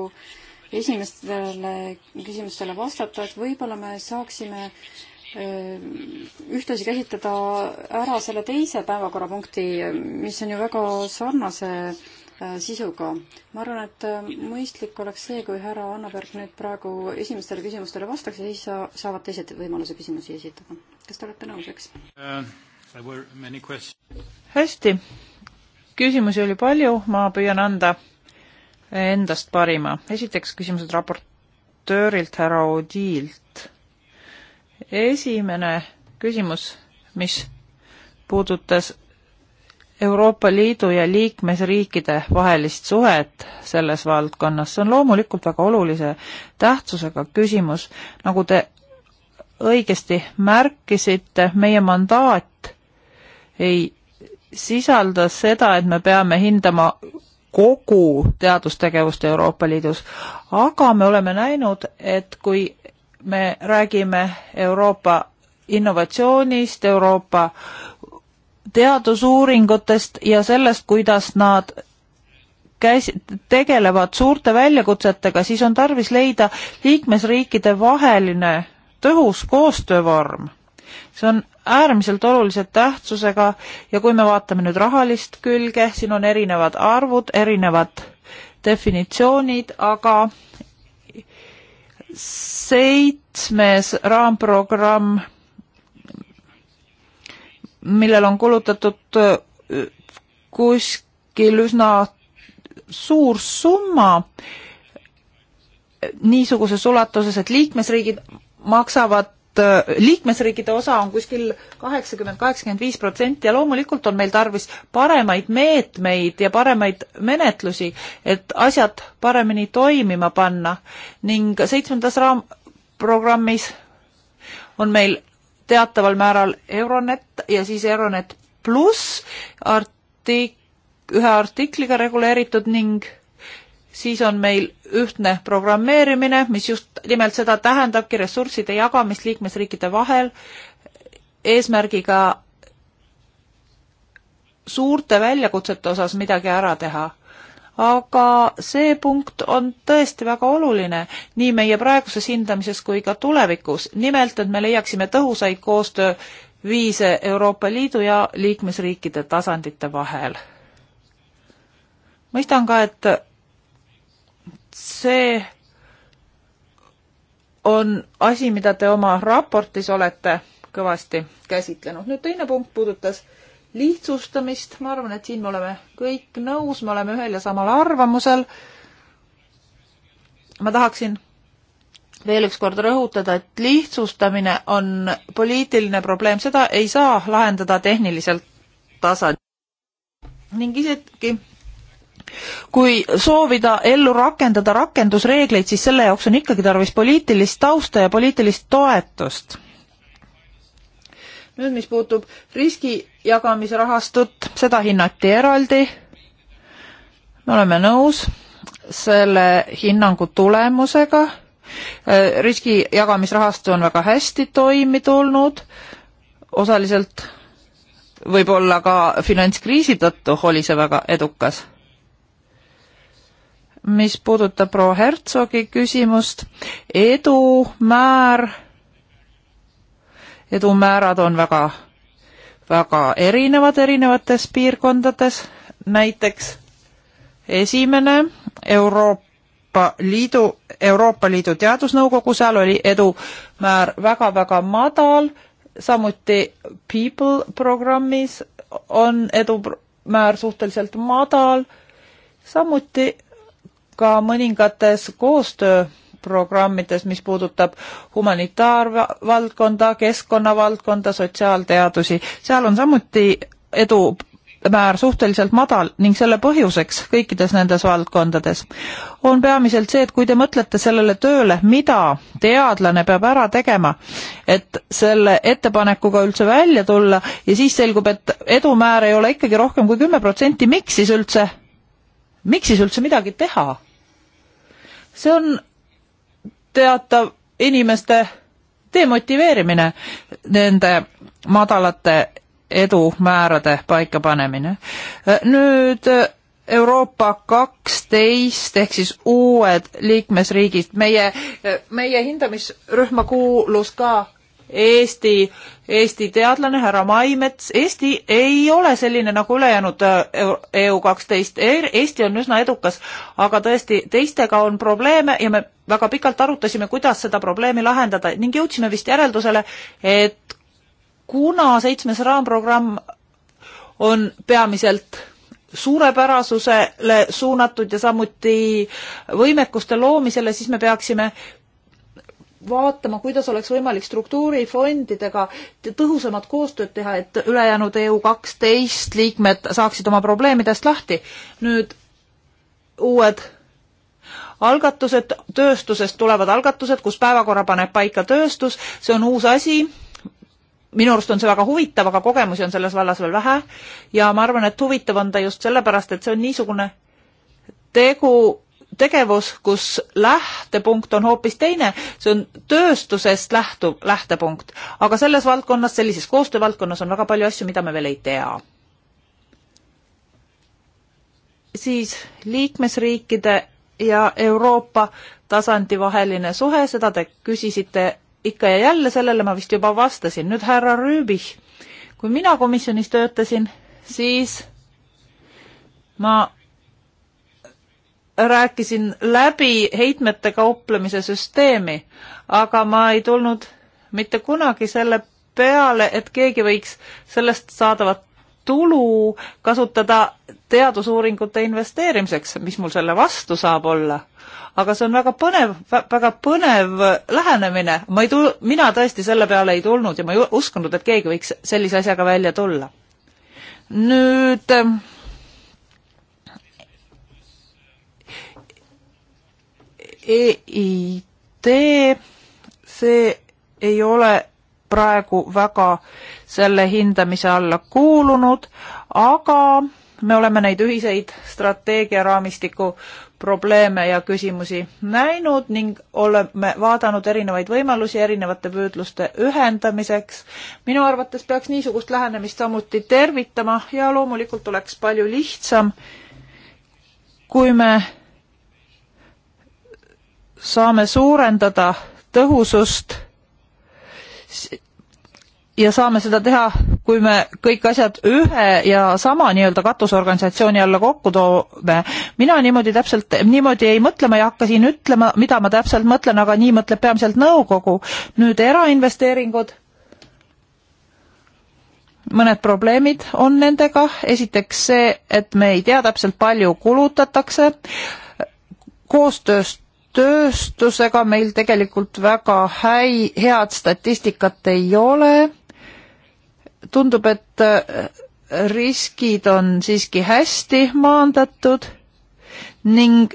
esimestele küsimustele vastata, et võib-olla me saaksime äh, ühtlasi käsitleda ära selle teise päevakorrapunkti, mis on ju väga sarnase Äh, sisuga. ma arvan, et äh, mõistlik oleks see, kui härra Annaberg nüüd praegu esimestele küsimustele vastaks ja siis saavad teised võimaluse küsimusi esitada. kas te olete nõus, eks uh,? hästi, küsimusi oli palju, ma püüan anda endast parima. esiteks küsimused raportöörilt härra Odilt. esimene küsimus, mis puudutas Euroopa Liidu ja liikmesriikide vahelist suhet selles valdkonnas, see on loomulikult väga olulise tähtsusega küsimus. nagu te õigesti märkisite, meie mandaat ei sisalda seda, et me peame hindama kogu teadustegevust Euroopa Liidus, aga me oleme näinud, et kui me räägime Euroopa innovatsioonist, Euroopa teadusuuringutest ja sellest, kuidas nad käis, tegelevad suurte väljakutsetega, siis on tarvis leida liikmesriikide vaheline tõhus koostöövorm. see on äärmiselt olulise tähtsusega ja kui me vaatame nüüd rahalist külge, siin on erinevad arvud, erinevad definitsioonid, aga seitsmes raamprogramm millel on kulutatud äh, kuskil üsna suur summa niisuguses ulatuses, et liikmesriigid maksavad, äh, liikmesriikide osa on kuskil kaheksakümmend, kaheksakümmend viis protsenti ja loomulikult on meil tarvis paremaid meetmeid ja paremaid menetlusi, et asjad paremini toimima panna ning seitsmendas raam-, programmis on meil teataval määral Euronet ja siis Euronet pluss artik-, ühe artikliga reguleeritud ning siis on meil ühtne programmeerimine, mis just nimelt seda tähendabki, ressursside jagamist liikmesriikide vahel eesmärgiga suurte väljakutsete osas midagi ära teha aga see punkt on tõesti väga oluline nii meie praeguses hindamises kui ka tulevikus. nimelt, et me leiaksime tõhusaid koostööviise Euroopa Liidu ja liikmesriikide tasandite vahel. mõistan ka, et see on asi, mida te oma raportis olete kõvasti käsitlenud. nüüd teine punkt puudutas äh, lihtsustamist, ma arvan, et siin me oleme kõik nõus, me oleme ühel ja samal arvamusel. ma tahaksin veel ükskord rõhutada, et lihtsustamine on poliitiline probleem, seda ei saa lahendada tehnilisel tasandil. ning isegi kui soovida ellu rakendada rakendusreegleid, siis selle jaoks on ikkagi tarvis poliitilist tausta ja poliitilist toetust nüüd, mis puutub riski jagamisrahastut, seda hinnati eraldi. me oleme nõus selle hinnangu tulemusega. Äh, riski jagamisrahastu on väga hästi toimi tulnud, osaliselt võib-olla ka finantskriisi tõttu oli see väga edukas. mis puudutab proua Hertsogi küsimust, edumäär edumäärad on väga, väga erinevad erinevates piirkondades. näiteks esimene Euroopa Liidu, Euroopa Liidu Teadusnõukogu, seal oli edumäär väga-väga madal, samuti People programmis on edumäär suhteliselt madal, samuti ka mõningates koostöö programmides, mis puudutab humanitaarvaldkonda, keskkonnavaldkonda, sotsiaalteadusi. seal on samuti edu määr suhteliselt madal ning selle põhjuseks kõikides nendes valdkondades on peamiselt see, et kui te mõtlete sellele tööle, mida teadlane peab ära tegema, et selle ettepanekuga üldse välja tulla ja siis selgub, et edumäär ei ole ikkagi rohkem kui kümme protsenti, miks siis üldse, miks siis üldse midagi teha? see on teatav inimeste demotiveerimine, nende madalate edumäärade paikapanemine. nüüd Euroopa kaksteist ehk siis uued liikmesriigid, meie, meie hindamisrühma kuulus ka Eesti, Eesti teadlane härra Maimets, Eesti ei ole selline nagu ülejäänud äh, EU e kaksteist, e Eesti on üsna edukas, aga tõesti, teistega on probleeme ja me väga pikalt arutasime, kuidas seda probleemi lahendada ning jõudsime vist järeldusele, et kuna seitsmes raamprogramm on peamiselt suurepärasusele suunatud ja samuti võimekuste loomisele, siis me peaksime vaatama, kuidas oleks võimalik struktuurifondidega tõhusamat koostööd teha, et ülejäänud EU kaksteist liikmed saaksid oma probleemidest lahti. nüüd uued algatused, tööstusest tulevad algatused, kus päevakorra paneb paika tööstus, see on uus asi, minu arust on see väga huvitav, aga kogemusi on selles vallas veel vähe ja ma arvan, et huvitav on ta just sellepärast, et see on niisugune tegu, tegevus, kus lähtepunkt on hoopis teine, see on tööstusest lähtuv lähtepunkt, aga selles valdkonnas, sellises koostöövaldkonnas on väga palju asju, mida me veel ei tea. siis liikmesriikide ja Euroopa tasandi vaheline suhe, seda te küsisite ikka ja jälle, sellele ma vist juba vastasin. nüüd härra Rüübich, kui mina komisjonis töötasin, siis ma rääkisin läbi heitmete kauplemise süsteemi, aga ma ei tulnud mitte kunagi selle peale, et keegi võiks sellest saadavat tulu kasutada teadusuuringute investeerimiseks, mis mul selle vastu saab olla. aga see on väga põnev, väga põnev lähenemine, ma ei tul-, mina tõesti selle peale ei tulnud ja ma ei uskunud, et keegi võiks sellise asjaga välja tulla. nüüd äh, EIT, see ei ole praegu väga selle hindamise alla kuulunud, aga me oleme neid ühiseid strateegiaraamistiku probleeme ja küsimusi näinud ning oleme vaadanud erinevaid võimalusi erinevate püüdluste ühendamiseks. minu arvates peaks niisugust lähenemist samuti tervitama ja loomulikult oleks palju lihtsam, kui me saame suurendada tõhusust ja saame seda teha, kui me kõik asjad ühe ja sama nii-öelda katusorganisatsiooni alla kokku toome. mina niimoodi täpselt, niimoodi ei mõtle, ma ei hakka siin ütlema, mida ma täpselt mõtlen, aga nii mõtleb peamiselt nõukogu. nüüd erainvesteeringud. mõned probleemid on nendega, esiteks see, et me ei tea täpselt, palju kulutatakse koostööst tööstusega meil tegelikult väga häi-, head statistikat ei ole. tundub, et äh, riskid on siiski hästi maandatud ning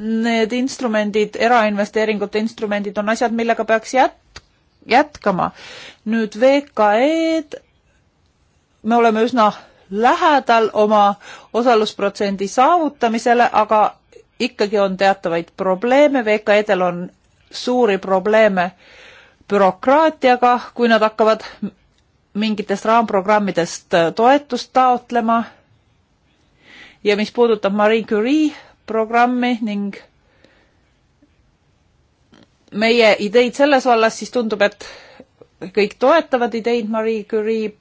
need instrumendid, erainvesteeringute instrumendid on asjad, millega peaks jät-, jätkama. nüüd VKE-d, me oleme üsna lähedal oma osalusprotsendi saavutamisele, aga ikkagi on teatavaid probleeme, VKE-del on suuri probleeme bürokraatiaga, kui nad hakkavad mingitest raamprogrammidest äh, toetust taotlema. ja mis puudutab Marie Curie programmi ning meie ideid selles vallas, siis tundub, et kõik toetavad ideid, Marie Curie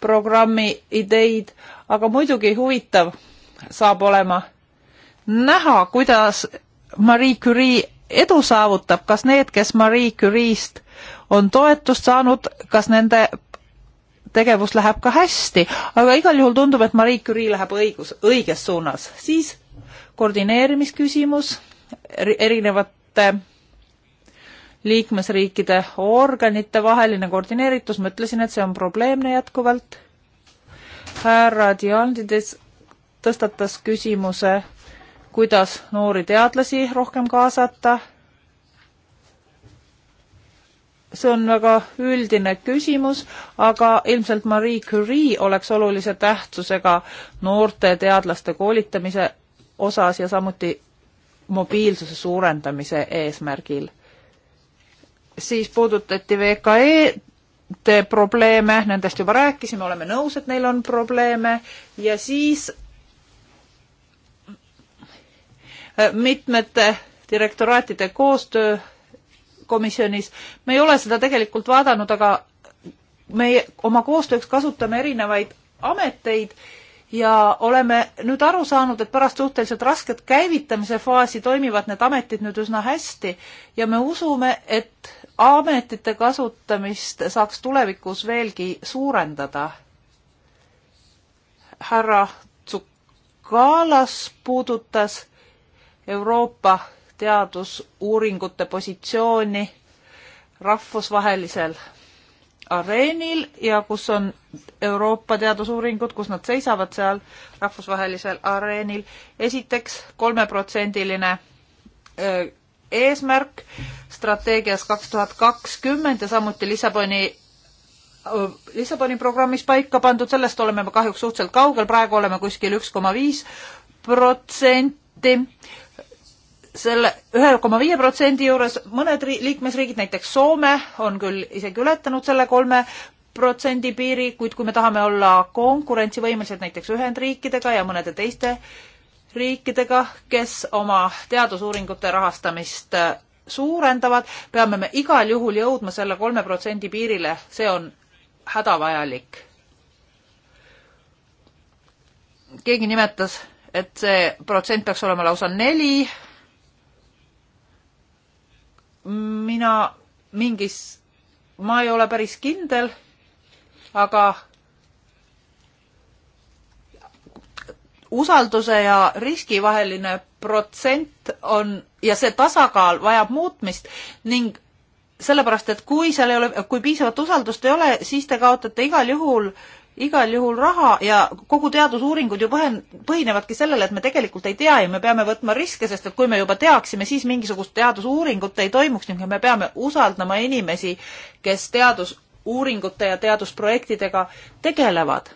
programmi ideid, aga muidugi huvitav saab olema näha, kuidas Marie Curie edu saavutab, kas need, kes Marie Curie'st on toetust saanud, kas nende tegevus läheb ka hästi, aga igal juhul tundub, et Marie Curie läheb õigus, õiges suunas. siis koordineerimisküsimus erinevate liikmesriikide organite vaheline koordineeritus, ma ütlesin, et see on probleemne jätkuvalt. härra Diandides tõstatas küsimuse kuidas noori teadlasi rohkem kaasata. see on väga üldine küsimus, aga ilmselt Marie Curie oleks olulise tähtsusega noorte teadlaste koolitamise osas ja samuti mobiilsuse suurendamise eesmärgil. siis puudutati VKE-de probleeme, nendest juba rääkisime, oleme nõus, et neil on probleeme ja siis Äh, mitmete direktoraatide koostöö komisjonis, me ei ole seda tegelikult vaadanud, aga me oma koostööks kasutame erinevaid ameteid ja oleme nüüd aru saanud, et pärast suhteliselt rasket käivitamise faasi toimivad need ametid nüüd üsna hästi ja me usume, et ametite kasutamist saaks tulevikus veelgi suurendada. härra Tsukalas puudutas Euroopa teadusuuringute positsiooni rahvusvahelisel areenil ja kus on Euroopa teadusuuringud, kus nad seisavad seal rahvusvahelisel areenil. esiteks kolmeprotsendiline eesmärk strateegias kaks tuhat kakskümmend ja samuti Lissaboni Lissaboni programmis paika pandud, sellest oleme me kahjuks suhteliselt kaugel, praegu oleme kuskil üks koma viis protsenti protsenti selle ühe koma viie protsendi juures mõned liikmesriigid, näiteks Soome, on küll isegi ületanud selle kolme protsendi piiri, kuid kui me tahame olla konkurentsivõimelised näiteks Ühendriikidega ja mõnede teiste riikidega, kes oma teadusuuringute rahastamist äh, suurendavad, peame me igal juhul jõudma selle kolme protsendi piirile, see on hädavajalik. keegi nimetas et see protsent peaks olema lausa neli. mina mingis, ma ei ole päris kindel, aga usalduse ja riski vaheline protsent on ja see tasakaal vajab muutmist ning sellepärast, et kui seal ei ole, kui piisavat usaldust ei ole, siis te kaotate igal juhul äh, igal juhul raha ja kogu teadusuuringud ju põhen-, põhinevadki sellele, et me tegelikult ei tea ja me peame võtma riske, sest et kui me juba teaksime, siis mingisugust teadusuuringut ei toimuks ning me peame usaldama inimesi, kes teadusuuringute ja teadusprojektidega tegelevad.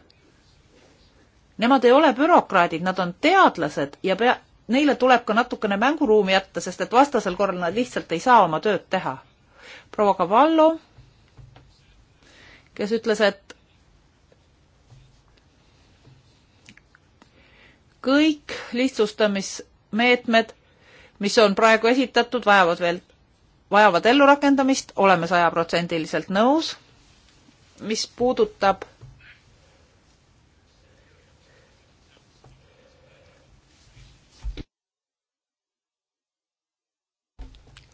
Nemad ei ole bürokraadid, nad on teadlased ja pea-, neile tuleb ka natukene mänguruumi jätta, sest et vastasel korral nad lihtsalt ei saa oma tööd teha. proua Cavallo, kes ütles, et kõik lihtsustamismeetmed, mis on praegu esitatud, vajavad veel, vajavad ellurakendamist, oleme sajaprotsendiliselt nõus. mis puudutab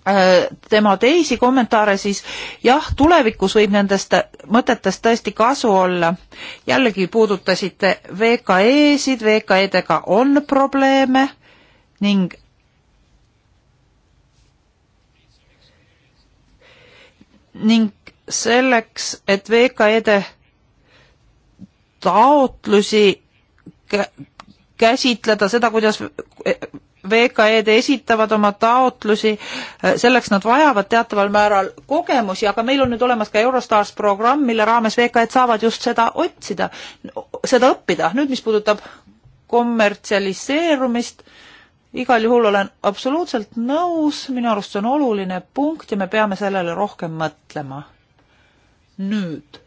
Äh, tema teisi kommentaare, siis jah, tulevikus võib nendest mõtetest tõesti kasu olla. jällegi puudutasite VKE-sid, VKE-dega on probleeme ning ning selleks, et VKE-de taotlusi käsitleda, seda, kuidas VKE-d esitavad oma taotlusi, äh, selleks nad vajavad teataval määral kogemusi, aga meil on nüüd olemas ka Eurostars programm, mille raames VKE-d saavad just seda otsida, seda õppida. nüüd, mis puudutab kommertsialiseerumist, igal juhul olen absoluutselt nõus, minu arust see on oluline punkt ja me peame sellele rohkem mõtlema. nüüd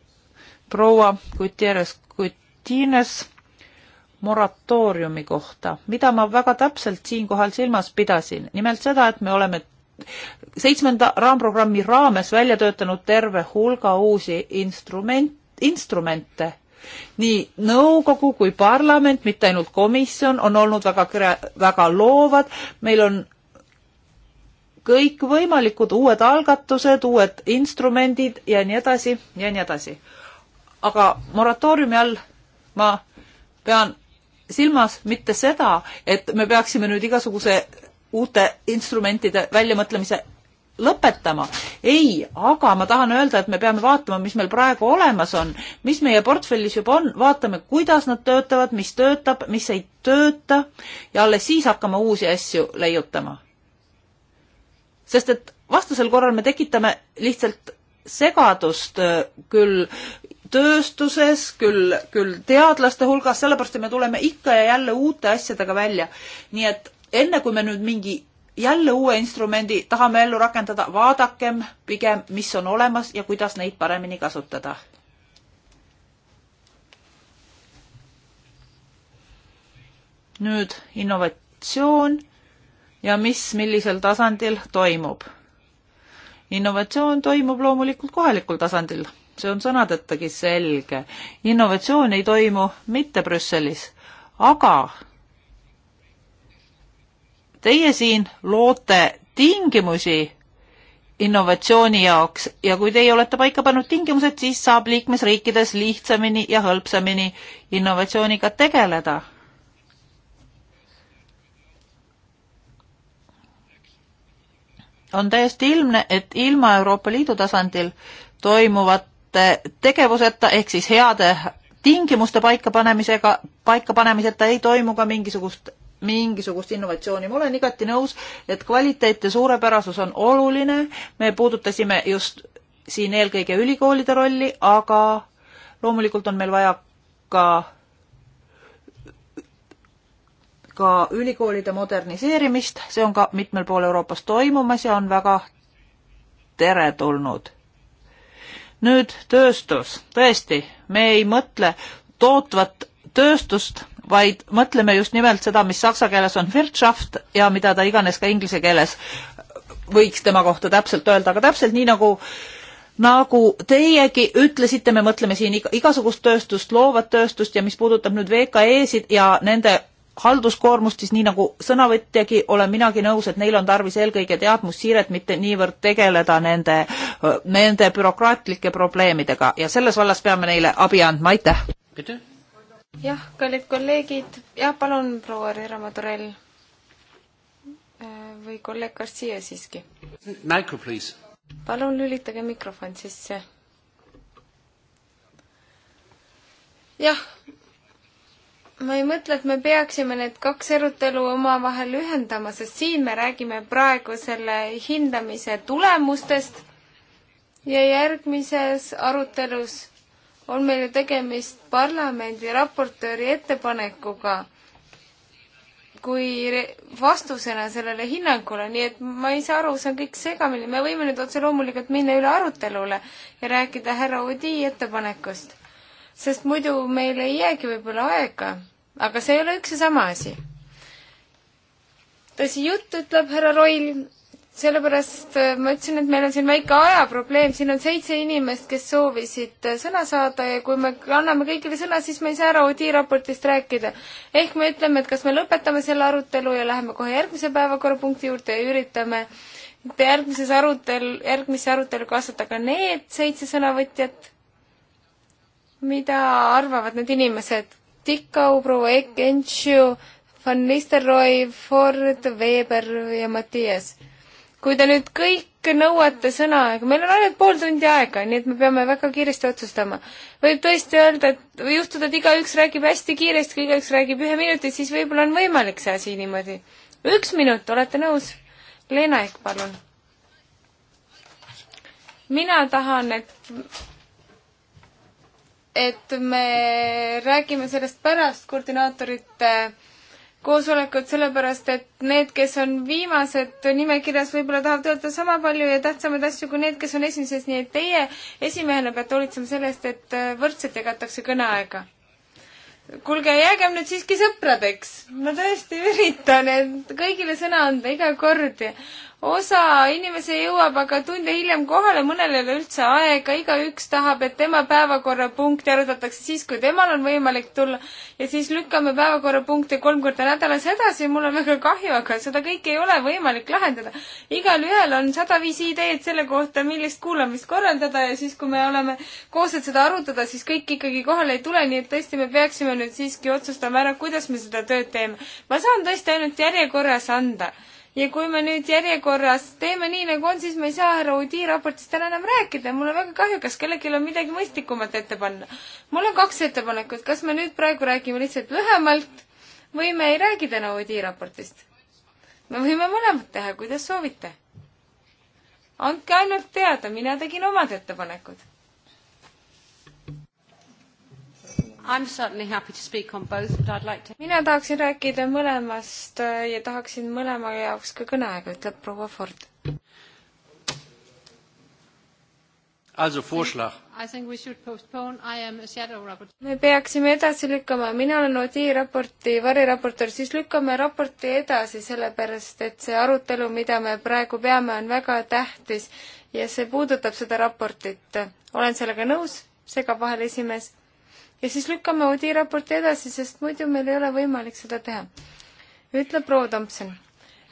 proua Gutierrez Gutines moratooriumi kohta, mida ma väga täpselt siinkohal silmas pidasin, nimelt seda, et me oleme seitsmenda raamprogrammi raames välja töötanud terve hulga uusi instrument, instrumente. nii nõukogu kui parlament, mitte ainult komisjon, on olnud väga, väga loovad, meil on kõikvõimalikud uued algatused, uued instrumendid ja nii edasi ja nii edasi. aga moratooriumi all ma pean silmas mitte seda, et me peaksime nüüd igasuguse uute instrumentide väljamõtlemise lõpetama. ei, aga ma tahan öelda, et me peame vaatama, mis meil praegu olemas on, mis meie portfellis juba on, vaatame, kuidas nad töötavad, mis töötab, mis ei tööta ja alles siis hakkame uusi asju leiutama. sest et vastasel korral me tekitame lihtsalt segadust äh, küll tööstuses, küll, küll teadlaste hulgas, sellepärast et me tuleme ikka ja jälle uute asjadega välja. nii et enne kui me nüüd mingi jälle uue instrumendi tahame ellu rakendada, vaadakem pigem, mis on olemas ja kuidas neid paremini kasutada. nüüd innovatsioon ja mis millisel tasandil toimub. innovatsioon toimub loomulikult kohalikul tasandil see on sõnadetagi selge. innovatsioon ei toimu mitte Brüsselis, aga teie siin loote tingimusi innovatsiooni jaoks ja kui teie olete paika pannud tingimused, siis saab liikmesriikides lihtsamini ja hõlpsamini innovatsiooniga tegeleda. on täiesti ilmne, et ilma Euroopa Liidu tasandil toimuvat teadlaste tegevuseta ehk siis heade tingimuste paikapanemisega, paikapanemiseta ei toimu ka mingisugust, mingisugust innovatsiooni. ma olen igati nõus, et kvaliteet ja suurepärasus on oluline. me puudutasime just siin eelkõige ülikoolide rolli, aga loomulikult on meil vaja ka ka ülikoolide moderniseerimist, see on ka mitmel pool Euroopas toimumas ja on väga teretulnud nüüd tööstus, tõesti, me ei mõtle tootvat tööstust, vaid mõtleme just nimelt seda, mis saksa keeles on Wirtschaft ja mida ta iganes ka inglise keeles võiks tema kohta täpselt öelda, aga täpselt nii nagu nagu teiegi ütlesite, me mõtleme siin igasugust tööstust, loovat tööstust ja mis puudutab nüüd VKE-sid ja nende halduskoormust, siis nii nagu sõnavõtjagi, olen minagi nõus, et neil on tarvis eelkõige teadmussiiret, mitte niivõrd tegeleda nende, nende bürokraatlike probleemidega ja selles vallas peame neile abi andma, aitäh! jah, kallid kolleegid, jah, palun, proua Reera Madurell äh, või kolleeg Garcia siiski. palun lülitage mikrofon sisse. jah, ma ei mõtle, et me peaksime need kaks erutelu omavahel ühendama, sest siin me räägime praegu selle hindamise tulemustest ja järgmises arutelus on meil ju tegemist parlamendi raportööri ettepanekuga kui vastusena sellele hinnangule, nii et ma ei saa aru, see on kõik segamini, me võime nüüd otse loomulikult minna üle arutelule ja rääkida härra Odi ettepanekust sest muidu meil ei jäägi võib-olla aega, aga see ei ole üks ja sama asi. tõsi jutt, ütleb härra Roil, sellepärast äh, ma ütlesin, et meil on siin väike ajaprobleem, siin on seitse inimest, kes soovisid äh, sõna saada ja kui me anname kõigile sõna, siis me ei saa ära Odi raportist rääkida. ehk me ütleme, et kas me lõpetame selle arutelu ja läheme kohe järgmise päevakorrapunkti juurde ja üritame järgmises arutel, järgmisse arutelu kaasata ka need seitse sõnavõtjat mida arvavad need inimesed? Tikau, proua Ekentšu, Van Nistelrooy, Ford, Weber ja Mattias. kui te nüüd kõik nõuate sõna, meil on ainult pool tundi aega, nii et me peame väga kiiresti otsustama. võib tõesti öelda, et või juhtuda, et igaüks räägib hästi kiiresti, kui igaüks räägib ühe minuti, siis võib-olla on võimalik see asi niimoodi. üks minut, olete nõus? Leena Ekk, palun. mina tahan, et et me räägime sellest pärast koordinaatorite koosolekut, sellepärast et need, kes on viimased nimekirjas, võib-olla tahavad öelda sama palju ja tähtsamaid asju kui need, kes on esimeses, nii et teie esimehena peate hoolitsema selle eest, et võrdselt jagatakse kõneaega. kuulge, jäägem nüüd siiski sõpradeks. ma tõesti üritan, et kõigile sõna anda iga kord ja osa inimesi jõuab aga tunde hiljem kohale, mõnel ei ole üldse aega, igaüks tahab, et tema päevakorrapunkti arutatakse siis, kui temal on võimalik tulla ja siis lükkame päevakorrapunkte kolm korda nädalas edasi, mul on väga kahju, aga seda kõike ei ole võimalik lahendada. igalühel on sada viis ideed selle kohta, millist kuulamist korraldada ja siis, kui me oleme koos, et seda arutada, siis kõik ikkagi kohale ei tule, nii et tõesti, me peaksime nüüd siiski otsustama ära, kuidas me seda tööd teeme. ma saan tõesti ainult järjekorras anda ja kui me nüüd järjekorras teeme nii, nagu on, siis me ei saa härra Udi raportist täna enam rääkida. mul on väga kahju, kas kellelgi on midagi mõistlikumat ette panna. mul on kaks ettepanekut, kas me nüüd praegu räägime lihtsalt lühemalt või me ei räägi täna Udi raportist? me võime mõlemat teha, kuidas soovite. andke ainult teada, mina tegin omad ettepanekud Both, like to... mina tahaksin rääkida mõlemast äh, ja tahaksin mõlema jaoks ka kõneaega, ütleb proua Ford. Also Vorschlag. me peaksime edasi lükkama, mina olen Odi raporti variraportöör, siis lükkame raporti edasi, sellepärast et see arutelu, mida me praegu peame, on väga tähtis ja see puudutab seda raportit. olen sellega nõus, segab vahel esimees ja siis lükkame Odi raporti edasi, sest muidu meil ei ole võimalik seda teha. ütleb proua Tomson.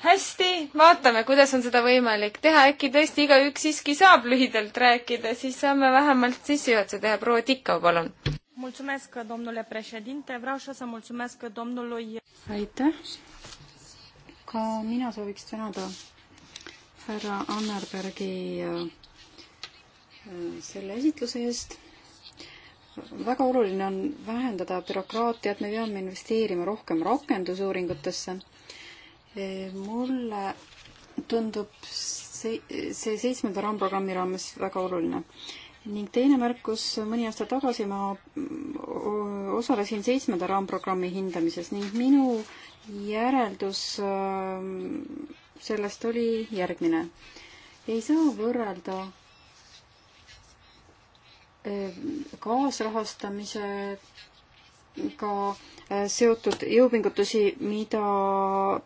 hästi, vaatame, kuidas on seda võimalik teha, äkki tõesti igaüks siiski saab lühidalt rääkida, siis saame vähemalt sissejuhatuse teha. proua Tikau, palun. aitäh. ka mina sooviks tänada härra Annerbergi äh, äh, selle esitluse eest väga oluline on vähendada bürokraatiat, me peame investeerima rohkem rakendusuuringutesse. mulle tundub see, see seitsmenda raamprogrammi raames väga oluline. ning teine märkus, mõni aasta tagasi ma osalesin seitsmenda raamprogrammi hindamises ning minu järeldus ähm, sellest oli järgmine. ei saa võrrelda kaasrahastamisega äh, seotud jõupingutusi, mida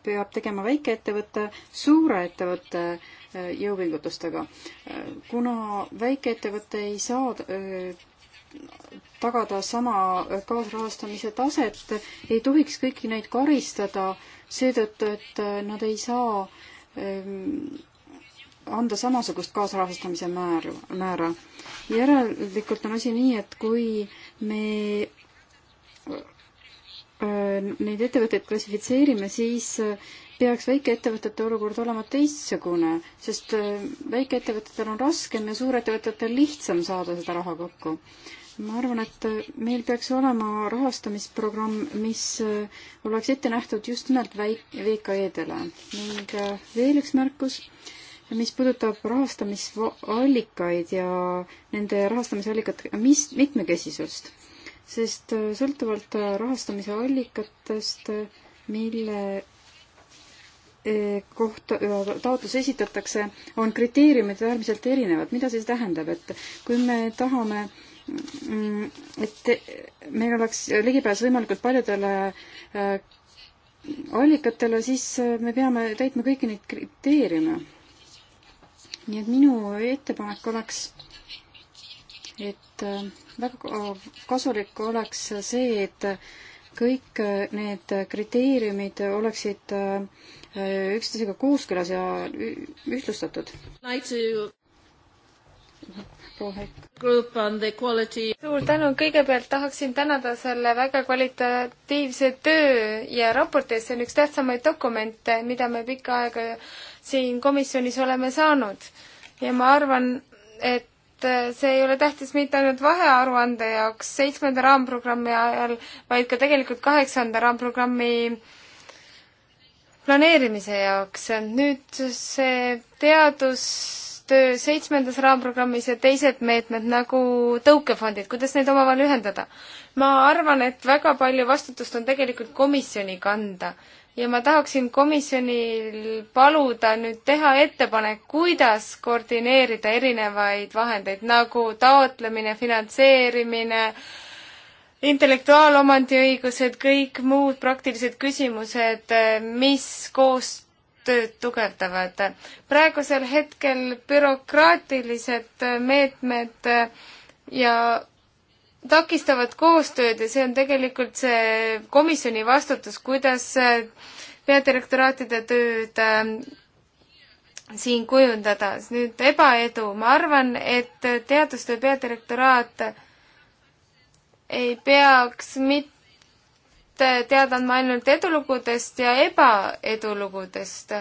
peab tegema väikeettevõte suure ettevõtte äh, jõupingutustega. Äh, kuna väikeettevõte ei saa tagada sama kaasrahastamise taset, ei tohiks kõiki neid karistada seetõttu, et nad ei saa ähm, anda samasugust kaasrahastamise määru, määra. järelikult on asi nii, et kui me äh, neid ettevõtteid klassifitseerime, siis äh, peaks väikeettevõtete olukord olema teistsugune, sest äh, väikeettevõtetel on raskem ja suurettevõtetel lihtsam saada seda raha kokku. ma arvan, et meil peaks olema rahastamisprogramm, mis oleks ette nähtud just nimelt väik-, VKE-dele. ning veel üks märkus mis puudutab rahastamisallikaid ja nende rahastamisallikate mis, mitmekesisust, sest äh, sõltuvalt äh, rahastamise allikatest, mille äh, kohta taotlus esitatakse, on kriteeriumid äärmiselt erinevad. mida see siis tähendab, et kui me tahame mm, et meil oleks ligipääs võimalikult paljudele allikatele, siis me peame täitma kõiki neid kriteeriume nii et minu ettepanek oleks, et äh, väga kasulik oleks see, et kõik need kriteeriumid oleksid äh, üksteisega kooskõlas ja ühtlustatud. suur tänu, kõigepealt tahaksin tänada selle väga kvalitatiivse töö ja raporti eest, see on üks tähtsamaid dokumente, mida me pikka aega siin komisjonis oleme saanud. ja ma arvan, et äh, see ei ole tähtis mitte ainult vahearuande jaoks seitsmenda raamprogrammi ajal, vaid ka tegelikult kaheksanda raamprogrammi planeerimise jaoks. nüüd see teadustöö seitsmendas raamprogrammis ja teised meetmed nagu tõukefondid, kuidas neid omavahel ühendada? ma arvan, et väga palju vastutust on tegelikult komisjoni kanda ja ma tahaksin komisjonil paluda nüüd teha ettepanek, kuidas koordineerida erinevaid vahendeid nagu taotlemine, finantseerimine, intellektuaalomandiõigused, kõik muud praktilised küsimused, mis koostööd tugevdavad. praegusel hetkel bürokraatilised meetmed ja takistavad koostööd ja see on tegelikult see komisjoni vastutus, kuidas äh, peadirektoraatide tööd äh, siin kujundada. nüüd ebaedu, ma arvan, et teadustöö peadirektoraat ei peaks mitte teada andma ainult edulugudest ja ebaedulugudest.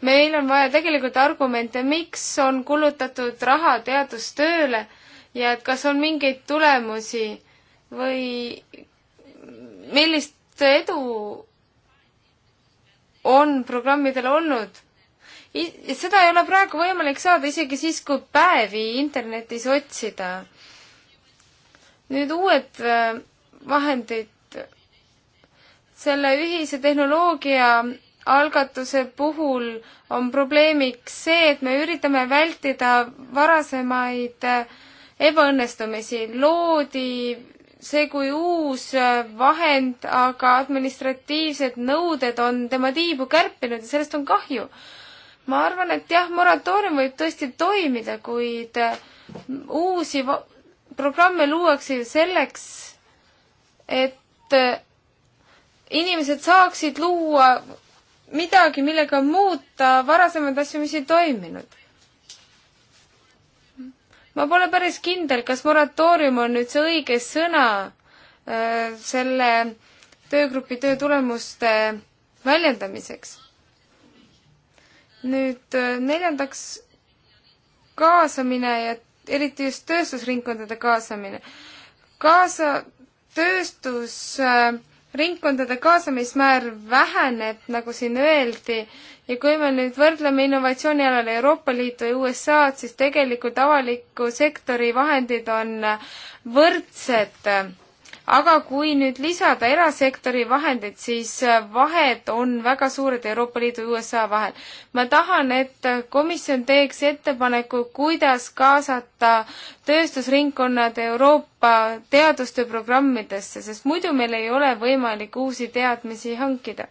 meil on vaja tegelikult argumente, miks on kulutatud raha teadustööle ja et kas on mingeid tulemusi või millist edu on programmidel olnud I seda ei ole praegu võimalik saada isegi siis, kui päevi internetis otsida. nüüd uued äh, vahendid. selle ühise tehnoloogia algatuse puhul on probleemiks see, et me üritame vältida varasemaid äh, ebaõnnestumisi, loodi see kui uus vahend, aga administratiivsed nõuded on tema tiibu kärpinud ja sellest on kahju. ma arvan, et jah, moratoorium võib tõesti toimida, kuid uusi programme luuakse ju selleks, et inimesed saaksid luua midagi, millega muuta varasemaid asju, mis ei toiminud ma pole päris kindel, kas moratoorium on nüüd see õige sõna äh, selle töögrupi töö tulemuste väljendamiseks. nüüd äh, neljandaks, kaasamine ja eriti just tööstusringkondade kaasamine. kaasa, tööstus äh, ringkondade kaasamismäär väheneb, nagu siin öeldi, ja kui me nüüd võrdleme innovatsioonialal Euroopa Liitu ja USA-d, siis tegelikult avaliku sektori vahendid on võrdsed aga kui nüüd lisada erasektori vahendeid, siis äh, vahed on väga suured Euroopa Liidu ja USA vahel. ma tahan, et komisjon teeks ettepaneku, kuidas kaasata tööstusringkonnad Euroopa teadustöö programmidesse, sest muidu meil ei ole võimalik uusi teadmisi hankida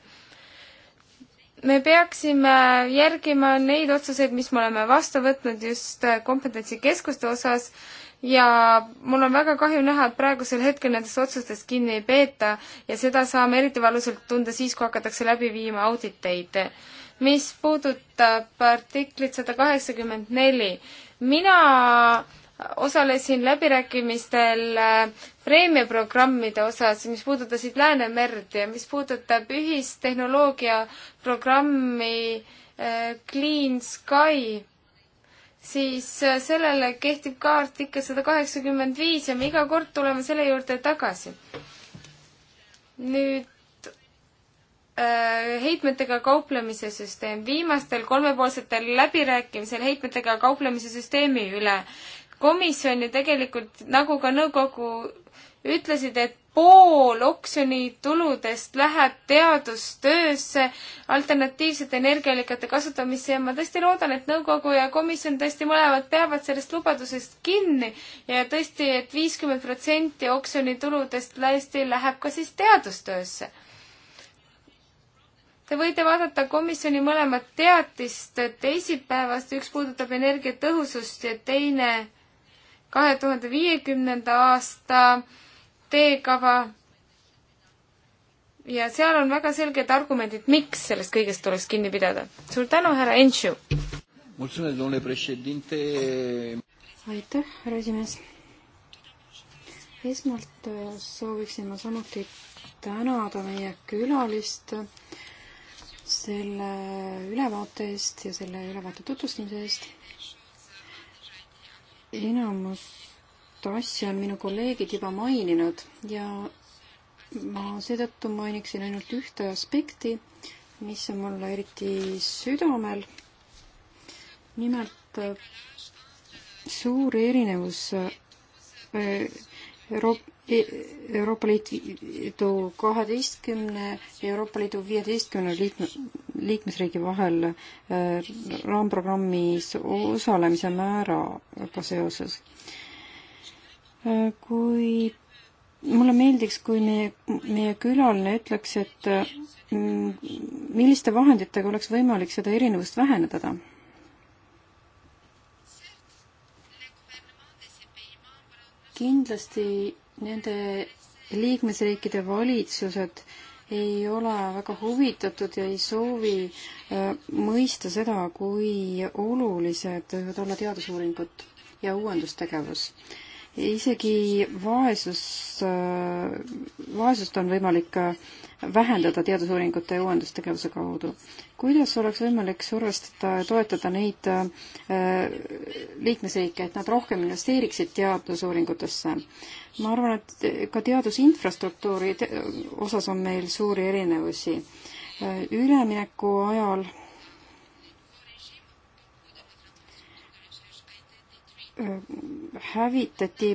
me peaksime järgima neid otsuseid, mis me oleme vastu võtnud just äh, kompetentsikeskuste osas, ja mul on väga kahju näha, et praegusel hetkel nendest otsustest kinni ei peeta ja seda saame eriti valusalt tunda siis, kui hakatakse läbi viima auditeid. mis puudutab artiklit sada kaheksakümmend neli, mina osalesin läbirääkimistel äh, preemiaprogrammide osas, mis puudutasid Läänemerd ja mis puudutab ühistehnoloogia programmi äh, Clean Sky siis äh, sellele kehtib ka artikkel sada kaheksakümmend viis ja me iga kord tuleme selle juurde tagasi. nüüd äh, heitmetega kauplemise süsteem. viimastel kolmepoolsetel läbirääkimisel heitmetega kauplemise süsteemi üle komisjon ju tegelikult, nagu ka nõukogu ütlesid, et pool oksjoni tuludest läheb teadustöösse, alternatiivsete energiaallikate kasutamisse ja ma tõesti loodan, et nõukogu ja komisjon tõesti mõlemad peavad sellest lubadusest kinni ja tõesti et, et viiskümmend protsenti oksjoni tuludest tõesti läheb ka siis teadustöösse. Te võite vaadata komisjoni mõlemat teatist teisipäevast, üks puudutab energiatõhusust ja teine kahe tuhande viiekümnenda aasta teekava ja seal on väga selged argumendid, miks sellest kõigest tuleks kinni pidada. suur tänu, härra Enšu! aitäh, härra esimees! esmalt äh, sooviksin ma samuti tänada meie külalist selle ülevaate eest ja selle ülevaate tutvustamise eest. enamus seda asja on minu kolleegid juba maininud ja ma seetõttu mainiksin ainult ühte aspekti, mis on mulle eriti südamel. nimelt äh, suur erinevus äh, Euroopa e-, Euroopa Liidu kaheteistkümne ja Euroopa Liidu viieteistkümne liikme, liikmesriigi vahel äh, raamprogrammis osalemise määraga seoses kui mulle meeldiks, kui meie, meie külaline ütleks, et mm, milliste vahenditega oleks võimalik seda erinevust vähendada? kindlasti nende liikmesriikide valitsused ei ole väga huvitatud ja ei soovi äh, mõista seda, kui olulised võivad olla teadusuuringud ja uuendustegevus isegi vaesus, vaesust on võimalik äh, vähendada teadusuuringute ja uuendustegevuse kaudu. kuidas oleks võimalik survestada ja toetada neid äh, liikmesriike, et nad rohkem investeeriksid teadusuuringutesse? ma arvan, et ka teadusinfrastruktuuri osas on meil suuri erinevusi. Äh, ülemineku ajal hävitati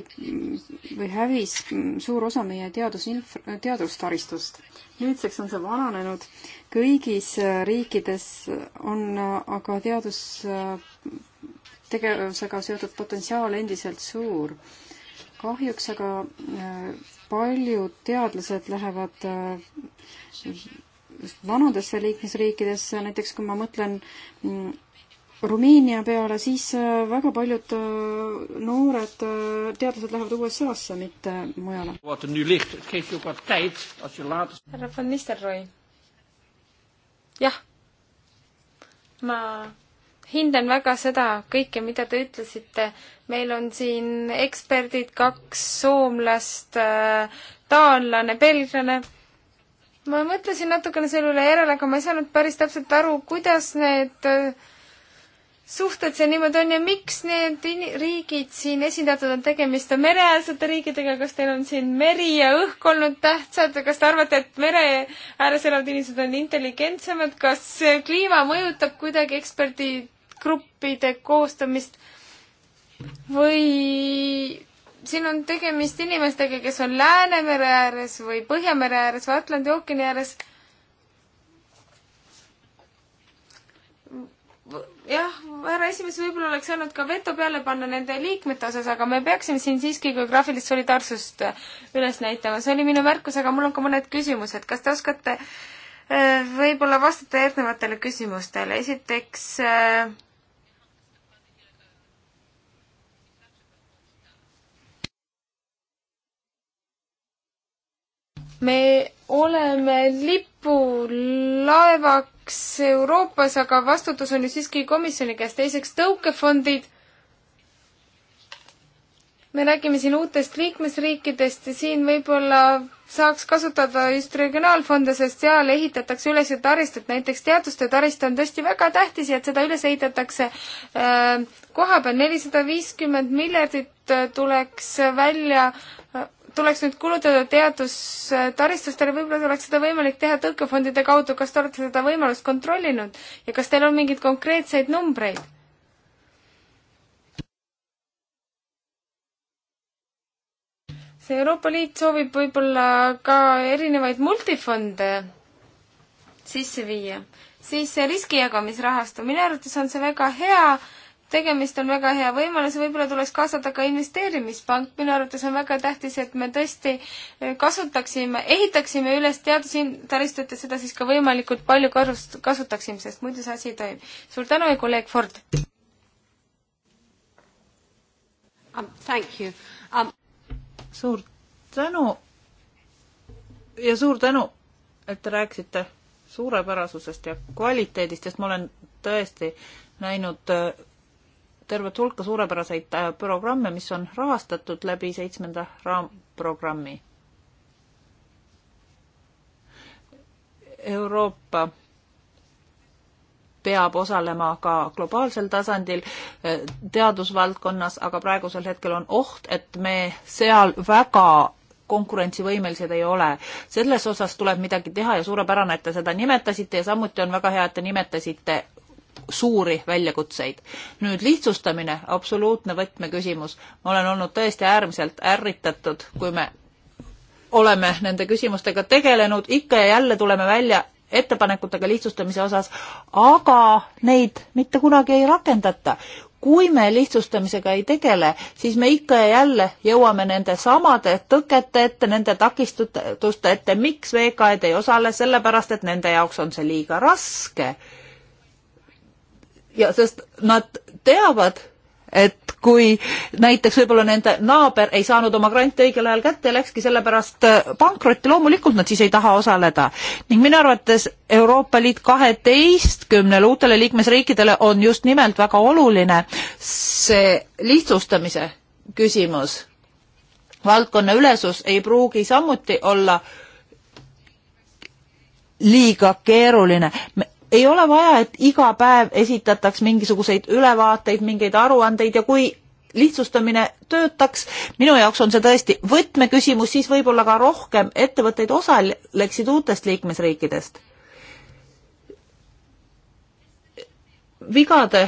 või hävis suur osa meie teadusinf-, teadustaristust. nüüdseks on see vananenud, kõigis riikides on aga teadustegevusega seotud potentsiaal endiselt suur. kahjuks aga äh, paljud teadlased lähevad äh, vanadesse liikmesriikidesse, näiteks kui ma mõtlen mm, Rumeenia peale, siis äh, väga paljud äh, noored äh, teadlased lähevad USA-sse, mitte mujale. Er härra von Nistelrooy. jah. ma hindan väga seda kõike, mida te ütlesite. meil on siin eksperdid, kaks soomlast, taanlane, belglane ma mõtlesin natukene selle üle järele, aga ma ei saanud päris täpselt aru, kuidas need äh, suhted see niimoodi on ja miks need riigid siin esindatud on, tegemist on mereäärsete riikidega, kas teil on siin meri ja õhk olnud tähtsad, kas te arvate, et mere ääres elavad inimesed on intelligentsemad, kas kliima mõjutab kuidagi eksperdigruppide koostamist või siin on tegemist inimestega, kes on Läänemere ääres või Põhjamere ääres või Atlandi ookeani ääres jah, härra esimees, võib-olla oleks saanud ka veto peale panna nende liikmete osas, aga me peaksime siin siiski geograafilist solidaarsust üles näitama. see oli minu märkus, aga mul on ka mõned küsimused. kas te oskate äh, võib-olla vastata järgnevatele küsimustele? esiteks äh, me oleme lipulaevaks Euroopas, aga vastutus on ju siiski komisjoni käes. teiseks tõukefondid. me räägime siin uutest liikmesriikidest ja siin võib-olla saaks kasutada just regionaalfonde, sest seal ehitatakse üles ju taristut, näiteks teaduste taristu on tõesti väga tähtis ja et seda üles ehitatakse äh, koha peal nelisada viiskümmend miljardit äh, tuleks välja äh, tuleks nüüd kulutada teadustaristustele, äh, võib-olla tuleks seda võimalik teha tõukefondide kaudu, kas te olete seda võimalust kontrollinud ja kas teil on mingeid konkreetseid numbreid? see Euroopa Liit soovib võib-olla ka erinevaid multifonde sisse viia, siis see riskijagamisrahastu, minu arvates on see väga hea tegemist on väga hea võimalus, võib-olla tuleks kaasata ka investeerimispank, minu arvates on väga tähtis, et me tõesti eh, kasutaksime, ehitaksime üles teadustaristut ja seda siis ka võimalikult palju kasust-, kasutaksime, sest muidu see asi ei toimi. suur tänu ja kolleeg Ford um,! Thank you um...! suur tänu ja suur tänu, et te rääkisite suurepärasusest ja kvaliteedist, sest ma olen tõesti näinud eh, tervet hulka suurepäraseid äh, programme, mis on rahastatud läbi seitsmenda raamprogrammi. Euroopa peab osalema ka globaalsel tasandil äh, teadusvaldkonnas, aga praegusel hetkel on oht, et me seal väga konkurentsivõimelised ei ole. selles osas tuleb midagi teha ja suurepärane, et te seda nimetasite ja samuti on väga hea, et te nimetasite suuri väljakutseid. nüüd lihtsustamine, absoluutne võtmeküsimus. ma olen olnud tõesti äärmiselt ärritatud, kui me oleme nende küsimustega tegelenud, ikka ja jälle tuleme välja ettepanekutega lihtsustamise osas, aga neid mitte kunagi ei rakendata. kui me lihtsustamisega ei tegele, siis me ikka ja jälle jõuame nende samade tõkete ette, nende takistuste ette, miks VKE-d ei osale, sellepärast et nende jaoks on see liiga raske ja sest nad teavad, et kui näiteks võib-olla nende naaber ei saanud oma grante õigel ajal kätte ja läkski sellepärast äh, pankrotti, loomulikult nad siis ei taha osaleda. ning minu arvates Euroopa Liit kaheteistkümnele uutele liikmesriikidele on just nimelt väga oluline see lihtsustamise küsimus. valdkonna ülesus ei pruugi samuti olla liiga keeruline ei ole vaja, et iga päev esitataks mingisuguseid ülevaateid, mingeid aruandeid ja kui lihtsustamine töötaks, minu jaoks on see tõesti võtmeküsimus, siis võib-olla ka rohkem ettevõtteid osaleksid uutest liikmesriikidest. vigade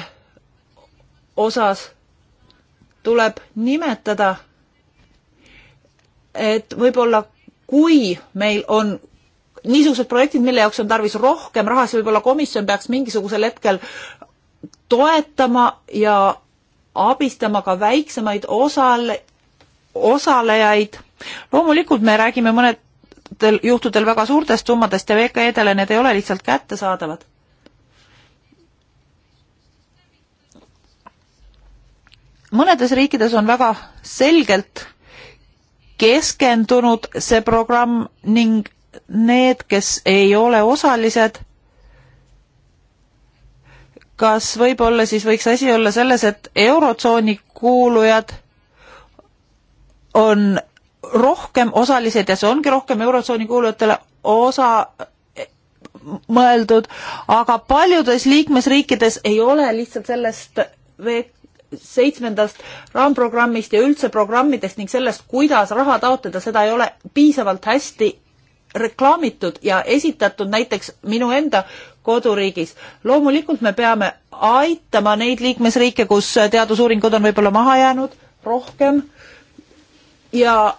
osas tuleb nimetada, et võib-olla kui meil on niisugused projektid, mille jaoks on tarvis rohkem raha, siis võib-olla komisjon peaks mingisugusel hetkel toetama ja abistama ka väiksemaid osale, osalejaid. loomulikult me räägime mõnedel juhtudel väga suurtest summadest ja VKE-dele need ei ole lihtsalt kättesaadavad. mõnedes riikides on väga selgelt keskendunud see programm ning need, kes ei ole osalised, kas võib-olla siis võiks asi olla selles, et Eurotsooni kuulujad on rohkem osalised ja see ongi rohkem Eurotsooni kuulujatele osa mõeldud, aga paljudes liikmesriikides ei ole lihtsalt sellest seitsmendast raamprogrammist ja üldse programmidest ning sellest, kuidas raha taotleda, seda ei ole piisavalt hästi reklaamitud ja esitatud näiteks minu enda koduriigis. loomulikult me peame aitama neid liikmesriike, kus teadusuuringud on võib-olla maha jäänud rohkem ja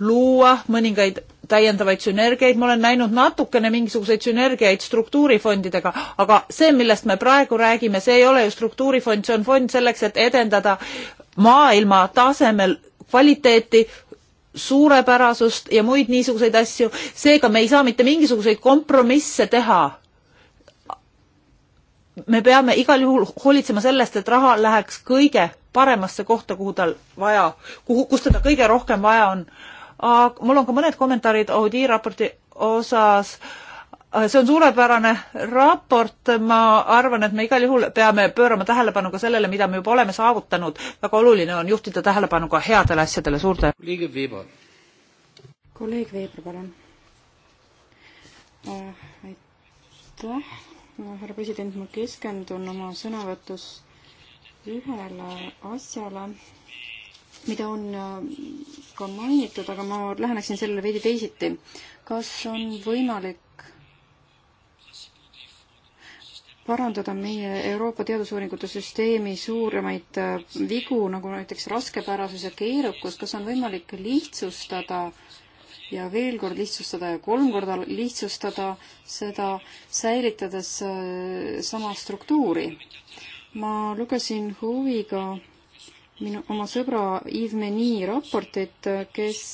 luua mõningaid täiendavaid sünergiaid, ma olen näinud natukene mingisuguseid sünergiaid struktuurifondidega, aga see, millest me praegu räägime, see ei ole ju struktuurifond, see on fond selleks, et edendada maailma tasemel kvaliteeti, suurepärasust ja muid niisuguseid asju, seega me ei saa mitte mingisuguseid kompromisse teha. me peame igal juhul hoolitsema sellest, et raha läheks kõige paremasse kohta, kuhu tal vaja, kuhu, kus teda kõige rohkem vaja on. mul on ka mõned kommentaarid Audi raporti osas äh, Äh, see on suurepärane raport, ma arvan, et me igal juhul peame pöörama tähelepanu ka sellele, mida me juba oleme saavutanud. väga oluline on juhtida tähelepanu ka headele asjadele, suur tänu. kolleeg Veeber. kolleeg Veeber, palun. Äh, aitäh, härra president, ma keskendun oma sõnavõtus ühele asjale, mida on äh, ka mainitud, aga ma läheneksin sellele veidi teisiti. kas on võimalik parandada meie Euroopa teadusuuringute süsteemi suuremaid äh, vigu, nagu näiteks raskepärasus ja keerukus, kas on võimalik lihtsustada ja veel kord lihtsustada ja kolm korda lihtsustada seda, säilitades äh, sama struktuuri? ma lugesin huviga minu, oma sõbra Yves Meni raportit, äh, kes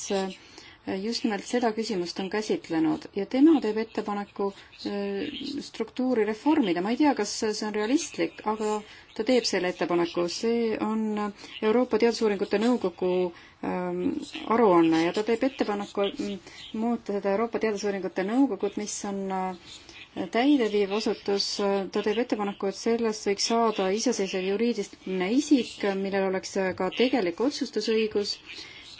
just nimelt seda küsimust on käsitlenud ja tema teeb ettepaneku äh, struktuuri reformida. ma ei tea, kas see on realistlik, aga ta teeb selle ettepaneku. see on Euroopa Teadusuuringute Nõukogu ähm, aruanne ja ta teeb ettepaneku mm, muuta seda Euroopa Teadusuuringute Nõukogut, mis on äh, täideviiv osutus, ta teeb ettepaneku, et sellest võiks saada iseseisev juriidiline isik, millel oleks äh, ka tegelik otsustusõigus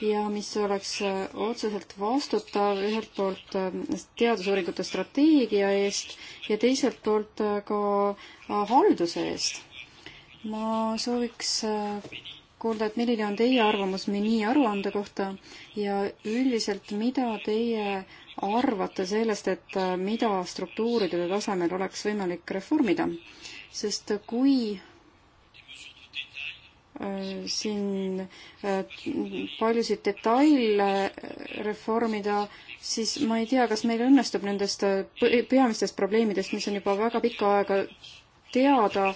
ja mis oleks äh, otseselt vastutav ühelt poolt äh, teadusuuringute strateegia eest ja teiselt poolt äh, ka halduse eest. ma sooviks kuulda, et milline on teie arvamus Mini aruande kohta ja üldiselt, mida teie arvate sellest, et mida struktuuride tasemel oleks võimalik reformida? sest kui siin äh, paljusid detaile reformida, siis ma ei tea, kas meil õnnestub nendest äh, peamistest probleemidest, mis on juba väga pikka aega teada,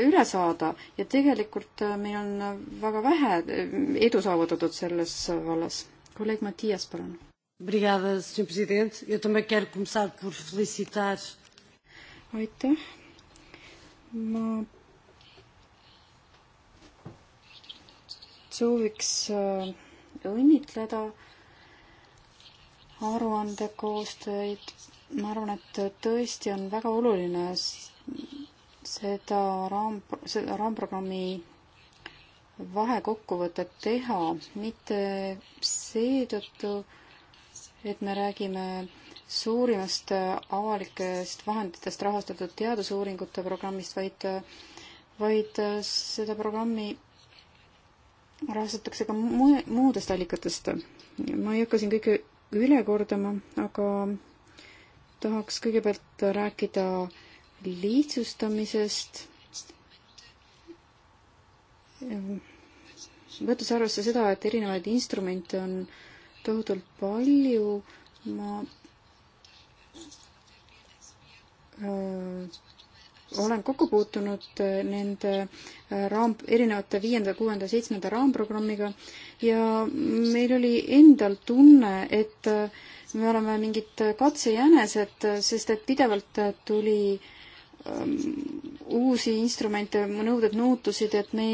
üle saada ja tegelikult äh, meil on väga vähe edu saavutatud selles vallas. kolleeg Mattias, palun. aitäh. ma sooviks äh, õnnitleda aruande koostöid. ma arvan, et tõesti on väga oluline seda raam, seda raamprogrammi vahekokkuvõtet teha, mitte seetõttu, et me räägime suurimast avalikest vahenditest rahastatud teadusuuringute programmist, vaid, vaid seda programmi rahastatakse ka mu-, muudest allikatest. ma ei hakka siin kõike üle kordama, aga tahaks kõigepealt rääkida lihtsustamisest, võttes arvesse seda, et erinevaid instrumente on tohutult palju, ma äh, olen kokku puutunud äh, nende äh, raam, erinevate viienda, kuuenda, seitsmenda raamprogrammiga ja meil oli endal tunne, et äh, me oleme mingid katsejänesed, sest et pidevalt tuli ähm, uusi instrumente, nõuded muutusid, et me,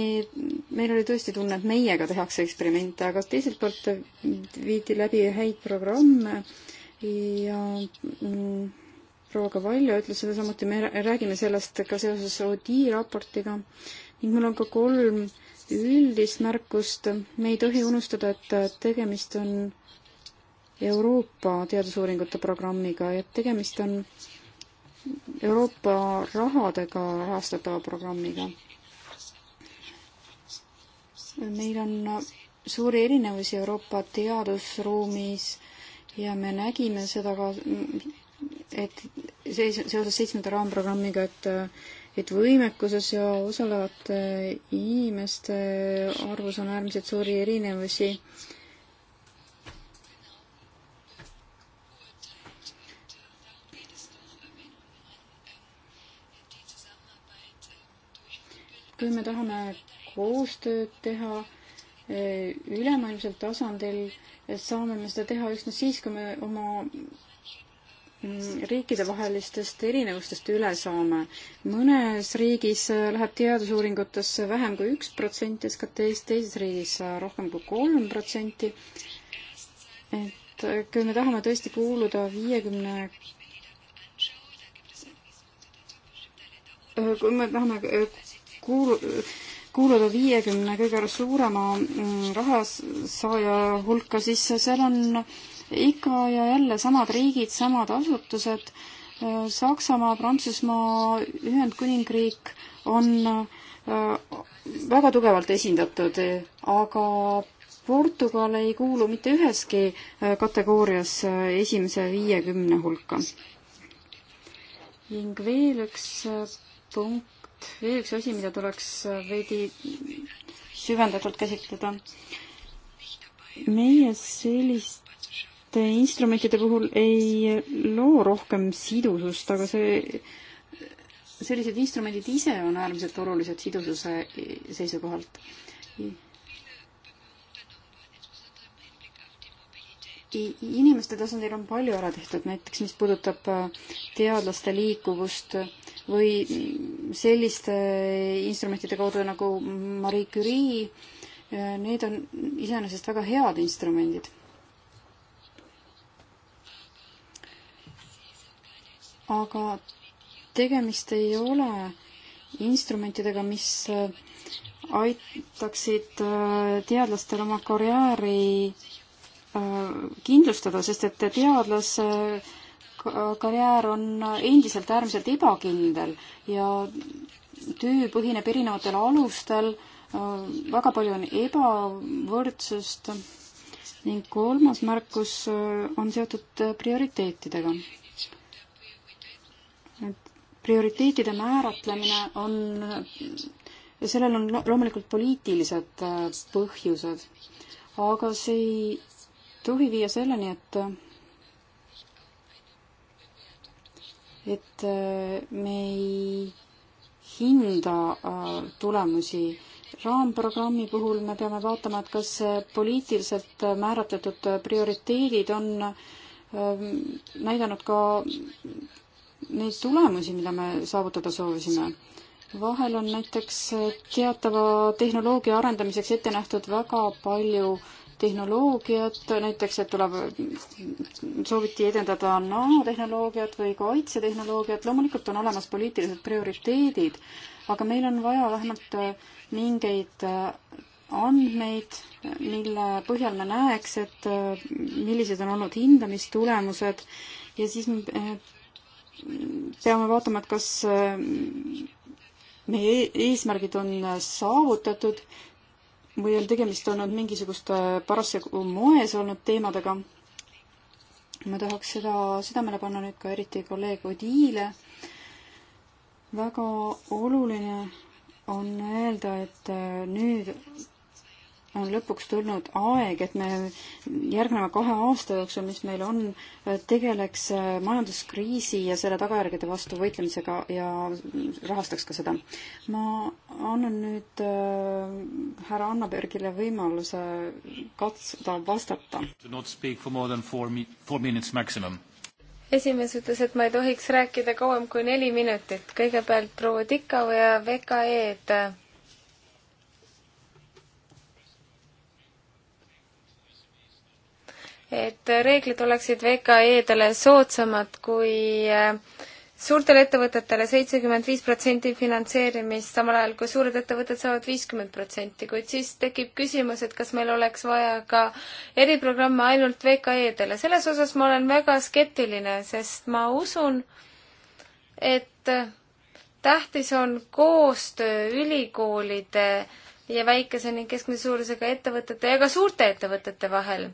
meil oli tõesti tunne, et meiega tehakse eksperimente, aga teiselt poolt viidi läbi häid programme ja mm, proua Kavaljo ütles seda samuti, me räägime sellest ka seoses ODI raportiga ning mul on ka kolm üldist märkust. me ei tohi unustada, et tegemist on Euroopa teadusuuringute programmiga ja tegemist on Euroopa rahadega rahastatava programmiga. meil on suuri erinevusi Euroopa teadusruumis ja me nägime seda ka et seoses seitsmenda raamprogrammiga, et et võimekuses ja osalevate inimeste arvus on äärmiselt suuri erinevusi. kui me tahame koostööd teha e, ülemaailmsel tasandil, saame me seda teha üksnes siis, kui me oma Mm, riikidevahelistest erinevustest üle saame. mõnes riigis äh, läheb teadusuuringutesse vähem kui üks protsent SKT-st, teises riigis äh, rohkem kui kolm protsenti. et äh, kui me tahame tõesti kuuluda viiekümne kui me tahame kuulu-, kuuluda viiekümne kõige suurema mm, rahasaaja hulka, siis seal on äh, ikka ja jälle samad riigid, samad asutused. Saksamaa, Prantsusmaa, Ühendkuningriik on äh, väga tugevalt esindatud, aga Portugal ei kuulu mitte üheski äh, kategoorias äh, esimese viiekümne hulka. ning veel üks punkt, veel üks asi, mida tuleks veidi süvendatult käsitleda. meie sellist erinevate instrumentide puhul ei loo rohkem sidusust, aga see, sellised instrumendid ise on äärmiselt olulised sidususe seisukohalt. inimeste tasandil on palju ära tehtud, näiteks mis puudutab äh, teadlaste liikuvust või selliste instrumentide kaudu nagu Marie Curie, äh, need on iseenesest väga head instrumendid aga tegemist ei ole instrumentidega, mis äh, aitaksid äh, teadlastel oma karjääri äh, kindlustada, sest et teadlase karjäär on endiselt äärmiselt ebakindel ja töö põhineb erinevatel alustel, väga palju on ebavõrdsust ning kolmas märkus on seotud prioriteetidega prioriteetide määratlemine on, sellel on loomulikult poliitilised äh, põhjused, aga see ei tohi viia selleni, et et äh, me ei hinda äh, tulemusi raamprogrammi puhul me peame vaatama, et kas poliitiliselt määratletud prioriteedid on näidanud ka neid tulemusi, mida me saavutada soovisime. vahel on näiteks teatava tehnoloogia arendamiseks ette nähtud väga palju tehnoloogiat, näiteks et tuleb, sooviti edendada nanotehnoloogiat või kaitsetehnoloogiat, loomulikult on olemas poliitilised prioriteedid, aga meil on vaja vähemalt mingeid andmeid, mille põhjal me näeks, et millised on olnud hindamistulemused ja siis me peame vaatama, et kas äh, meie eesmärgid on äh, saavutatud või on tegemist olnud mingisuguste parasjagu moes olnud teemadega. ma tahaks seda südamele panna nüüd ka eriti kolleeg Odile. väga oluline on öelda, et äh, nüüd on lõpuks tulnud aeg, et me järgneva kahe aasta jooksul, mis meil on, tegeleks äh, majanduskriisi ja selle tagajärgede vastu võitlemisega ja rahastaks ka seda. ma annan nüüd äh, härra Annabergile võimaluse katsuda vastata. esimees ütles, et ma ei tohiks rääkida kauem kui neli minutit. kõigepealt proua Tikau ja VKE-d et reeglid oleksid VKE-dele soodsamad kui äh, suurtele ettevõtetele seitsekümmend viis protsenti finantseerimist, samal ajal kui suured ettevõtted saavad viiskümmend protsenti, kuid siis tekib küsimus, et kas meil oleks vaja ka eriprogramme ainult VKE-dele. selles osas ma olen väga skeptiline, sest ma usun, et tähtis on koostöö ülikoolide ja väikese ning keskmise suurusega ettevõtete ja ka suurte ettevõtete vahel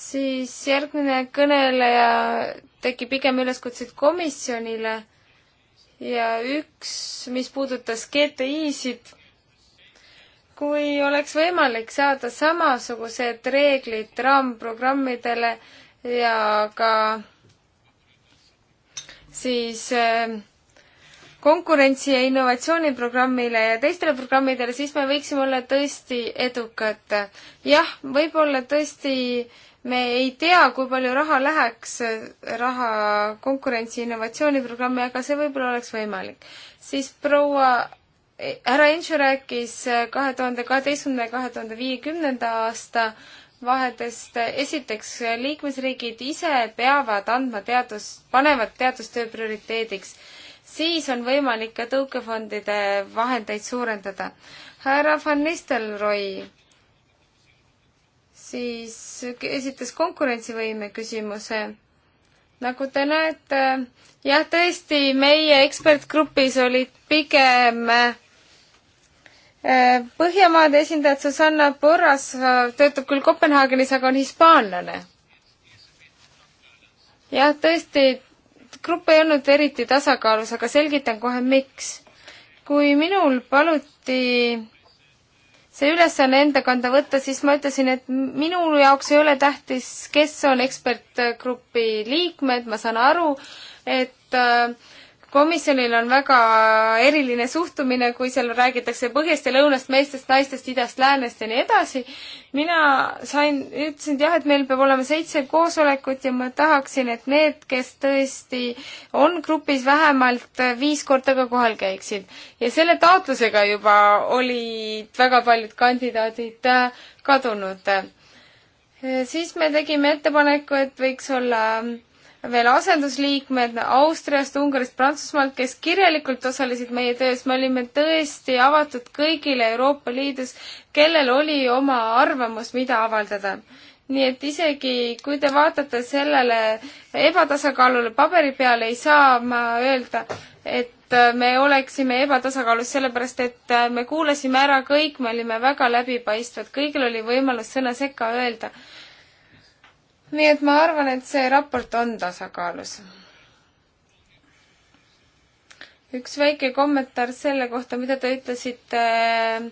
siis järgmine kõneleja tegi pigem üleskutseid komisjonile ja üks, mis puudutas GTI-sid, kui oleks võimalik saada samasugused reeglid raamprogrammidele ja ka siis äh, konkurentsi- ja innovatsiooniprogrammile ja teistele programmidele, siis me võiksime olla tõesti edukad. jah, võib-olla tõesti äh, me ei tea, kui palju raha läheks, äh, raha konkurentsi innovatsiooniprogrammi, aga see võib-olla oleks võimalik. siis proua eh, härra Enšu rääkis äh, kahe tuhande kaheteistkümnenda ja kahe tuhande viiekümnenda aasta vahedest. esiteks, liikmesriigid ise peavad andma teadus, panevad teadustöö prioriteediks. siis on võimalik ka tõukefondide vahendeid suurendada. härra Van Nistelrooy siis esitas konkurentsivõime küsimuse. nagu te näete, jah, tõesti, meie ekspertgrupis olid pigem äh, Põhjamaade esindajad Susanna Porras äh, töötab küll Kopenhaagenis, aga on hispaanlane. jah, tõesti, grupp ei olnud eriti tasakaalus, aga selgitan kohe, miks. kui minul paluti see ülesanne enda kanda võtta, siis ma ütlesin, et minu jaoks ei ole tähtis, kes on ekspertgrupi liikmed, ma saan aru, et äh, komisjonil on väga eriline suhtumine, kui seal räägitakse põhjast ja lõunast, meestest, naistest, idast, läänest ja nii edasi. mina sain, ütlesin, et jah, et meil peab olema seitse koosolekut ja ma tahaksin, et need, kes tõesti on grupis vähemalt viis korda ka kohal käiksid. ja selle taotlusega juba olid väga paljud kandidaadid äh, kadunud. Äh, siis me tegime ettepaneku, et võiks olla veel asendusliikmed Austriast, Ungarist, Prantsusmaalt, kes kirjalikult osalesid meie töös, me olime tõesti avatud kõigile Euroopa Liidus, kellel oli oma arvamus, mida avaldada. nii et isegi, kui te vaatate sellele ebatasakaalule paberi peal, ei saa ma öelda, et me oleksime ebatasakaalus, sellepärast et me kuulasime ära kõik, me olime väga läbipaistvad, kõigil oli võimalus sõna sekka öelda nii et ma arvan, et see raport on tasakaalus. üks väike kommentaar selle kohta, mida te ütlesite eh,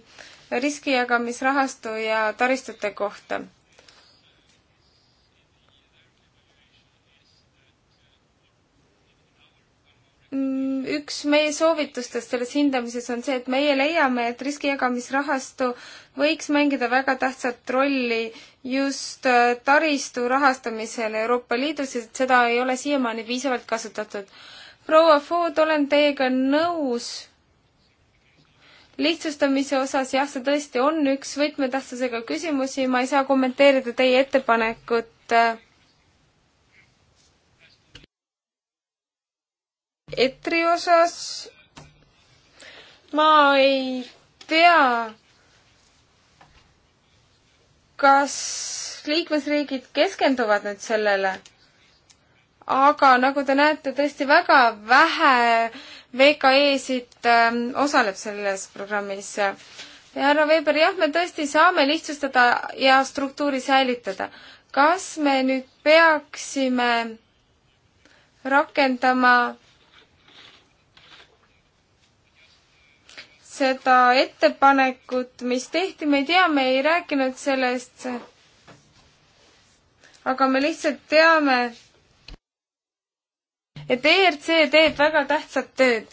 riskijagamisrahastu ja taristute kohta üks meie soovitustest selles hindamises on see, et meie leiame, et riskijagamisrahastu võiks mängida väga tähtsat rolli just äh, taristu rahastamisel Euroopa Liidus ja seda ei ole siiamaani piisavalt kasutatud. proua Ford, olen teiega nõus. lihtsustamise osas jah, see tõesti on üks võtmetähtsusega küsimusi, ma ei saa kommenteerida teie ettepanekut äh, etri osas ma ei tea, kas liikmesriigid keskenduvad nüüd sellele, aga nagu te näete, tõesti väga vähe VKE-sid äh, osaleb selles programmis. ja härra Weber, jah, me tõesti saame lihtsustada ja struktuuri säilitada. kas me nüüd peaksime rakendama seda ettepanekut, mis tehti, me ei tea, me ei rääkinud sellest. aga me lihtsalt teame, et ERC teeb väga tähtsat tööd.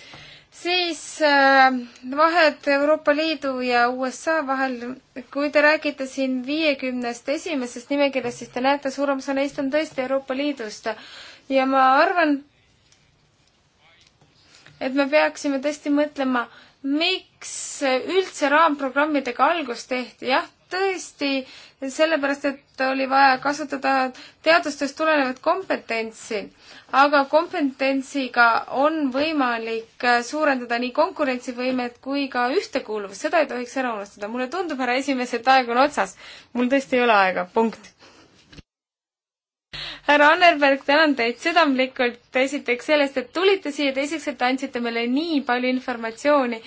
siis äh, vahed Euroopa Liidu ja USA vahel, kui te räägite siin viiekümnest esimesest nimekirjast, siis te näete, suurem osa neist on tõesti Euroopa Liidust. ja ma arvan, et me peaksime tõesti mõtlema äh, miks üldse raamprogrammidega algust tehti, jah, tõesti, sellepärast, et oli vaja kasutada teadustest tulenevat kompetentsi, aga kompetentsiga on võimalik suurendada nii konkurentsivõimet kui ka ühtekuuluvust, seda ei tohiks ära unustada. mulle tundub, härra esimees, et aeg on otsas. mul tõesti ei ole aega, punkt härra Annerberg, tänan teid südamlikult esiteks sellest, et tulite siia, teiseks, et andsite meile nii palju informatsiooni.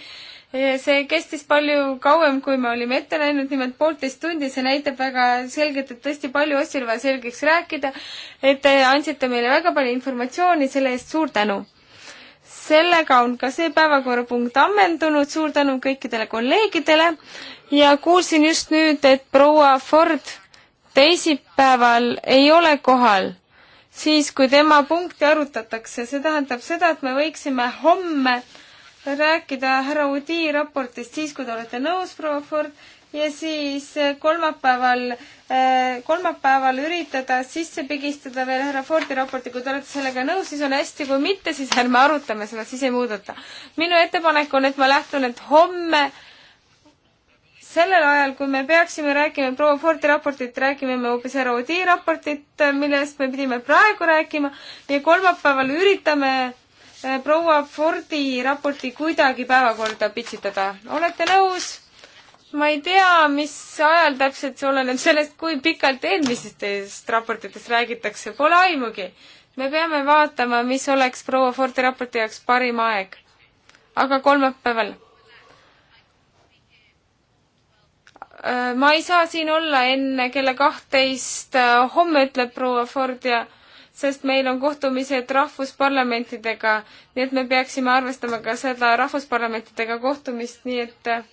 see kestis palju kauem, kui me olime ette näinud, nimelt poolteist tundi, see näitab väga selgelt, et tõesti palju asju oli vaja selgeks rääkida, et te andsite meile väga palju informatsiooni, selle eest suur tänu! sellega on ka see päevakorrapunkt ammendunud, suur tänu kõikidele kolleegidele ja kuulsin just nüüd, et proua Ford teisipäeval ei ole kohal, siis kui tema punkti arutatakse, see tähendab seda, et me võiksime homme rääkida härra Udi raportist siis, kui te olete nõus, proua Ford, ja siis eh, kolmapäeval, eh, kolmapäeval üritada sisse pigistada veel härra Fordi raporti, kui te olete sellega nõus, siis on hästi, kui mitte, siis ärme arutame seda, siis ei muudeta. minu ettepanek on, et ma lähtun, et homme äh, sellel ajal, kui me peaksime rääkima proua Fordi raportit, räägime me hoopis ROD raportit, millest me pidime praegu rääkima ja kolmapäeval üritame eh, proua Fordi raporti kuidagi päevakorda pitsitada. olete nõus? ma ei tea, mis ajal täpselt see oleneb sellest, kui pikalt eelmistest raportitest räägitakse, pole aimugi. me peame vaatama, mis oleks proua Fordi raporti jaoks parim aeg. aga kolmapäeval Äh, ma ei saa siin olla enne kella kahtteist äh, homme, ütleb proua Ford ja sest meil on kohtumised rahvusparlamentidega, nii et me peaksime arvestama ka seda rahvusparlamentidega kohtumist, nii et äh,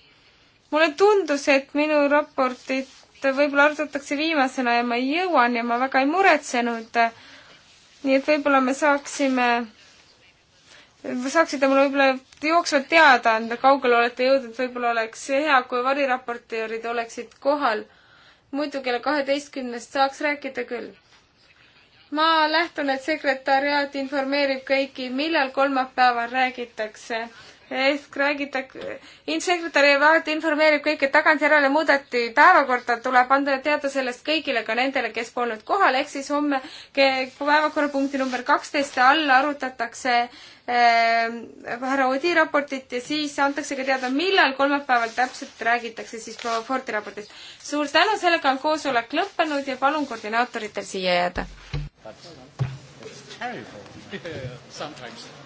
mulle tundus, et minu raportit võib-olla arutatakse viimasena ja ma jõuan ja ma väga ei muretsenud. nii et võib-olla me saaksime saaksite mulle võib-olla jooksvalt teada anda, kaugele olete jõudnud, võib-olla oleks hea, kui variraportöörid oleksid kohal. muidu kella kaheteistkümnest saaks rääkida küll. ma lähtun, et sekretäriaat informeerib kõiki, millal kolmapäeval räägitakse ehk räägitakse, sekretäriaat informeerib kõiki, et tagantjärele muudeti päevakorda, tuleb anda teada sellest kõigile, ka nendele, kes polnud kohal, ehk siis homme päevakorrapunkti number kaksteist all arutatakse ehm, härra eh, Odi raportit ja siis antakse ka teada, millal kolmapäeval täpselt räägitakse siis proua Forti raportist. suur tänu, sellega on koosolek lõppenud ja palun koordinaatoritel siia jääda. That's terrible. yeah, sometimes.